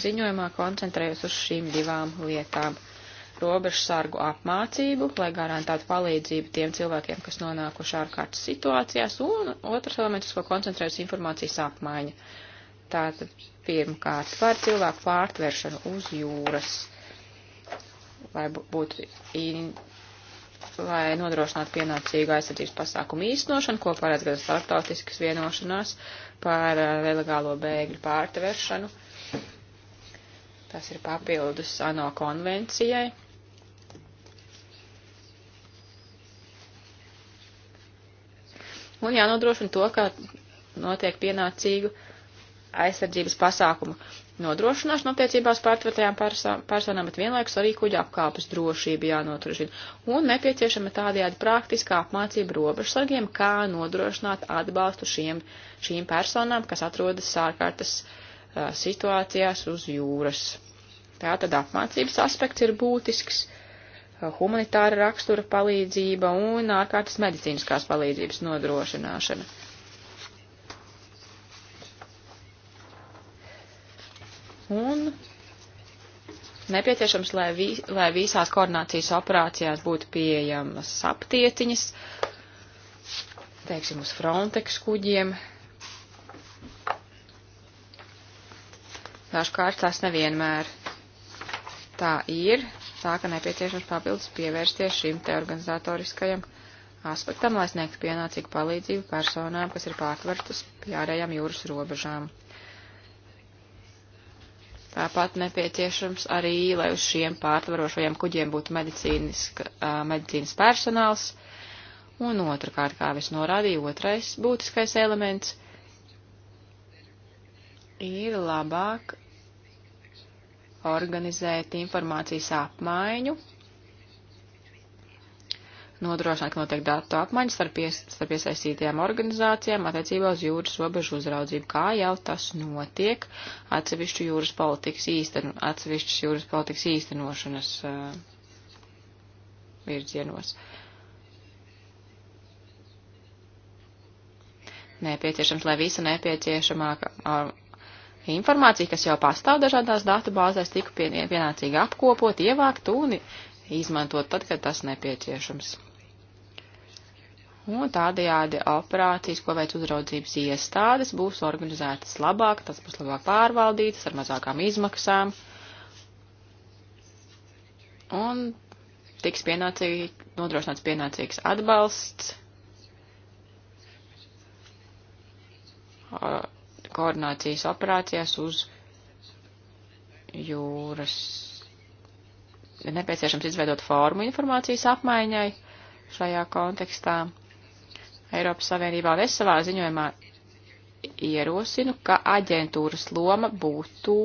ziņojumā koncentrējos uz šīm divām lietām - robežsargu apmācību, lai garantētu palīdzību tiem cilvēkiem, kas nonākuši ārkārtas situācijās, un otrs elements, uz ko koncentrējos - informācijas apmaiņa. Tātad pirmkārt par cilvēku pārtveršanu uz jūras lai būtu, in, lai nodrošinātu pienācīgu aizsardzības pasākumu īstenošanu, ko paredz gan starptautiskas vienošanās par nelegālo bēgļu pārtveršanu. Tas ir papildus ANO konvencijai. Un jānodrošina to, ka notiek pienācīgu aizsardzības pasākumu nodrošināšanu attiecībās pārtvertajām personām, bet vienlaikus arī kuģa apkāpes drošība jānodrošina. Un nepieciešama tādējādi praktiskā apmācība robežsargiem, kā nodrošināt atbalstu šiem, šīm personām, kas atrodas sārkārtas uh, situācijās uz jūras. Tātad apmācības aspekts ir būtisks, humanitāra rakstura palīdzība un ārkārtas medicīniskās palīdzības nodrošināšana. Un nepieciešams, lai, vi, lai visās koordinācijas operācijās būtu pieejamas aptietiņas, teiksim, uz Frontex kuģiem. Dažkārt tas nevienmēr tā ir, tā ka nepieciešams papildus pievērsties šim te organizatoriskajam aspektam, lai sniegtu pienācīgu palīdzību personām, kas ir pārtvertas pie ārējām jūras robežām. Tāpat nepieciešams arī, lai uz šiem pārtvarošajiem kuģiem būtu medicīnas, medicīnas personāls. Un otrkārt, kā es norādīju, otrais būtiskais elements ir labāk organizēt informācijas apmaiņu nodrošināt, ka notiek datu apmaiņa starp, ies, starp iesaistītajām organizācijām attiecībā uz jūras robežu uzraudzību, kā jau tas notiek atsevišķu jūras politikas, īsteno, atsevišķas jūras politikas īstenošanas uh, virzienos. Nepieciešams, lai visa nepieciešamāka uh, informācija, kas jau pastāv dažādās datubāzēs, tiku pienācīgi apkopot, ievākt un izmantot tad, kad tas nepieciešams. Un tādējādi operācijas, ko veic uzraudzības iestādes, būs organizētas labāk, tas būs labāk pārvaldītas, ar mazākām izmaksām. Un tiks pienācīgi, nodrošināts pienācīgs atbalsts, uh, koordinācijas operācijās uz jūras. Ir nepieciešams izveidot formu informācijas apmaiņai šajā kontekstā. Eiropas Savienībā, un es savā ziņojumā ierosinu, ka aģentūras loma būtu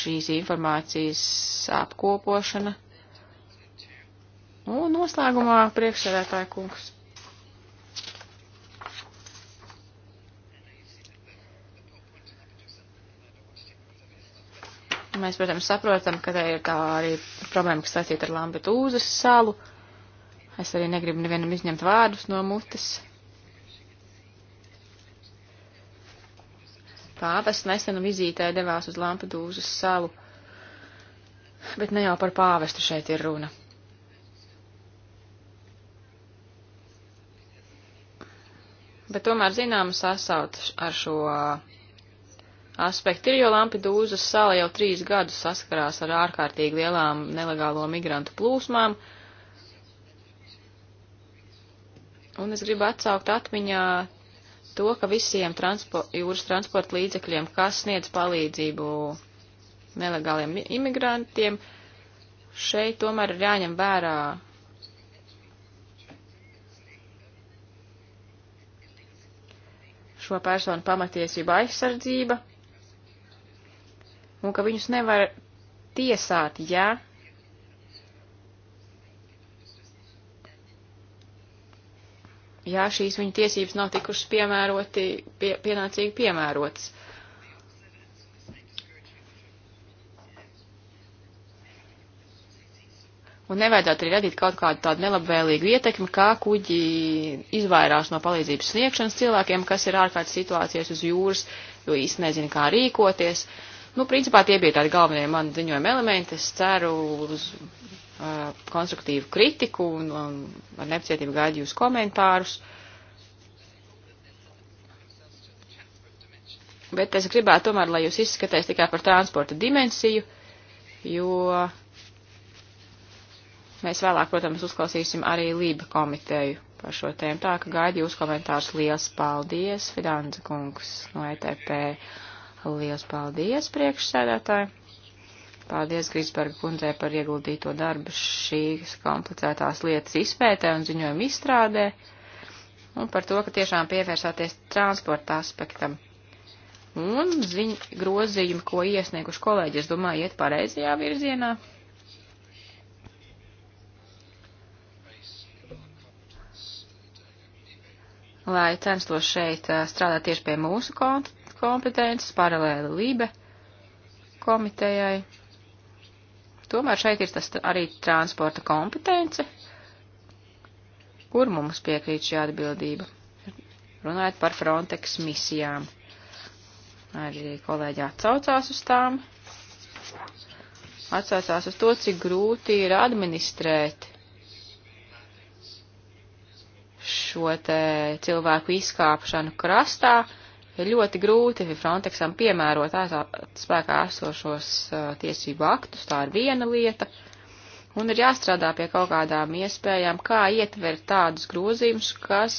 šīs informācijas apkopošana. Un noslēgumā priekšsēdētāja kungs Mēs, protams, saprotam, ka te ir tā arī problēma, kas saistīta ar Lambetūzas salu. Es arī negribu nevienam izņemt vārdus no mutes. Pāvests nesenu vizītē devās uz Lampedūzas salu, bet ne jau par pāvestu šeit ir runa. Bet tomēr zināma sasaut ar šo aspekti ir, jo Lampedūzas sala jau trīs gadus saskarās ar ārkārtīgi lielām nelegālo migrantu plūsmām. Un es gribu atsaukt atmiņā to, ka visiem transpo, jūras transporta līdzekļiem, kas sniedz palīdzību nelegāliem imigrantiem, šeit tomēr ir jāņem vērā šo personu pamatiesība aizsardzība un ka viņus nevar tiesāt, ja ja šīs viņa tiesības nav tikušas piemēroti, pie, pienācīgi piemērotas. Un nevajadzētu arī radīt kaut kādu tādu nelabvēlīgu ietekmi, kā kuģi izvairās no palīdzības sniegšanas cilvēkiem, kas ir ārkārtas situācijas uz jūras, jo īsti nezina, kā rīkoties. Uh, Nu, principā tie bija tādi galvenie mani ziņojuma elementi. Es ceru uz uh, konstruktīvu kritiku un um, ar nepacietību gaidu jūs komentārus. Bet es gribētu tomēr, lai jūs izskatās tikai par transporta dimensiju, jo mēs vēlāk, protams, uzklausīsim arī Lība komiteju par šo tēmu. Tā ka gaidu jūs komentārus. Liels paldies, Fidanza kungs no ETP. Lielas paldies, priekšsēdētāji! Paldies Grisberga kundzē par ieguldīto darbu šīs komplicētās lietas izpētē un ziņojumu izstrādē, un par to, ka tiešām pievērsāties transporta aspektam. Un ziņ, grozījumi, ko iesnieguši kolēģi, es domāju, iet pareizajā virzienā. Lai censtos šeit strādāt tieši pie mūsu konta kompetences paralēli Lībe komitejai. Tomēr šeit ir tas arī transporta kompetence, kur mums piekrīt šī atbildība. Runājot par Frontex misijām. Arī kolēģi atsaucās uz tām. Atsaucās uz to, cik grūti ir administrēt šo te cilvēku izkāpšanu krastā, ir ļoti grūti Frontexam piemērot spēkā esošos tiesību aktus, tā ir viena lieta, un ir jāstrādā pie kaut kādām iespējām, kā ietvert tādus grozījumus, kas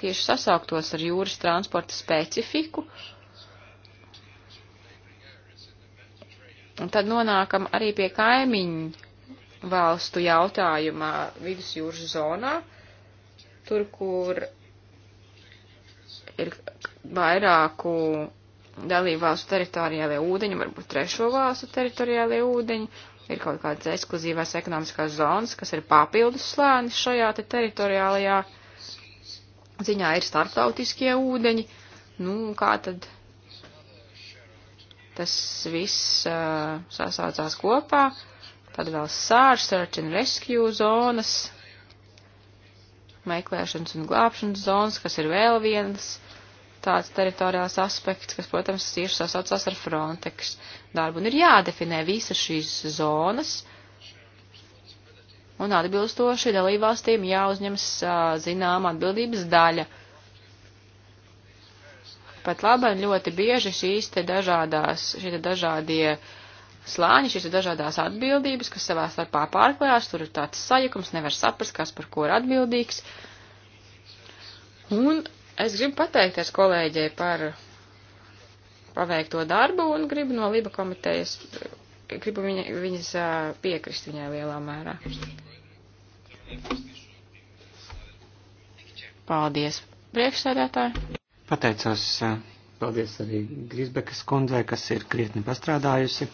tieši sasauktos ar jūras transporta specifiku. Un tad nonākam arī pie kaimiņu valstu jautājumā vidusjūras zonā, tur, kur ir vairāku dalību valstu teritoriālajie ūdeņi, varbūt trešo valstu teritoriālajie ūdeņi, ir kaut kādas ekskluzīvās ekonomiskās zonas, kas ir papildus slēnis šajā te teritoriālajā ziņā, ir starptautiskie ūdeņi. Nu, kā tad tas viss uh, sasaucās kopā? Tad vēl sārs, search and rescue zonas, meklēšanas un glābšanas zonas, kas ir vēl viens tāds teritoriāls aspekts, kas, protams, tieši sasaucās ar Frontex darbu. Un ir jādefinē visas šīs zonas, un atbilstoši dalībvalstīm jāuzņemas zināma atbildības daļa. Pat labi ļoti bieži šīs te dažādās, šie te dažādie uh, slāņi, šīs ir dažādās atbildības, kas savā starpā pārklājās, tur ir tāds sajukums, nevar saprast, kas par ko ir atbildīgs. Un es gribu pateikties kolēģei par paveikto darbu un gribu no Liba komitejas, gribu viņa, viņas piekrist viņai lielā mērā. Paldies, priekšsēdētāji. Pateicos, paldies arī Grisbekas kundzei, kas ir krietni pastrādājusi.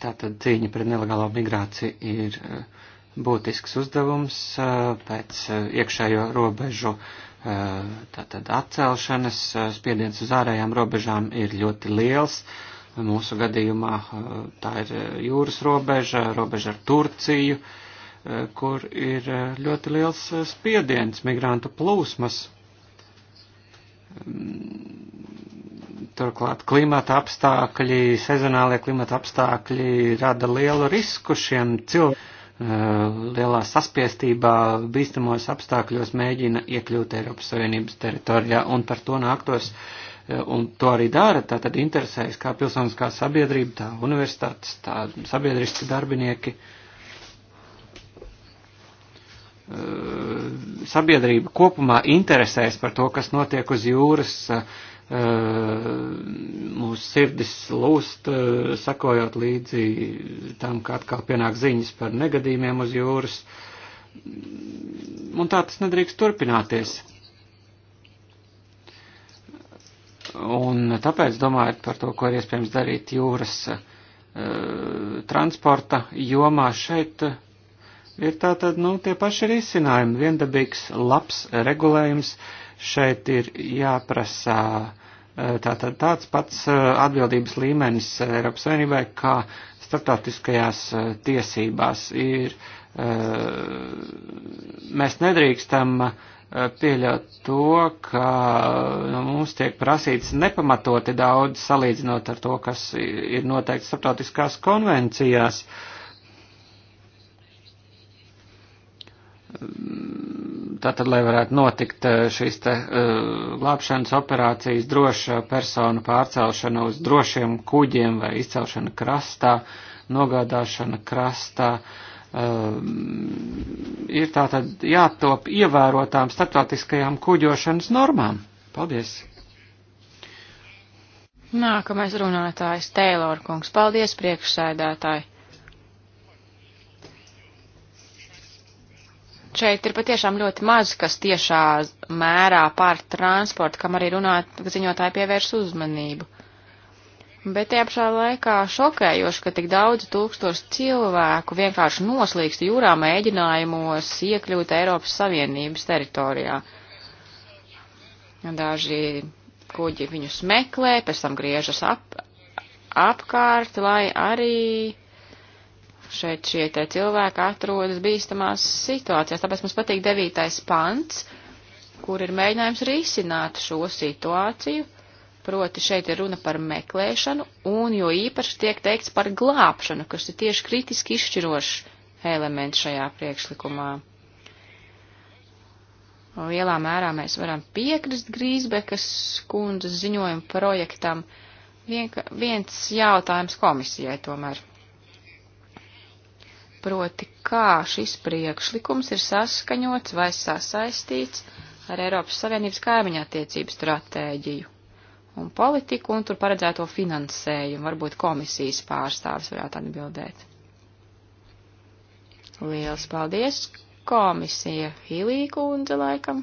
Tātad cīņa pret nelegālo migrāciju ir eh, būtisks uzdevums eh, pēc eh, iekšējo robežu tātad atcelšanas. Spiediens uz ārējām robežām ir ļoti liels. Mūsu gadījumā tā ir jūras robeža, robeža ar Turciju, kur ir ļoti liels spiediens migrantu plūsmas Turklāt klimata apstākļi, sezonālie klimata apstākļi rada lielu risku šiem cilvēkiem. Eh, lielā saspiestībā, bīstamos apstākļos mēģina iekļūt Eiropas Savienības teritorijā un par to nāktos, eh, un to arī dara, tā tad interesējas kā pilsoniskā sabiedrība, tā universitātes, tā sabiedriski darbinieki. Eh, sabiedrība kopumā interesēs par to, kas notiek uz jūras, uh, Eh, mūsu sirdis lūst, eh, sakojot līdzi tam, kā atkal pienāk ziņas par negadījumiem uz jūras. Un tā tas nedrīkst turpināties. Un tāpēc domājot par to, ko ir iespējams darīt jūras uh, transporta jomā šeit ir tātad, nu, tie paši risinājumi, viendabīgs, labs regulējums, šeit ir jāprasā Eh, tātad tāds pats eh, atbildības līmenis Eiropas Savienībai, kā starptautiskajās eh, tiesībās ir. Mēs nedrīkstam pieļaut to, ka nu, mums tiek prasīts nepamatoti daudz salīdzinot ar to, kas ir noteikts starptautiskās konvencijās. Uh, Tātad, lai varētu notikt eh, šīs te eh, glābšanas operācijas, droša persona pārcelšana uz drošiem kuģiem vai izcelšana krastā, nogādāšana krastā, eh, ir tātad jātop ievērotām starptautiskajām kuģošanas normām. Paldies! Nākamais runātājs Teilor kungs. Paldies, priekšsēdētāji! šeit ir patiešām ļoti maz, kas tiešā mērā pār transportu, kam arī runāt, ziņotāji pievērš uzmanību. Bet tie pašā laikā šokējoši, ka tik daudz tūkstoši cilvēku vienkārši noslīkst jūrā mēģinājumos iekļūt Eiropas Savienības teritorijā. Daži kuģi viņus meklē, pēc tam griežas ap, apkārt, lai arī šeit šie te cilvēki atrodas bīstamās situācijās. Tāpēc mums patīk devītais pants, kur ir mēģinājums risināt šo situāciju. Proti šeit ir runa par meklēšanu, un jo īpaši tiek teikts par glābšanu, kas ir tieši kritiski izšķirošs elements šajā priekšlikumā. Lielā mērā mēs varam piekrist Grīsbekas kundzes ziņojumu projektam. Vienka, viens jautājums komisijai tomēr proti kā šis priekšlikums ir saskaņots vai sasaistīts ar Eiropas Savienības kaimiņā attiecību stratēģiju un politiku un tur paredzēto finansējumu. Varbūt komisijas pārstāvis varētu atbildēt. Liels paldies! Komisija Hilī kundze laikam.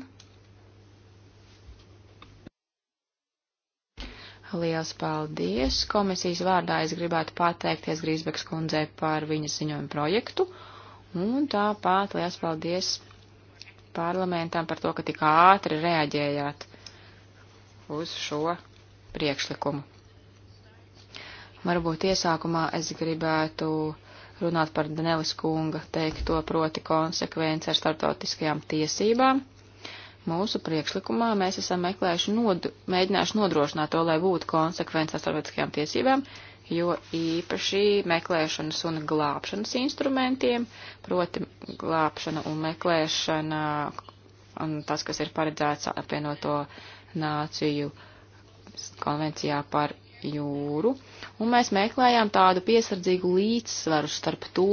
Liels paldies! Komisijas vārdā es gribētu pateikties Grīsbeks kundzei par viņas ziņojumu projektu. Un tāpat liels paldies parlamentam par to, ka tik ātri reaģējāt uz šo priekšlikumu. Varbūt iesākumā es gribētu runāt par Danelis kunga teikto proti konsekvenci ar starptautiskajām tiesībām. Mūsu priekšlikumā mēs esam meklējuši, nod, mēģinājuši nodrošināt to, lai būtu konsekvence ar starptautiskajām tiesībām, jo īpaši meklēšanas un glābšanas instrumentiem, proti glābšana un meklēšana un tas, kas ir paredzēts apvienoto nāciju konvencijā par jūru, un mēs meklējām tādu piesardzīgu līdzsvaru starp to,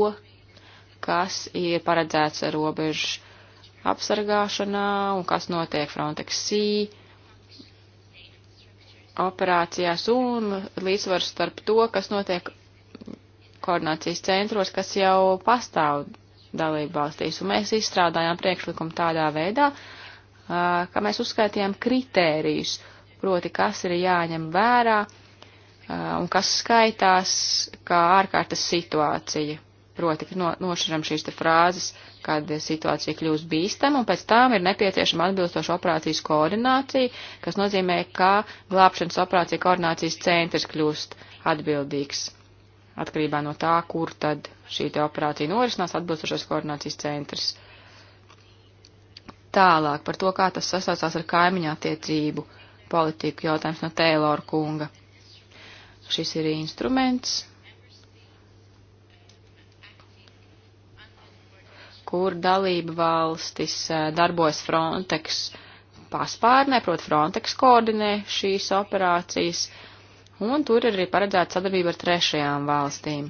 kas ir paredzēts robežu apsargāšanā un kas notiek Frontex Sea operācijās un līdzsvars starp to, kas notiek koordinācijas centros, kas jau pastāv dalību valstīs. Un mēs izstrādājām priekšlikumu tādā veidā, ka mēs uzskaitījām kritērijus, proti, kas ir jāņem vērā un kas skaitās kā ārkārtas situācija proti, ka no, nošaram šīs te frāzes, kad situācija kļūst bīstama, un pēc tām ir nepieciešama atbilstoša operācijas koordinācija, kas nozīmē, ka glābšanas operācija koordinācijas centrs kļūst atbildīgs. Atkarībā no tā, kur tad šī te operācija norisinās, atbilstošais koordinācijas centrs. Tālāk par to, kā tas sasaucās ar kaimiņā attiecību politiku jautājums no Teilora kunga. Šis ir instruments, kur dalība valstis eh, darbojas Frontex paspārnē, proti Frontex koordinē šīs operācijas, un tur ir arī paredzēta sadarbība ar trešajām valstīm.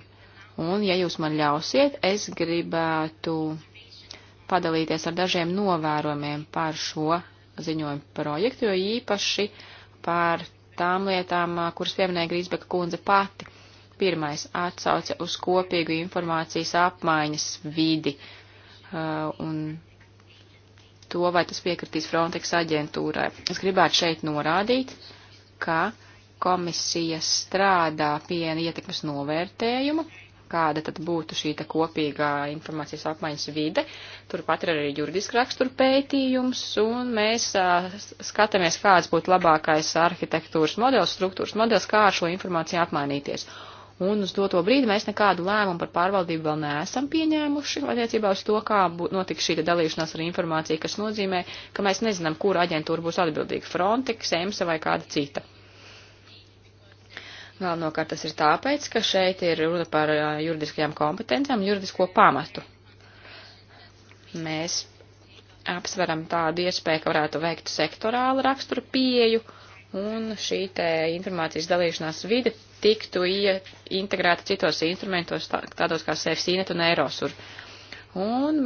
Un, ja jūs man ļausiet, es gribētu padalīties ar dažiem novērojumiem par šo ziņojumu projektu, jo īpaši par tām lietām, eh, kuras pieminēja Grīsbeka kundze pati. Pirmais atsauce uz kopīgu informācijas apmaiņas vidi Uh, un to, vai tas piekritīs Frontex aģentūrai. Es gribētu šeit norādīt, ka komisija strādā pie ietekmes novērtējuma, kāda tad būtu šī kopīgā informācijas apmaiņas vide. Turpat ir arī juridiski rakstura pētījums, un mēs uh, skatāmies, kāds būtu labākais arhitektūras modelis, struktūras modelis, kā ar šo informāciju apmainīties un uz doto brīdi mēs nekādu lēmumu par pārvaldību vēl neesam pieņēmuši attiecībā uz to, kā notiks šī dalīšanās ar informāciju, kas nozīmē, ka mēs nezinām, kura aģentūra būs atbildīga - Frontex, EMSA vai kāda cita. Galvenokārt tas ir tāpēc, ka šeit ir runa par juridiskajām kompetencijām, juridisko pamatu. Mēs apsveram tādu iespēju, ka varētu veikt sektorālu raksturu pieju. Uh, un šī te informācijas dalīšanās vide tiktu integrēta citos instrumentos, tādos kā SafeSeaNet un Eirosur. Un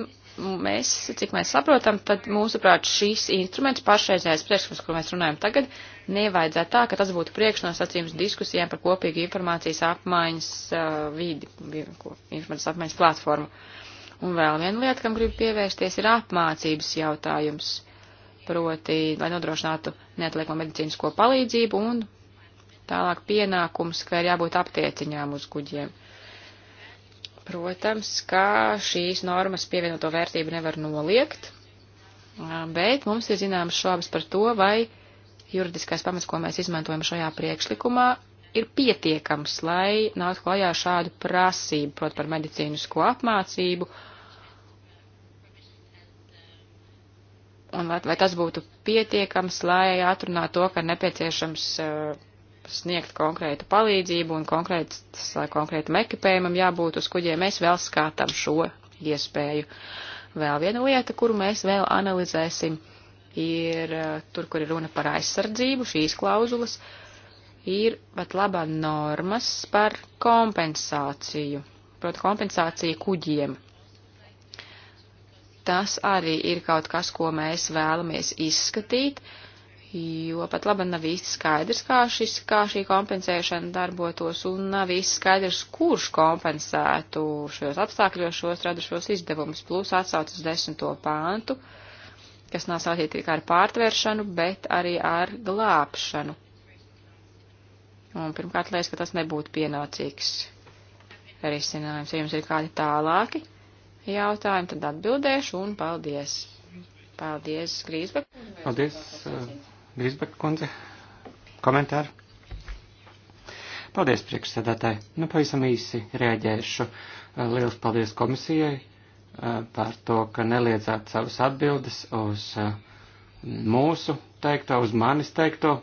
mēs, cik mēs saprotam, tad mūsuprāt šīs instruments pašreizējais priekšlikums, kur mēs runājam tagad, nevajadzētu tā, ka tas būtu priekšnosacījums diskusijām par kopīgu informācijas apmaiņas uh, vidi, informācijas apmaiņas platformu. Un vēl viena lieta, kam gribu pievērsties, ir apmācības jautājums proti, lai nodrošinātu neatliekamo medicīnisko palīdzību un tālāk pienākums, ka ir jābūt aptieciņām uz kuģiem. Protams, ka šīs normas pievienoto vērtību nevar noliegt, bet mums ir zināmas šobas par to, vai juridiskais pamats, ko mēs izmantojam šajā priekšlikumā, ir pietiekams, lai nāk klajā šādu prasību, prot par medicīnisko apmācību un vai, vai tas būtu pietiekams, lai atrunātu to, ka nepieciešams uh, sniegt konkrētu palīdzību un konkrētas, lai konkrētam ekipējumam jābūt uz kuģiem, mēs vēl skatām šo iespēju. Vēl viena lieta, kuru mēs vēl analizēsim, ir eh, tur, kur ir runa par aizsardzību, šīs klauzulas, ir pat labā normas par kompensāciju, proti kompensāciju kuģiem tas arī ir kaut kas, ko mēs vēlamies izskatīt, jo pat labi nav īsti skaidrs, kā, šis, kā šī kompensēšana darbotos, un nav īsti skaidrs, kurš kompensētu šajos apstākļos šos radušos izdevumus, plus atsauc uz desmito pāntu, kas nav saistīti tikai ar pārtvēršanu, bet arī ar glābšanu. Un pirmkārt, liekas, ka tas nebūtu pienācīgs risinājums, ja jums ir kādi tālāki jautājumu, tad atbildēšu un paldies. Paldies, Grīsbek. Paldies, eh, Grīsbek kundze. Komentāri. Paldies, priekšsēdētāji. Nu, pavisam īsi reaģēšu. Eh, liels paldies komisijai eh, par to, ka neliedzāt savas atbildes uz mūsu teikto, uz manis teikto.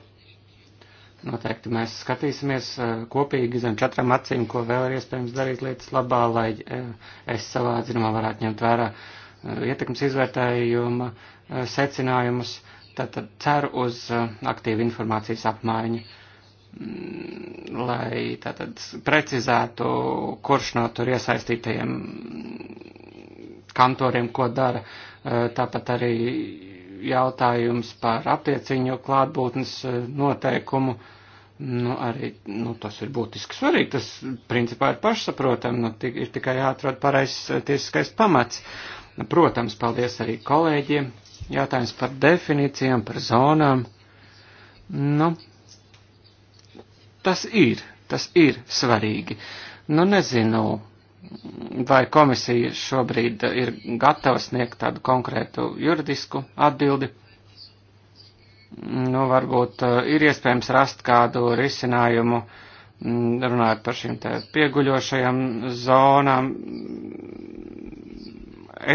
Noteikti mēs skatīsimies eh, kopīgi zem četrām acīm, ko vēl ir iespējams darīt lietas labā, lai eh, es savā atzinumā varētu ņemt vērā eh, ietekmes izvērtējuma secinājumus. Tātad ceru uz aktīvu informācijas apmaiņu, mm, lai tātad precizētu, kurš no tur iesaistītajiem kantoriem ko dara. Tāpat arī jautājums par attieciņu klātbūtnes noteikumu. Nu, arī nu, tas ir būtiski svarīgi. Tas principā ir pašsaprotami, nu, tik, ir tikai jāatrod pareizs eh, tiesiskais pamats. Protams, paldies arī kolēģiem. Jātājums par definīcijām, par zonām. Nu, tas ir, tas ir svarīgi. Nu, nezinu, vai komisija šobrīd ir gatava sniegt tādu konkrētu juridisku atbildi nu, varbūt eh, ir iespējams rast kādu risinājumu, mm, runājot par šīm te pieguļošajām zonām, mm,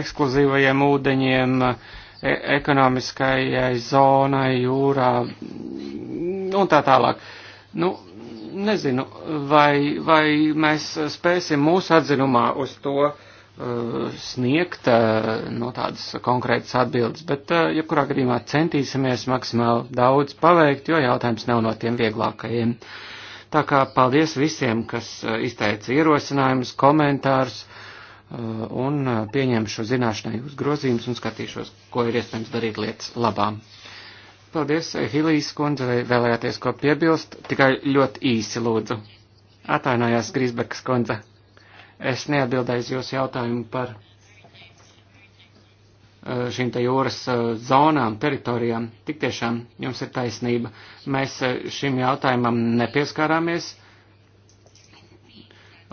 ekskluzīvajiem ūdeņiem, e ekonomiskajai zonai, jūrā mm, un tā tālāk. Nu, nezinu, vai, vai mēs spēsim mūsu atzinumā uz to, uh, Uh, sniegt uh, no tādas konkrētas atbildes, bet uh, jebkurā gadījumā centīsimies maksimāli daudz paveikt, jo jautājums nav no tiem vieglākajiem. Tā kā paldies visiem, kas izteica ierosinājumus, komentārus un pieņemšu zināšanai uz grozījumus un skatīšos, ko ir iespējams darīt lietas labām. Paldies, Hilijas kundze, vai vēlējāties ko piebilst? Tikai ļoti īsi lūdzu. Atvainojās Grīsbekas kundze. Es neatbildēju jūsu jautājumu par eh, šīm te jūras eh, zonām, teritorijām. Tik tiešām jums ir taisnība. Mēs eh, šim jautājumam nepieskārāmies.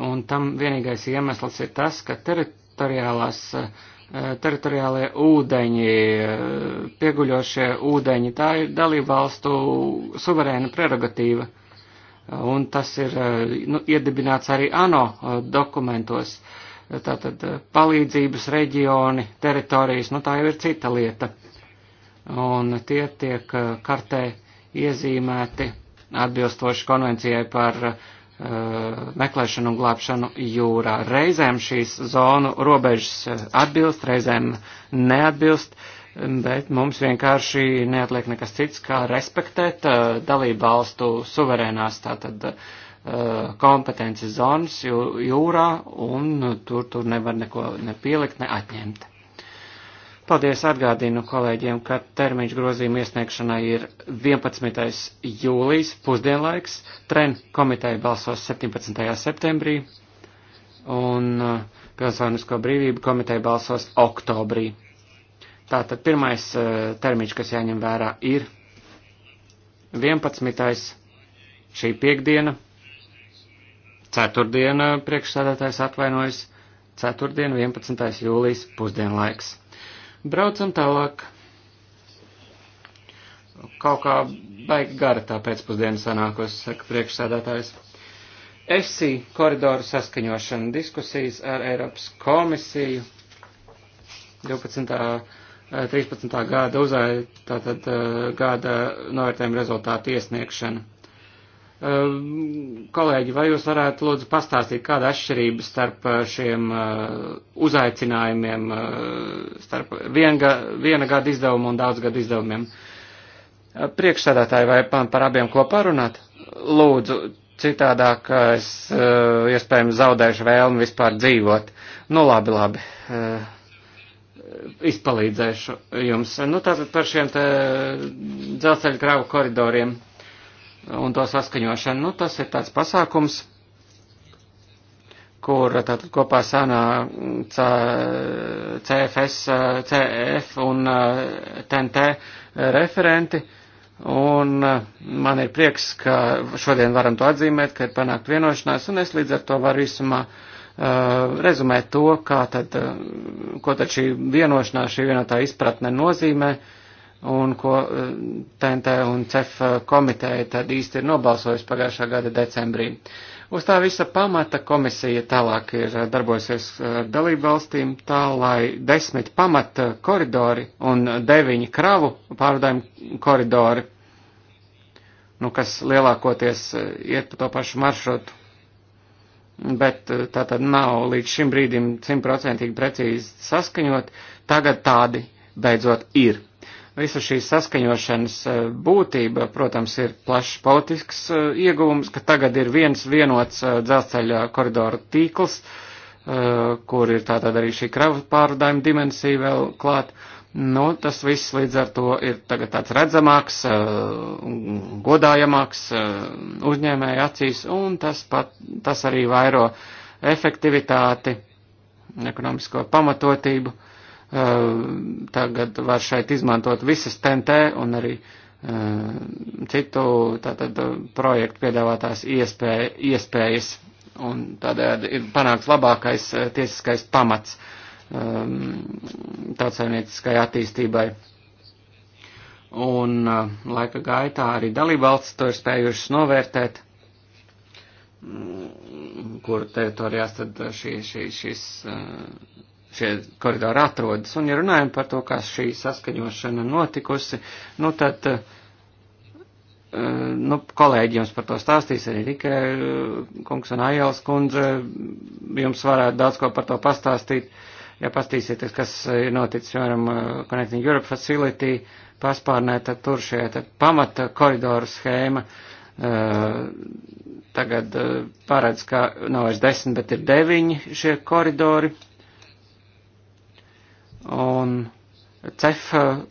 Un tam vienīgais iemesls ir tas, ka teritoriālās, teritoriālie ūdeņi, pieguļošie ūdeņi, tā ir dalībvalstu suverēna prerogatīva. Uh, un tas ir eh, nu, iedibināts arī ANO eh, dokumentos. Tātad eh, palīdzības reģioni, teritorijas, nu tā jau ir cita lieta. Un tie tiek kartē iezīmēti atbilstoši konvencijai par uh, meklēšanu un glābšanu jūrā. Reizēm šīs zonu robežas atbilst, reizēm neatbilst. Uh, bet mums vienkārši neatliek nekas cits, kā respektēt uh, dalību valstu suverēnās tātad uh, kompetences zonas jūrā, un uh, tur, tur nevar neko nepielikt, ne atņemt. Paldies atgādinu kolēģiem, ka termiņš grozījuma iesniegšanai ir 11. jūlijas pusdienlaiks, tren komiteja balsos 17. septembrī un Pilsonisko brīvību komiteja balsos oktobrī. Tātad pirmais e, termiņš, kas jāņem vērā, ir 11. šī piekdiena, ceturtdiena priekšsādātājs atvainojas, ceturtdiena 11. jūlijas pusdienlaiks. Braucam tālāk. Kaut kā baigi gara tā pēcpusdiena sanākos, saka priekšsādātājs. EFSI koridoru saskaņošana diskusijas ar Eiropas komisiju 12. 13. Eh, gada uzai, tātad eh, gada novērtējuma rezultātu iesniegšana. Eh, kolēģi, vai jūs varētu lūdzu pastāstīt, kāda atšķirība starp šiem uzaicinājumiem, starp viena, viena gada izdevumu un daudz gadu izdevumiem? Priekšsēdētāji, vai par abiem kopā runāt? Lūdzu, citādāk es iespējams zaudēšu vēlmi vispār dzīvot. Nu labi, labi es palīdzēšu jums. Nu, tātad par šiem tā, dzelzceļa kravu koridoriem un to saskaņošanu. Nu, tas ir tāds pasākums, kur tātad kopā sanā CFS, CF un TNT eh, referenti. Un eh, man ir prieks, ka šodien varam to atzīmēt, ka ir panākt vienošanās, un es līdz ar to varu īsumā uh, Uh, rezumēt to, kā tad, uh, ko tad šī vienošanās, šī vienotā izpratne nozīmē un ko TNT uh, un CEF komiteja tad īsti ir nobalsojusi pagājušā gada decembrī. Uz tā visa pamata komisija tālāk ir darbojusies ar dalību valstīm tā, lai desmit pamata koridori un deviņi kravu pārvadājumu koridori, nu, kas lielākoties iet pa to pašu maršrutu, bet eh, tā tad nav līdz šim brīdim simtprocentīgi precīzi saskaņot, tagad tādi beidzot ir. Visa šī saskaņošanas eh, būtība, protams, ir plašs politisks eh, ieguvums, ka tagad ir viens vienots dzelzceļa koridoru tīkls, kur ir tātad arī šī kravu pārvadājuma dimensija vēl klāt. Uh, Nu, tas viss līdz ar to ir tagad tāds redzamāks, eh, godājamāks eh, uzņēmēja acīs, un tas, pat, tas arī vairo efektivitāti, ekonomisko pamatotību. Eh, tagad var šeit izmantot visas TNT un arī citu tātad, projektu piedāvātās iespēja, iespējas, un tādējādi ir panāks labākais tiesiskais pamats um, tautsaimnieciskai attīstībai. Un uh, laika gaitā arī dalībvalsts to ir spējušas novērtēt, mm, kur teritorijās tad šī, šī, šis, uh, šie koridori atrodas. Un ja runājam par to, kā šī saskaņošana notikusi, nu tad uh, nu, kolēģi jums par to stāstīs, arī Rika uh, kungs un Ajāls kundze jums varētu daudz ko par to pastāstīt. Ja pastīsieties, kas ir eh, noticis, piemēram, eh, Connecting Europe Facility paspārnē, tad tur šie tad pamata koridoru schēma eh, tagad paredz, ka nav vairs desmit, bet ir deviņi šie koridori. Un CEF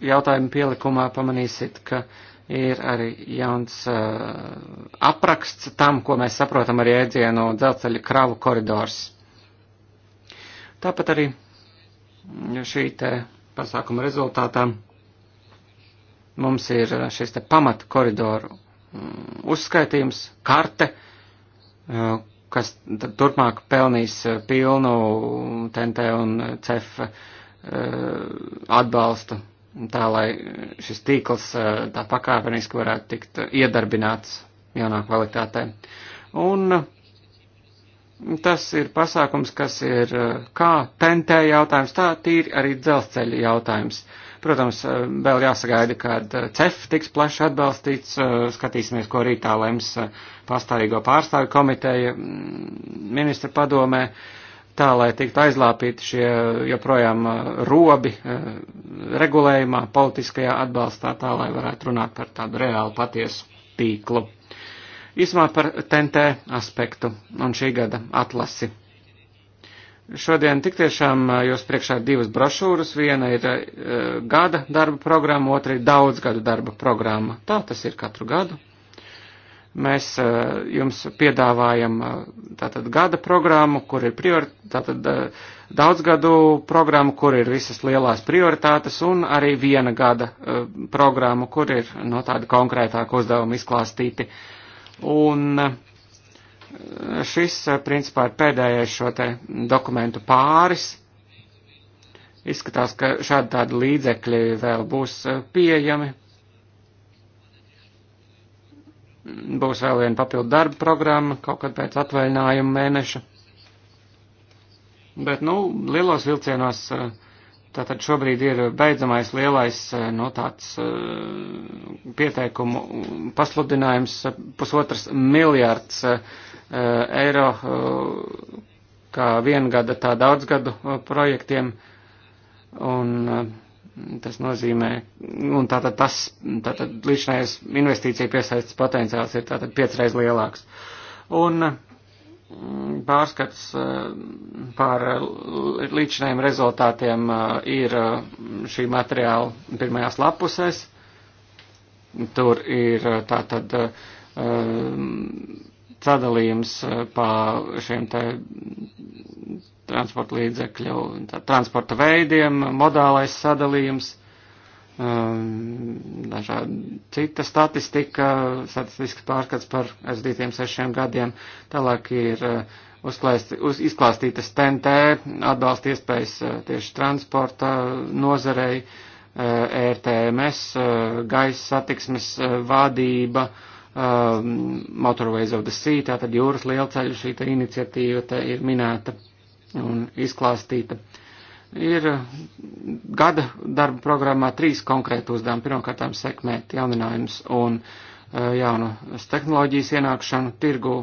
jautājuma pielikumā pamanīsiet, ka ir arī jauns uh, apraksts tam, ko mēs saprotam ar jēdzienu dzelceļa kravu koridors. Tāpat arī šī te pasākuma rezultātā mums ir šis te pamata koridoru mm, uzskaitījums, karte, e, kas turpmāk pelnīs e, pilnu TNT un CEF e, atbalstu, tā lai šis tīkls tā pakāpeniski varētu tikt iedarbināts jaunā kvalitātē. Un uh, Tas ir pasākums, kas ir eh, kā tentē jautājums, tā tīri arī dzelzceļa jautājums. Protams, eh, vēl jāsagaida, kad eh, CEF tiks plaši atbalstīts, skatīsimies, ko rītā lems pastāvīgo pārstāvi komiteja mm, ministra padomē, tā lai tiktu aizlāpīti šie joprojām robi regulējumā, politiskajā atbalstā, tā lai varētu runāt par tādu reālu patiesu tīklu. Īsumā par TNT aspektu un šī gada atlasi. Šodien tik tiešām jūs priekšā divas brošūras. Viena ir gada darba programma, otra ir daudz gadu darba programma. Tā tas ir katru gadu. Mēs jums piedāvājam tātad gada programmu, kur ir priori, tātad daudz gadu programmu, kur ir visas lielās prioritātes, un arī viena gada programmu, kur ir no nu, tāda konkrētāka uzdevuma izklāstīti uh, Un eh, šis, eh, principā, ir pēdējais šo te dokumentu pāris. Izskatās, ka šādi tādi līdzekļi vēl būs eh, pieejami. Būs vēl viena papildu darba programma kaut kad pēc atvaļinājuma mēneša. Bet, nu, lielos vilcienos uh, Tātad šobrīd ir beidzamais lielais eh, no tāds eh, pieteikumu pasludinājums eh, pusotras miljārds eiro, kā viengada tā daudzgadu projektiem. Un tas nozīmē, un tātad tas, tātad līdzinājais investīcija piesaistas potenciāls ir tātad piecreiz lielāks. Un pārskats eh, par līdzinājiem rezultātiem eh, ir eh, šī materiāla pirmajās lapusēs. Tur ir tātad sadalījums pa šiem te transporta līdzekļu, tā, transporta veidiem, modālais sadalījums, Um, dažādi cita statistika, statistikas pārskats par aizdītiem sešiem gadiem. Tālāk ir uh, uzklāst, uz, izklāstītas TNT atbalsta iespējas uh, tieši transporta nozarei, uh, ERTMS, gaisa satiksmes vadība, um, Motorways of the Sea, tātad jūras lielceļu šī iniciatīva te ir minēta un izklāstīta. Uh, ir uh, gada darba programmā trīs konkrēti uzdevumi. Pirmkārt, sekmēt jauninājumus un uh, jaunas tehnoloģijas ienākšanu tirgu.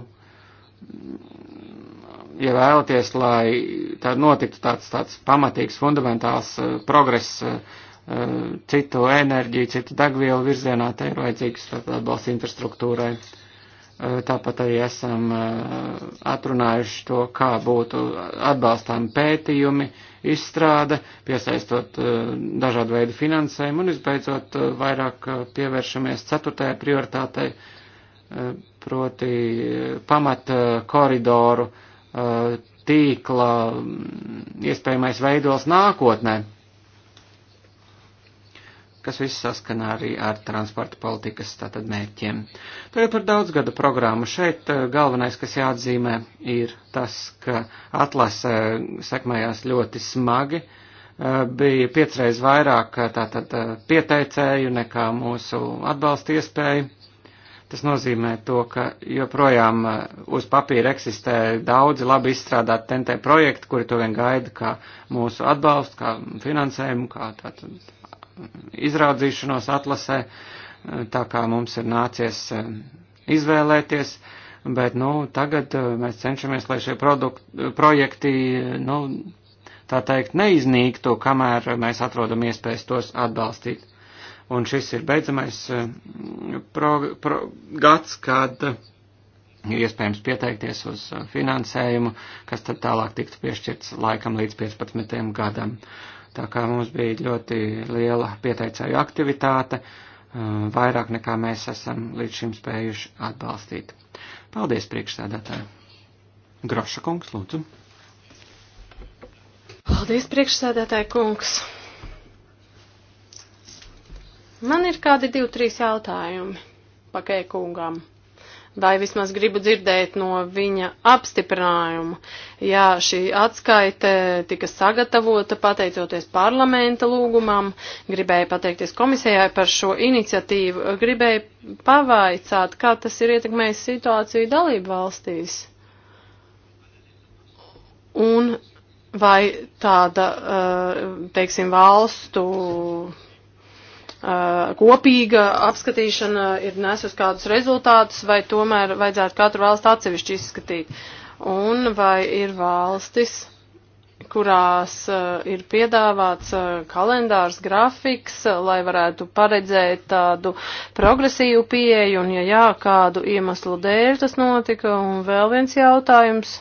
Ja vēlaties, lai tā notiktu tāds, tāds pamatīgs, fundamentāls uh, progress citu enerģiju, citu degvielu virzienā, tai ir vajadzīgs atbalsts infrastruktūrai. Uh, Eh, tāpat arī esam eh, atrunājuši to, kā būtu atbalstām pētījumi, izstrāde, piesaistot eh, dažādu veidu finansējumu un, visbeidzot, vairāk pievēršamies ceturtajai prioritātei, proti pamata koridoru tīkla mm, iespējamais veidos nākotnē kas viss saskanā arī ar transporta politikas tātad mērķiem. Tagad par daudzgada programmu. Šeit eh, galvenais, kas jāatzīmē, ir tas, ka atlase eh, sekmējās ļoti smagi. Eh, bija piecreiz vairāk tātad pieteicēju nekā mūsu atbalsta iespēju. Tas nozīmē to, ka joprojām uz papīra eksistē daudzi labi izstrādāti TNT projekti, kuri to vien gaida kā mūsu atbalstu, kā finansējumu, kā tātad izraudzīšanos atlasē, tā kā mums ir nācies e, izvēlēties, bet, nu, tagad e, mēs cenšamies, lai šie produkti, e, projekti, nu, tā teikt, neiznīktu, kamēr mēs atrodam iespējas tos atbalstīt. Un šis ir beidzamais pro, pro, gads, kad ir iespējams pieteikties uz finansējumu, kas tad tālāk tiktu piešķirts laikam līdz 15. gadam. Uh, tā kā mums bija ļoti liela pieteicēju aktivitāte, eh, vairāk nekā mēs esam līdz šim spējuši atbalstīt. Paldies priekšsēdētāji. Groša kungs, lūdzu. Paldies priekšsēdētāji kungs. Man ir kādi divi, trīs jautājumi pakei kungam vai vismaz gribu dzirdēt no viņa apstiprinājumu. Jā, šī atskaite tika sagatavota pateicoties parlamenta lūgumam, gribēju pateikties komisijai par šo iniciatīvu, gribēju pavaicāt, kā tas ir ietekmējis situāciju dalību valstīs. Un vai tāda, eh, teiksim, valstu Eh, kopīga apskatīšana ir nesus kādus rezultātus, vai tomēr vajadzētu katru valstu atsevišķi izskatīt. Un vai ir valstis, kurās eh, ir piedāvāts eh, kalendārs, grafiks, lai varētu paredzēt tādu progresīvu pieeju, un ja jā, kādu iemeslu dēļ tas notika, un vēl viens jautājums.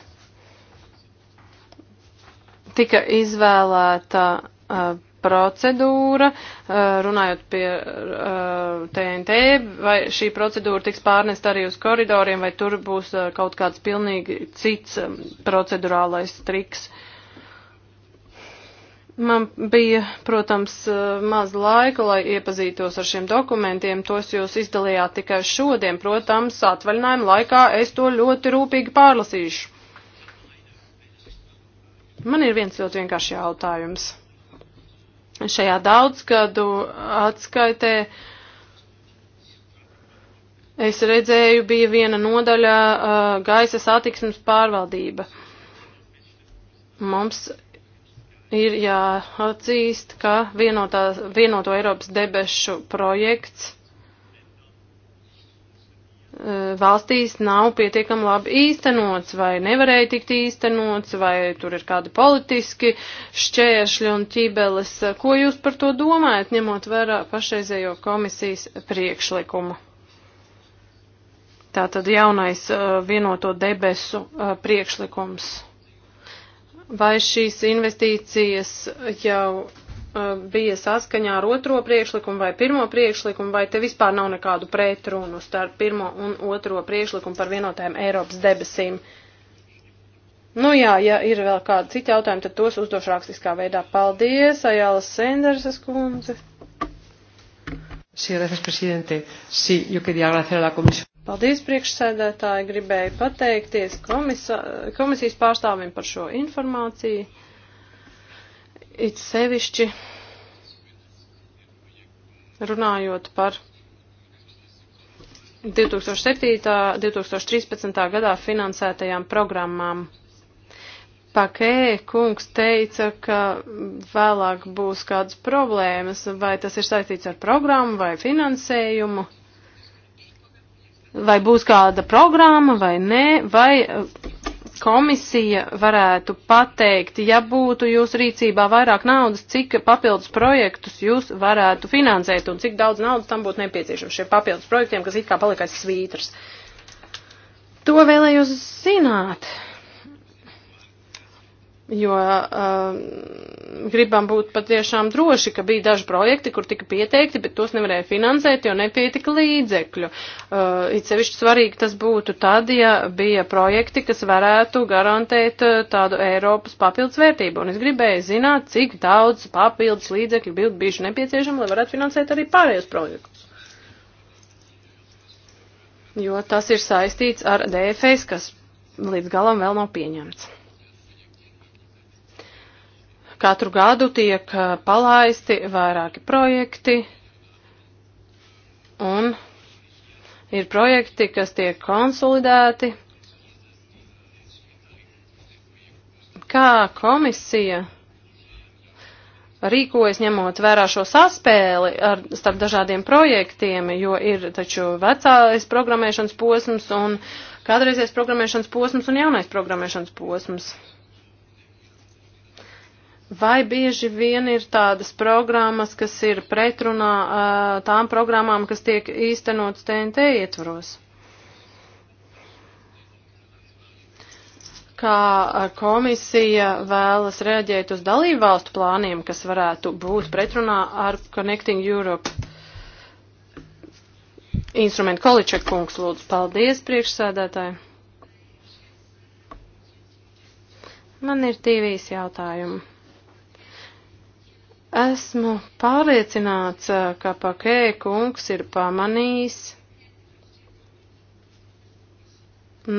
Tika izvēlēta uh, procedūra, eh, runājot pie TNT, eh, vai šī procedūra tiks pārnest arī uz koridoriem, vai tur būs eh, kaut kāds pilnīgi cits procedurālais triks. Man bija, protams, maz laika, lai iepazītos ar šiem dokumentiem. Tos jūs izdalījāt tikai šodien. Protams, atvaļinājuma laikā es to ļoti rūpīgi pārlasīšu. Man ir viens ļoti vienkāršs jautājums šajā daudzgadu atskaitē es redzēju, bija viena nodaļa uh, gaisa satiksmes pārvaldība. Mums ir jāatzīst, ka vienotā, vienoto Eiropas debešu projekts Eh, valstīs nav pietiekami labi īstenots, vai nevarēja tikt īstenots, vai tur ir kādi politiski šķēršļi un ķībeles. Ko jūs par to domājat, ņemot vērā pašreizējo komisijas priekšlikumu? Tātad jaunais eh, vienoto debesu eh, priekšlikums. Vai šīs investīcijas jau Uh, bija saskaņā ar otro priekšlikumu vai pirmo priekšlikumu, vai te vispār nav nekādu pretrunu starp pirmo un otro priekšlikumu par vienotēm Eiropas debesīm. Nu jā, ja ir vēl kādi citi jautājumi, tad tos uzdošu rakstiskā veidā. Paldies, Ajālas Sendersas kundze. Paldies, priekšsēdētāji. Gribēju pateikties komisa, komisijas pārstāvim par šo informāciju. It sevišķi runājot par 2007. 2013. gadā finansētajām programmām. Pakē kungs teica, ka vēlāk būs kādas problēmas, vai tas ir saistīts ar programmu vai finansējumu, vai būs kāda programma vai nē, vai komisija varētu pateikt, ja būtu jūsu rīcībā vairāk naudas, cik papildus projektus jūs varētu finansēt un cik daudz naudas tam būtu nepieciešams šiem papildus projektiem, kas it kā palikais svītras. To vēlējos zināt jo uh, gribam būt patiešām droši, ka bija daži projekti, kur tika pieteikti, bet tos nevarēja finansēt, jo nepietika līdzekļu. Uh, it sevišķi svarīgi tas būtu tad, ja bija projekti, kas varētu garantēt uh, tādu Eiropas papildus vērtību. Un es gribēju zināt, cik daudz papildus līdzekļu būtu bijuši nepieciešami, lai varētu finansēt arī pārējos projektus. Jo tas ir saistīts ar DFS, kas līdz galam vēl nav pieņemts. Katru gadu tiek eh, palaisti vairāki projekti un ir projekti, kas tiek konsolidēti. Kā komisija rīkojas ņemot vērā šo saspēli ar, starp dažādiem projektiem, jo ir taču vecais programmēšanas posms un kādreizais programmēšanas posms un jaunais programmēšanas posms. Vai bieži vien ir tādas programmas, kas ir pretrunā tām programmām, kas tiek īstenotas TNT ietvaros? Kā komisija vēlas reaģēt uz dalību valstu plāniem, kas varētu būt pretrunā ar Connecting Europe instrumentu Količek kungs lūdzu. Paldies, priekšsēdētāji. Man ir divi jautājumi. Esmu pārliecināts, eh, ka Pakē kungs ir pamanījis,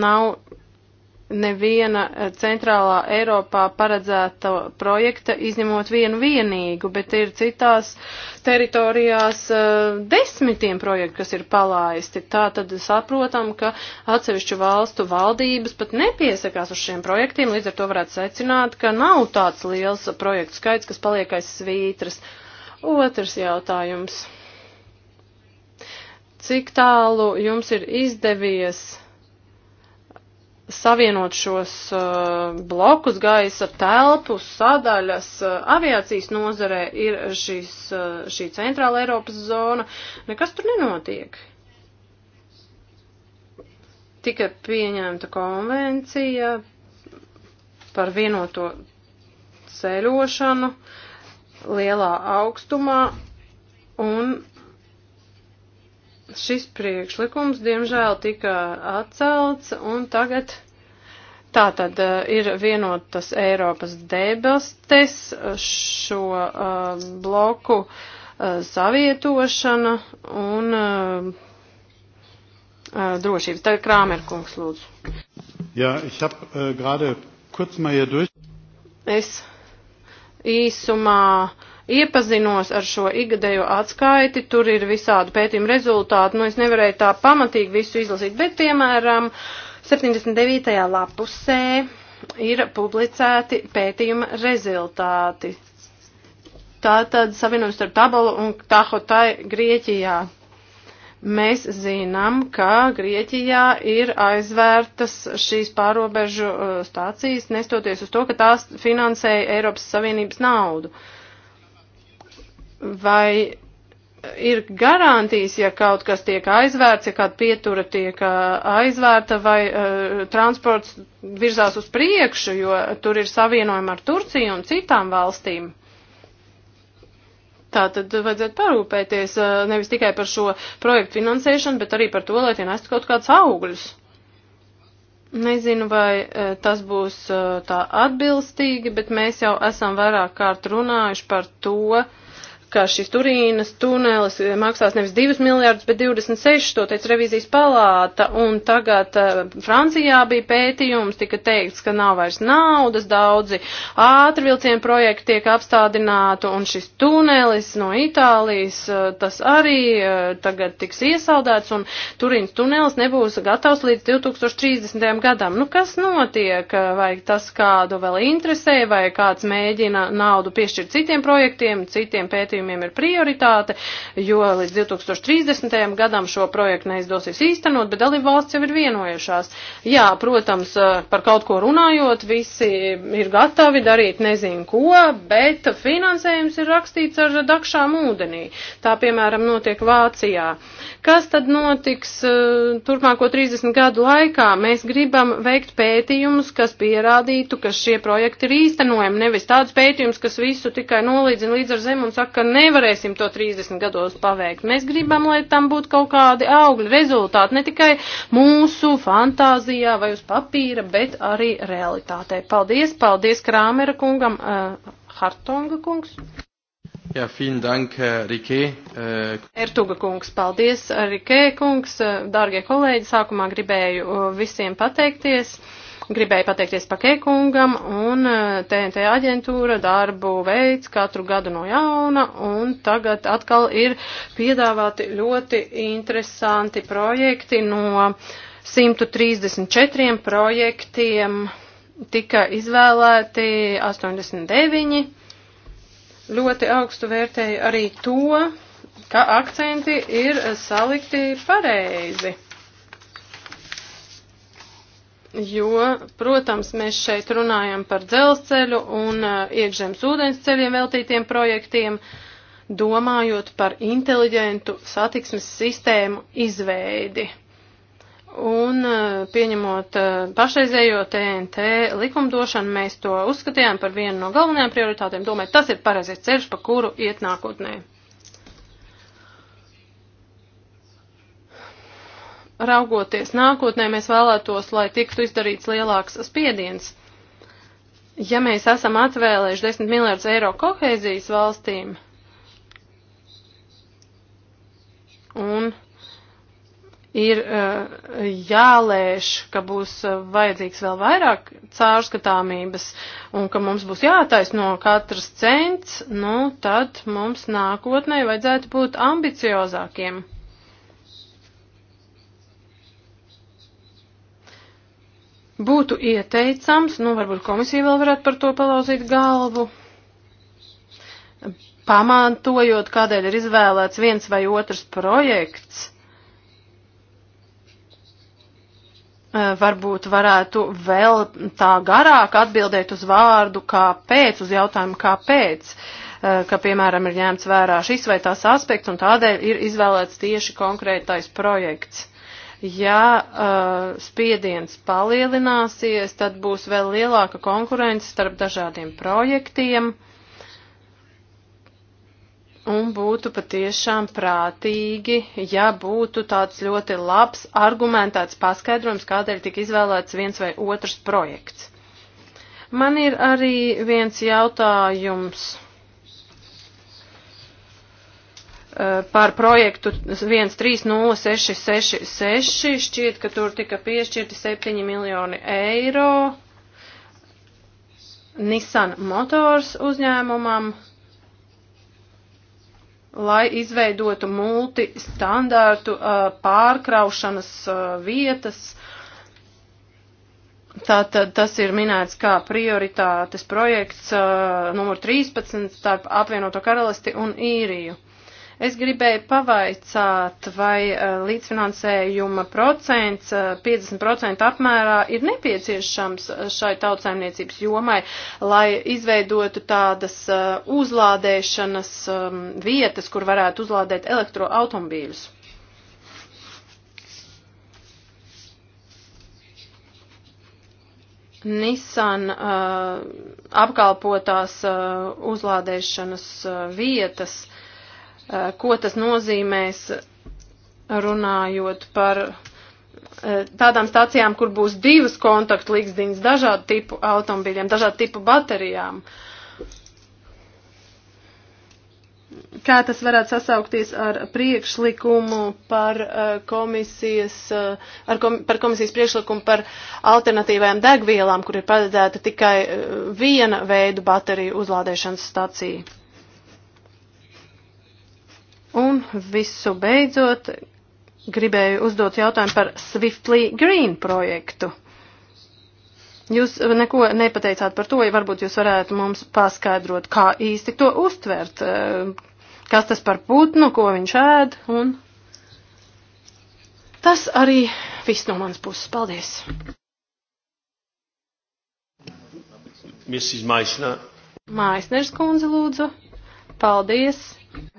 nav neviena eh, centrālā Eiropā paredzēta projekta, izņemot vienu vienīgu, bet ir citās teritorijās eh, desmitiem projektu, kas ir palaisti. Tā tad saprotam, ka atsevišķu valstu valdības pat nepiesakās uz šiem projektiem, līdz ar to varētu secināt, ka nav tāds liels projektu skaits, kas paliek aiz svītras. Otrs jautājums. Cik tālu jums ir izdevies? savienot šos uh, blokus, gaisa telpu, sadaļas uh, aviācijas nozarē ir šis, uh, šī centrāla Eiropas zona, nekas tur nenotiek. Tika pieņemta konvencija par vienoto ceļošanu lielā augstumā un šis priekšlikums, diemžēl, tika atcelts, un tagad tā tad eh, ir vienotas Eiropas debestes eh, šo uh, bloku uh, savietošana un uh, drošības. Tagad Krāmerkungs lūdzu. Jā, ja, ich hab uh, gerade kurz mal hier durch. Es īsumā uh, Iepazinos ar šo igadējo atskaiti, tur ir visādi pētījumi rezultāti, nu es nevarēju tā pamatīgi visu izlasīt, bet piemēram 79. lapusē ir publicēti pētījuma rezultāti. Tā tad savienojums starp Tabalu un Tahotai Grieķijā. Mēs zinām, ka Grieķijā ir aizvērtas šīs pārobežu uh, stācijas, nestoties uz to, ka tās finansēja Eiropas Savienības naudu. Uh, vai ir garantijas, ja kaut kas tiek aizvērts, ja kāda pietura tiek aizvērta vai uh, transports virzās uz priekšu, jo tur ir savienojumi ar Turciju un citām valstīm. Tā tad vajadzētu parūpēties uh, nevis tikai par šo projektu finansēšanu, bet arī par to, lai tie nestu kaut kāds augļus. Nezinu, vai uh, tas būs uh, tā atbilstīgi, bet mēs jau esam vairāk kārt runājuši par to, uh, ka šis Turīnas tunelis eh, maksās nevis 2 miljārdus, bet 26, to teica revīzijas palāta, un tagad uh, Francijā bija pētījums, tika teikts, ka nav vairs naudas, daudzi ātrvilcienu projekti tiek apstādināti, un šis tunelis no Itālijas, uh, tas arī uh, tagad tiks iesaldēts, un Turīnas tunelis nebūs gatavs līdz 2030. gadam. Nu, kas notiek? Vai tas kādu vēl interesē, vai kāds mēģina naudu piešķirt citiem projektiem, citiem pētījumiem? jautājumiem ir prioritāte, jo līdz 2030. gadam šo projektu neizdosies īstenot, bet dalību valsts jau ir vienojušās. Jā, protams, eh, par kaut ko runājot, visi ir gatavi darīt nezinu ko, bet finansējums ir rakstīts ar dakšām ūdenī. Tā, piemēram, notiek Vācijā. Kas tad notiks eh, turpmāko 30 gadu laikā? Mēs gribam veikt pētījumus, kas pierādītu, ka šie projekti ir īstenojami, nevis tāds pētījums, kas visu tikai nolīdzina līdz ar zemu un saka, ka nevarēsim to 30 gados paveikt. Mēs gribam, lai tam būtu kaut kādi augļi rezultāti, ne tikai mūsu fantāzijā vai uz papīra, bet arī realitātei. Paldies, paldies Krāmera kungam, uh, Hartonga kungs. Jā, fin dank, eh, Rikē. Eh, Ertuga kungs, paldies, Rikē kungs, dārgie kolēģi, sākumā gribēju visiem pateikties. Gribēju pateikties Pakēkungam un TNT e, aģentūra darbu veids katru gadu no jauna un tagad atkal ir piedāvāti ļoti interesanti projekti no 134 projektiem tika izvēlēti 89. Ļoti augstu vērtēju arī to, ka akcenti ir salikti pareizi jo, protams, mēs šeit runājam par dzelzceļu un uh, iekšzemes ūdens ceļiem veltītiem projektiem, domājot par inteliģentu satiksmes sistēmu izveidi. Un uh, pieņemot uh, pašreizējo TNT likumdošanu, mēs to uzskatījām par vienu no galvenajām prioritātēm. Domāju, tas ir pareizais ceļš, pa kuru iet nākotnē. raugoties nākotnē, mēs vēlētos, lai tiktu izdarīts lielāks spiediens. Ja mēs esam atvēlējuši 10 miljārdus eiro kohēzijas valstīm, un ir uh, jālēš, ka būs uh, vajadzīgs vēl vairāk cārskatāmības un ka mums būs jātaisno katrs cents, nu tad mums nākotnē vajadzētu būt ambiciozākiem. būtu ieteicams, nu varbūt komisija vēl varētu par to palauzīt galvu, pamantojot, kādēļ ir izvēlēts viens vai otrs projekts. E, varbūt varētu vēl tā garāk atbildēt uz vārdu kāpēc, uz jautājumu kāpēc, e, ka, piemēram, ir ņemts vērā šis vai tas aspekts un tādēļ ir izvēlēts tieši konkrētais projekts. Ja uh, spiediens palielināsies, tad būs vēl lielāka konkurence starp dažādiem projektiem un būtu patiešām prātīgi, ja būtu tāds ļoti labs argumentēts paskaidrojums, kādēļ tika izvēlēts viens vai otrs projekts. Man ir arī viens jautājums Eh, par projektu 130666. Šķiet, ka tur tika piešķirti 7 miljoni eiro Nissan Motors uzņēmumam, lai izveidotu multistandārtu uh, pārkraušanas uh, vietas. Tātad tas ir minēts kā prioritātes projekts uh, numur 13 starp apvienoto karalisti un īriju. Es gribēju pavaicāt, vai eh, līdzfinansējuma procents 50% eh, apmērā ir nepieciešams eh, šai tautsaimniecības jomai, lai izveidotu tādas uzlādēšanas ehm, vietas, kur varētu uzlādēt elektroautomobīļus. Nissan uh, apkalpotās uh, uzlādēšanas uh, vietas Eh, ko tas nozīmēs runājot par eh, tādām stācijām, kur būs divas kontaktligzdiņas dažādu tipu automobīļiem, dažādu tipu baterijām. Kā tas varētu sasaukties ar priekšlikumu par eh, komisijas, ar kom, par komisijas priekšlikumu par alternatīvajām degvielām, kur ir paredzēta tikai viena veidu bateriju uzlādēšanas stacija? Un visu beidzot, gribēju uzdot jautājumu par Swiftly Green projektu. Jūs neko nepateicāt par to, ja varbūt jūs varētu mums paskaidrot, kā īsti to uztvert, eh, kas tas par putnu, ko viņš ēd, un tas arī viss no manas puses. Paldies! Mrs. Maisner. Maisners kundze lūdzu. Paldies!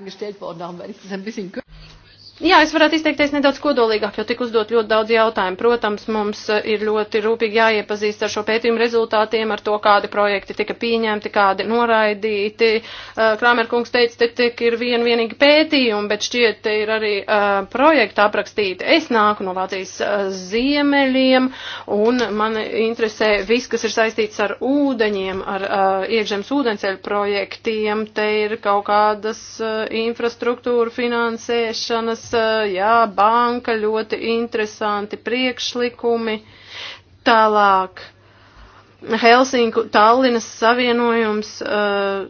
gestellt worden. Darum werde ich das ein bisschen kürzer. Jā, es varētu izteikties nedaudz kodolīgāk, jo tik uzdot ļoti daudz jautājumu. Protams, mums eh, ir ļoti rūpīgi jāiepazīst ar šo pētījumu rezultātiem, ar to, kādi projekti tika pieņemti, kādi noraidīti. Eh, Krāmerkungs teica, te tik ir vien vienīgi pētījumi, bet šķiet, te ir arī uh, projekti aprakstīti. Es nāku no Vācijas uh, ziemeļiem, un man interesē viss, kas ir saistīts ar ūdeņiem, ar uh, iekšzemes ūdenceļu projektiem. Te ir kaut kādas uh, infrastruktūra finansēšanas Eh, jā, banka, ļoti interesanti priekšlikumi. Tālāk, Helsinku, Tallinas savienojums. Uh,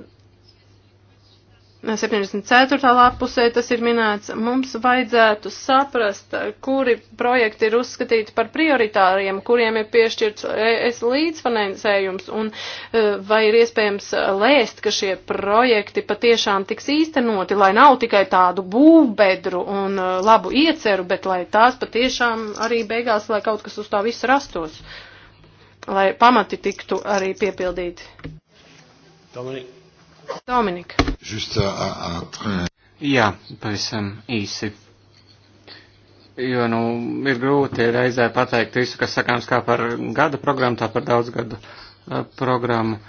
74. lapusē tas ir minēts, mums vajadzētu saprast, kuri projekti ir uzskatīti par prioritāriem, kuriem ir piešķirts ES līdzfinansējums, un e, vai ir iespējams e, lēst, ka šie projekti patiešām tiks īstenoti, lai nav tikai tādu būvbedru un e, labu ieceru, bet lai tās patiešām arī beigās, lai kaut kas uz tā viss rastos, lai pamati tiktu arī piepildīti. Dominik. Dominika. Jā, pavisam īsi. Jo, nu, ir grūti reizē pateikt visu, kas sakāms kā par gada programmu, tā par daudz gadu uh, eh, programmu.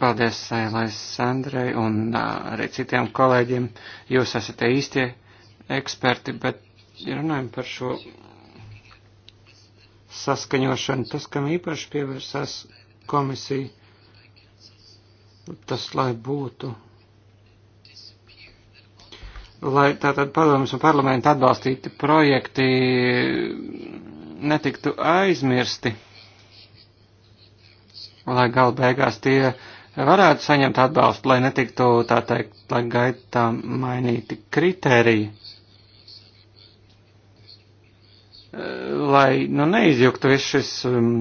Paldies Sailais Sandrai un uh, arī citiem kolēģiem. Jūs esat īstie eksperti, bet ja runājam par šo saskaņošanu. Tas, kam īpaši pievērsās komisija, tas lai būtu. Lai tātad padomjas un parlamenta atbalstīti projekti netiktu aizmirsti, lai gal beigās tie varētu saņemt atbalstu, lai netiktu, tā teikt, lai gaitā mainīti kriteriji, lai, nu, neizjuktu viss šis um,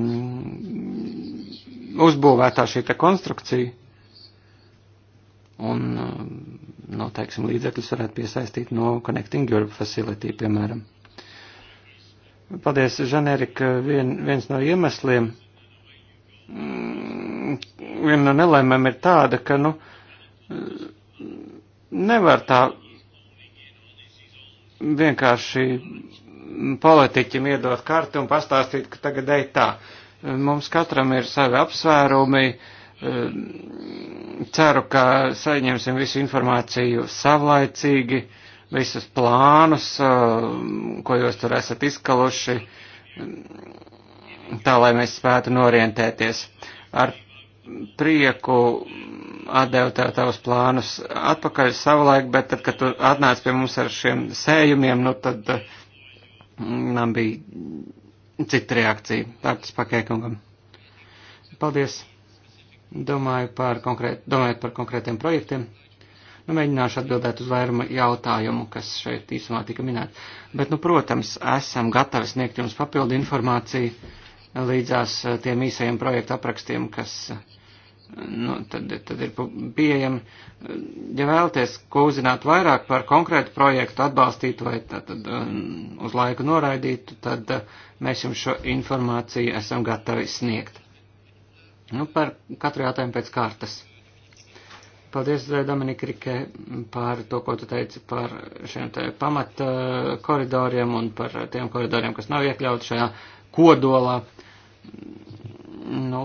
uzbūvētā šī te konstrukcija un, uh, nu, teiksim, līdzekļus varētu piesaistīt no Connecting Europe Facility, piemēram. Paldies, Žanerika, vien, viens no iemesliem, mm, viena no nelēmēm ir tāda, ka, nu, nevar tā vienkārši politiķim iedot karti un pastāstīt, ka tagad ej tā. Mums katram ir savi apsvērumi, uh, Ehm, ceru, ka saņemsim visu informāciju savlaicīgi, visus plānus, ehm, ko jūs tur esat izkaluši, tā lai mēs spētu norientēties. Ar prieku atdevu tev tavus plānus atpakaļ savulaik, bet tad, kad tu atnāc pie mums ar šiem sējumiem, nu tad mm, man bija cita reakcija. Tārtas pakēkungam. Paldies. Domāju par konkrēt, domājot par konkrētiem projektiem, nu, mēģināšu atbildēt uz vairumu jautājumu, kas šeit īsumā tika minēt. Bet, nu, protams, esam gatavi sniegt jums papildu informāciju līdzās eh, tiem īsajiem projektu aprakstiem, kas eh, nu, tad, tad ir pieejami. Ja vēlaties ko uzzināt vairāk par konkrētu projektu, atbalstīt vai tad, tad, um, uz laiku noraidīt, tad eh, mēs jums šo informāciju esam gatavi sniegt. Nu, par katru jautājumu pēc kārtas. Paldies, eh, Dominika Rikē, par to, ko tu teici par šiem te pamat eh, koridoriem un par tiem koridoriem, kas nav iekļauti šajā kodolā. Nu,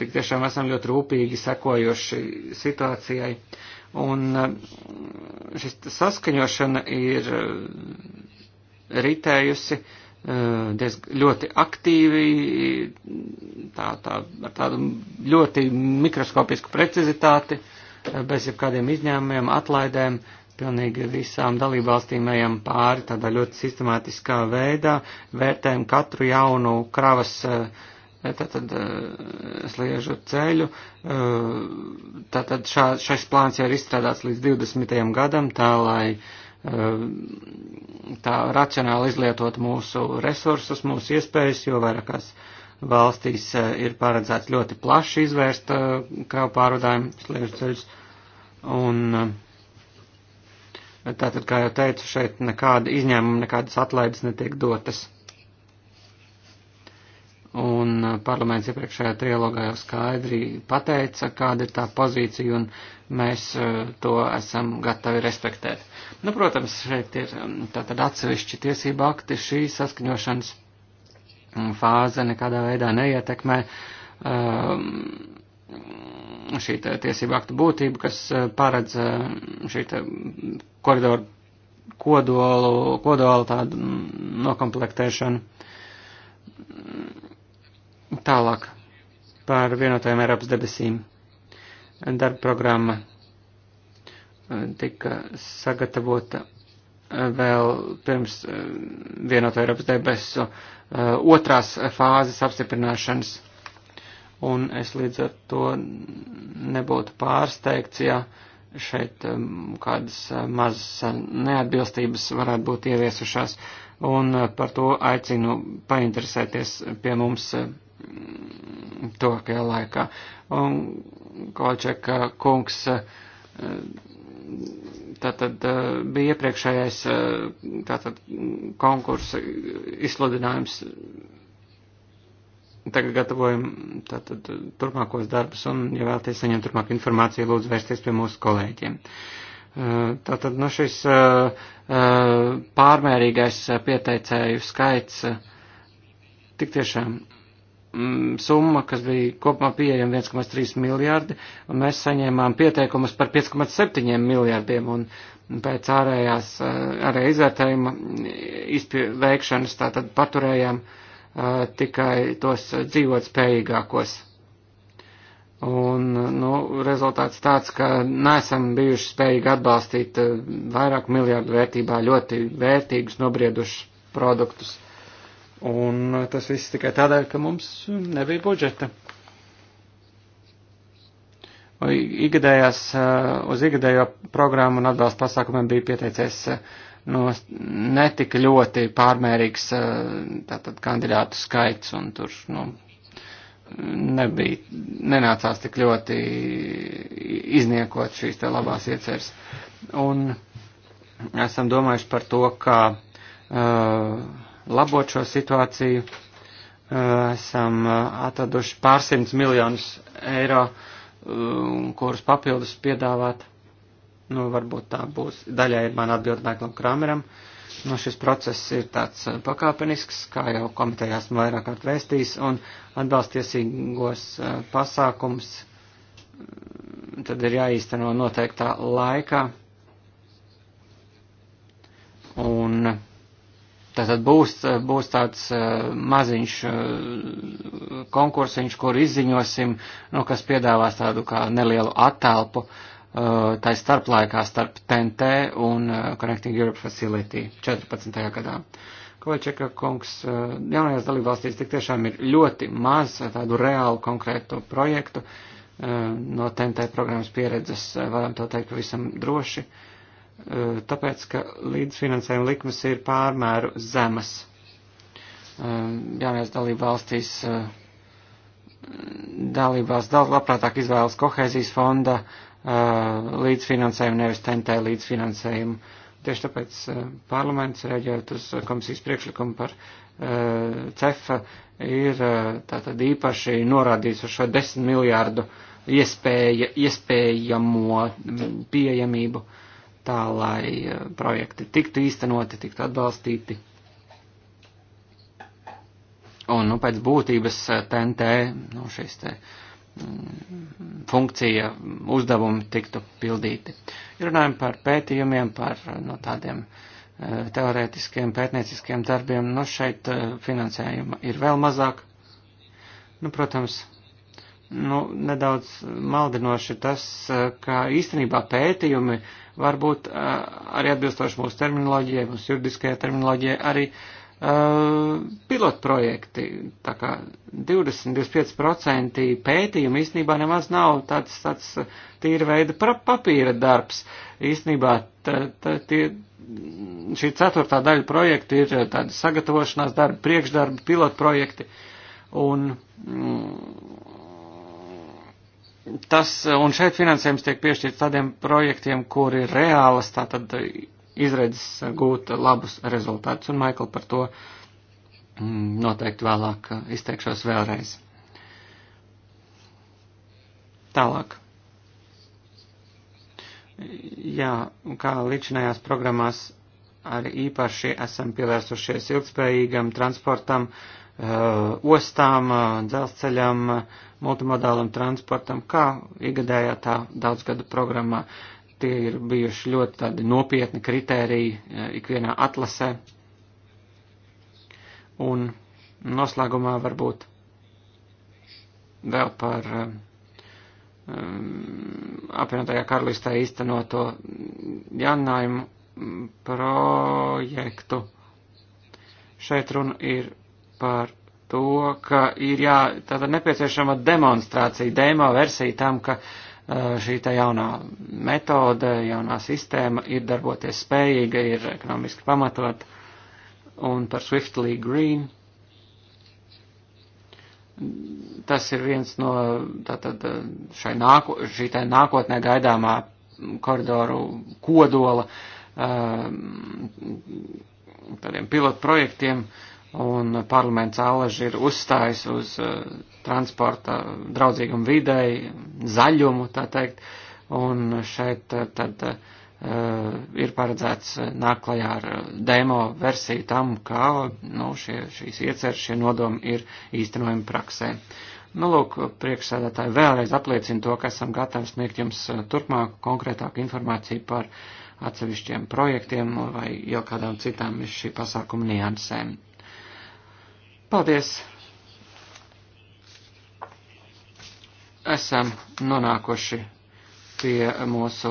tik tiešām esam ļoti rūpīgi sekojuši situācijai. Un eh, šis saskaņošana ir ritējusi. Uh, Eh, diezgan ļoti aktīvi, tā, tā, ar tādu ļoti mikroskopisku precizitāti, eh, bez jebkādiem izņēmumiem, atlaidēm, pilnīgi visām dalībvalstīm ejam pāri tādā ļoti sistemātiskā veidā, vērtējam katru jaunu kravas eh, tātad, sliežu ceļu. Tātad šā, šais plāns jau ir izstrādāts līdz 20. gadam, tā lai Ehm, tā racionāli izlietot mūsu resursus, mūsu iespējas, jo vairākās valstīs eh, ir paredzēts ļoti plaši izvērst eh, kravu pārvadājumu sliežu ceļus. Un eh, tātad, kā jau teicu, šeit nekāda izņēmuma, nekādas atlaides netiek dotas un uh, parlaments iepriekšējā trilogā jau skaidri pateica, kāda ir tā pozīcija, un mēs uh, to esam gatavi respektēt. Nu, protams, šeit ir um, tātad atsevišķi tiesība akti, šī saskaņošanas um, fāze nekādā veidā neietekmē um, šī tiesība aktu būtība, kas uh, paredz šī koridoru kodolu, kodolu tādu mm, nokomplektēšanu Tālāk par vienotajām Eiropas debesīm. Darba programma eh, tika sagatavota eh, vēl pirms eh, vienoto Eiropas debesu otrās fāzes apstiprināšanas. Un es līdz ar to nebūtu pārsteigts, ja šeit kādas mazas neatbilstības varētu būt ieviesušās. Un par to aicinu painteresēties pie mums tuvākajā laikā. Un Kolčeka kungs eh, tātad eh, bija iepriekšējais eh, tātad konkursa izsludinājums. Tagad gatavojam tātad turpmākos darbus un, ja vēlaties saņemt turpmāku informāciju, lūdzu vērsties pie mūsu kolēģiem. Tātad, nu, šis pārmērīgais pieteicēju skaits tik tiešām Mm, summa, kas bija kopumā pieejama 1,3 miljārdi, un mēs saņēmām pieteikumus par 5,7 miljārdiem, un pēc ārējās, eh, ārējā izvērtējuma veikšanas tātad paturējām uh, tikai tos dzīvot spējīgākos. Un, nu, rezultāts tāds, ka neesam bijuši spējīgi atbalstīt eh, vairāku miljārdu vērtībā ļoti vērtīgus, nobriedušus produktus. Un tas viss tikai tādēļ, ka mums nebija budžeta. Igadējās, uz igadējo programmu un atbalstu pasākumiem bija pieteicies no netika ļoti pārmērīgs tātad kandidātu skaits un tur, nu, nebija, nenācās tik ļoti izniekot šīs te labās ieceres. Un esam domājuši par to, kā uh, labot šo situāciju. Eh, esam eh, atraduši pārsimts miljonus eiro, eh, kurus papildus piedāvāt. Nu, varbūt tā būs. Daļai ir man atbild Maiklam Krameram. Nu, šis process ir tāds pakāpenisks, kā jau komitejā esmu vairāk kārt vēstījis, un atbalstiesīgos pasākums tad ir jāīsteno noteiktā laikā. Un Tātad būs, būs tāds eh, maziņš eh, konkursiņš, kur izziņosim, nu, kas piedāvās tādu kā nelielu attelpu eh, tā ir starplaikā starp TNT un Connecting Europe Facility 14. gadā. Kovačeka kungs, jaunajās dalībvalstīs tik tiešām ir ļoti maz tādu reālu konkrētu projektu. No TNT programmas pieredzes varam to teikt pavisam droši. Uh, Eh, tāpēc, ka līdzfinansējuma likmes ir pārmēru zemas. Eh, jaunajās dalību valstīs eh, dalībās daudz labprātāk izvēlas kohēzijas fonda līdzfinansējumu, nevis tentē līdzfinansējumu. Tieši tāpēc parlaments, reaģējot uz komisijas priekšlikumu par cefa, ir tātad īpaši norādījis uz šo 10 miljārdu iespēja, iespējamo mm, pieejamību. Uh, tā lai eh, projekti tiktu īstenoti, tiktu atbalstīti. Un, nu, pēc būtības TNT, eh, nu, šis te mm, funkcija, uzdevumi tiktu pildīti. Runājam par pētījumiem, par, nu, tādiem teorētiskiem pētnieciskiem darbiem, nu, šeit finansējuma ir vēl mazāk. Nu, protams, nu, nedaudz maldinoši tas, ka īstenībā pētījumi uh, varbūt arī atbilstoši mūsu terminoloģijai, mūsu juridiskajai terminoloģijai, arī uh, pilotprojekti. Tā kā 20-25% pētījumi īstenībā nemaz nav tāds, tāds tīra veida papīra darbs. Īstenībā tā, tā, tie, šī ceturtā daļa projekta ir tādi sagatavošanās darbi, priekšdarbi, pilotprojekti. Un, mm, Tas, un šeit finansējums tiek piešķirts tādiem projektiem, kuri ir reālas, tātad izredzes gūt labus rezultātus, un Maikl par to mm, noteikti vēlāk uh, izteikšos vēlreiz. Tālāk. Jā, kā līdzinājās programmās, arī īpaši esam pievērsušies ilgspējīgam transportam, uh, Uh, ostām, uh, dzelzceļam, multimodālam transportam, kā iegadējā tā daudzgadu programmā. Tie ir bijuši ļoti tādi nopietni kritēriji uh, ikvienā atlasē. Un noslēgumā varbūt vēl par um, apvienotajā karalistē īstenoto jaunājumu mm, projektu. Šeit runa ir par to, ka ir jā, tāda nepieciešama demonstrācija, demo versija tam, ka uh, šī tā jaunā metode, jaunā sistēma ir darboties spējīga, ir ekonomiski pamatot un par Swiftly Green. Tas ir viens no tātad uh, šai nāko, šī tā nākotnē gaidāmā koridoru kodola uh, tādiem pilotprojektiem. projektiem un parlaments Aleži ir uzstājis uz uh, transporta draudzīgumu videi, zaļumu, tā teikt, un šeit uh, tad uh, ir paredzēts nāklajā ar demo versiju tam, kā nu, šie, šīs ieceres, šie nodomi ir īstenojami praksē. Nu, lūk, priekšsēdētāji vēlreiz apliecina to, ka esam gatavi sniegt jums turpmāku konkrētāku informāciju par atsevišķiem projektiem vai jau kādām citām šī pasākuma niansēm. Paldies! Esam nonākuši pie mūsu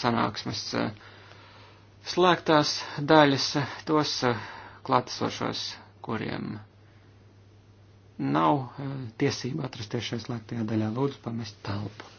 sanāksmes eh, slēgtās daļas, tos eh, klātesošos, kuriem nav eh, tiesība atrasties šajā slēgtajā daļā, lūdzu pamest telpu.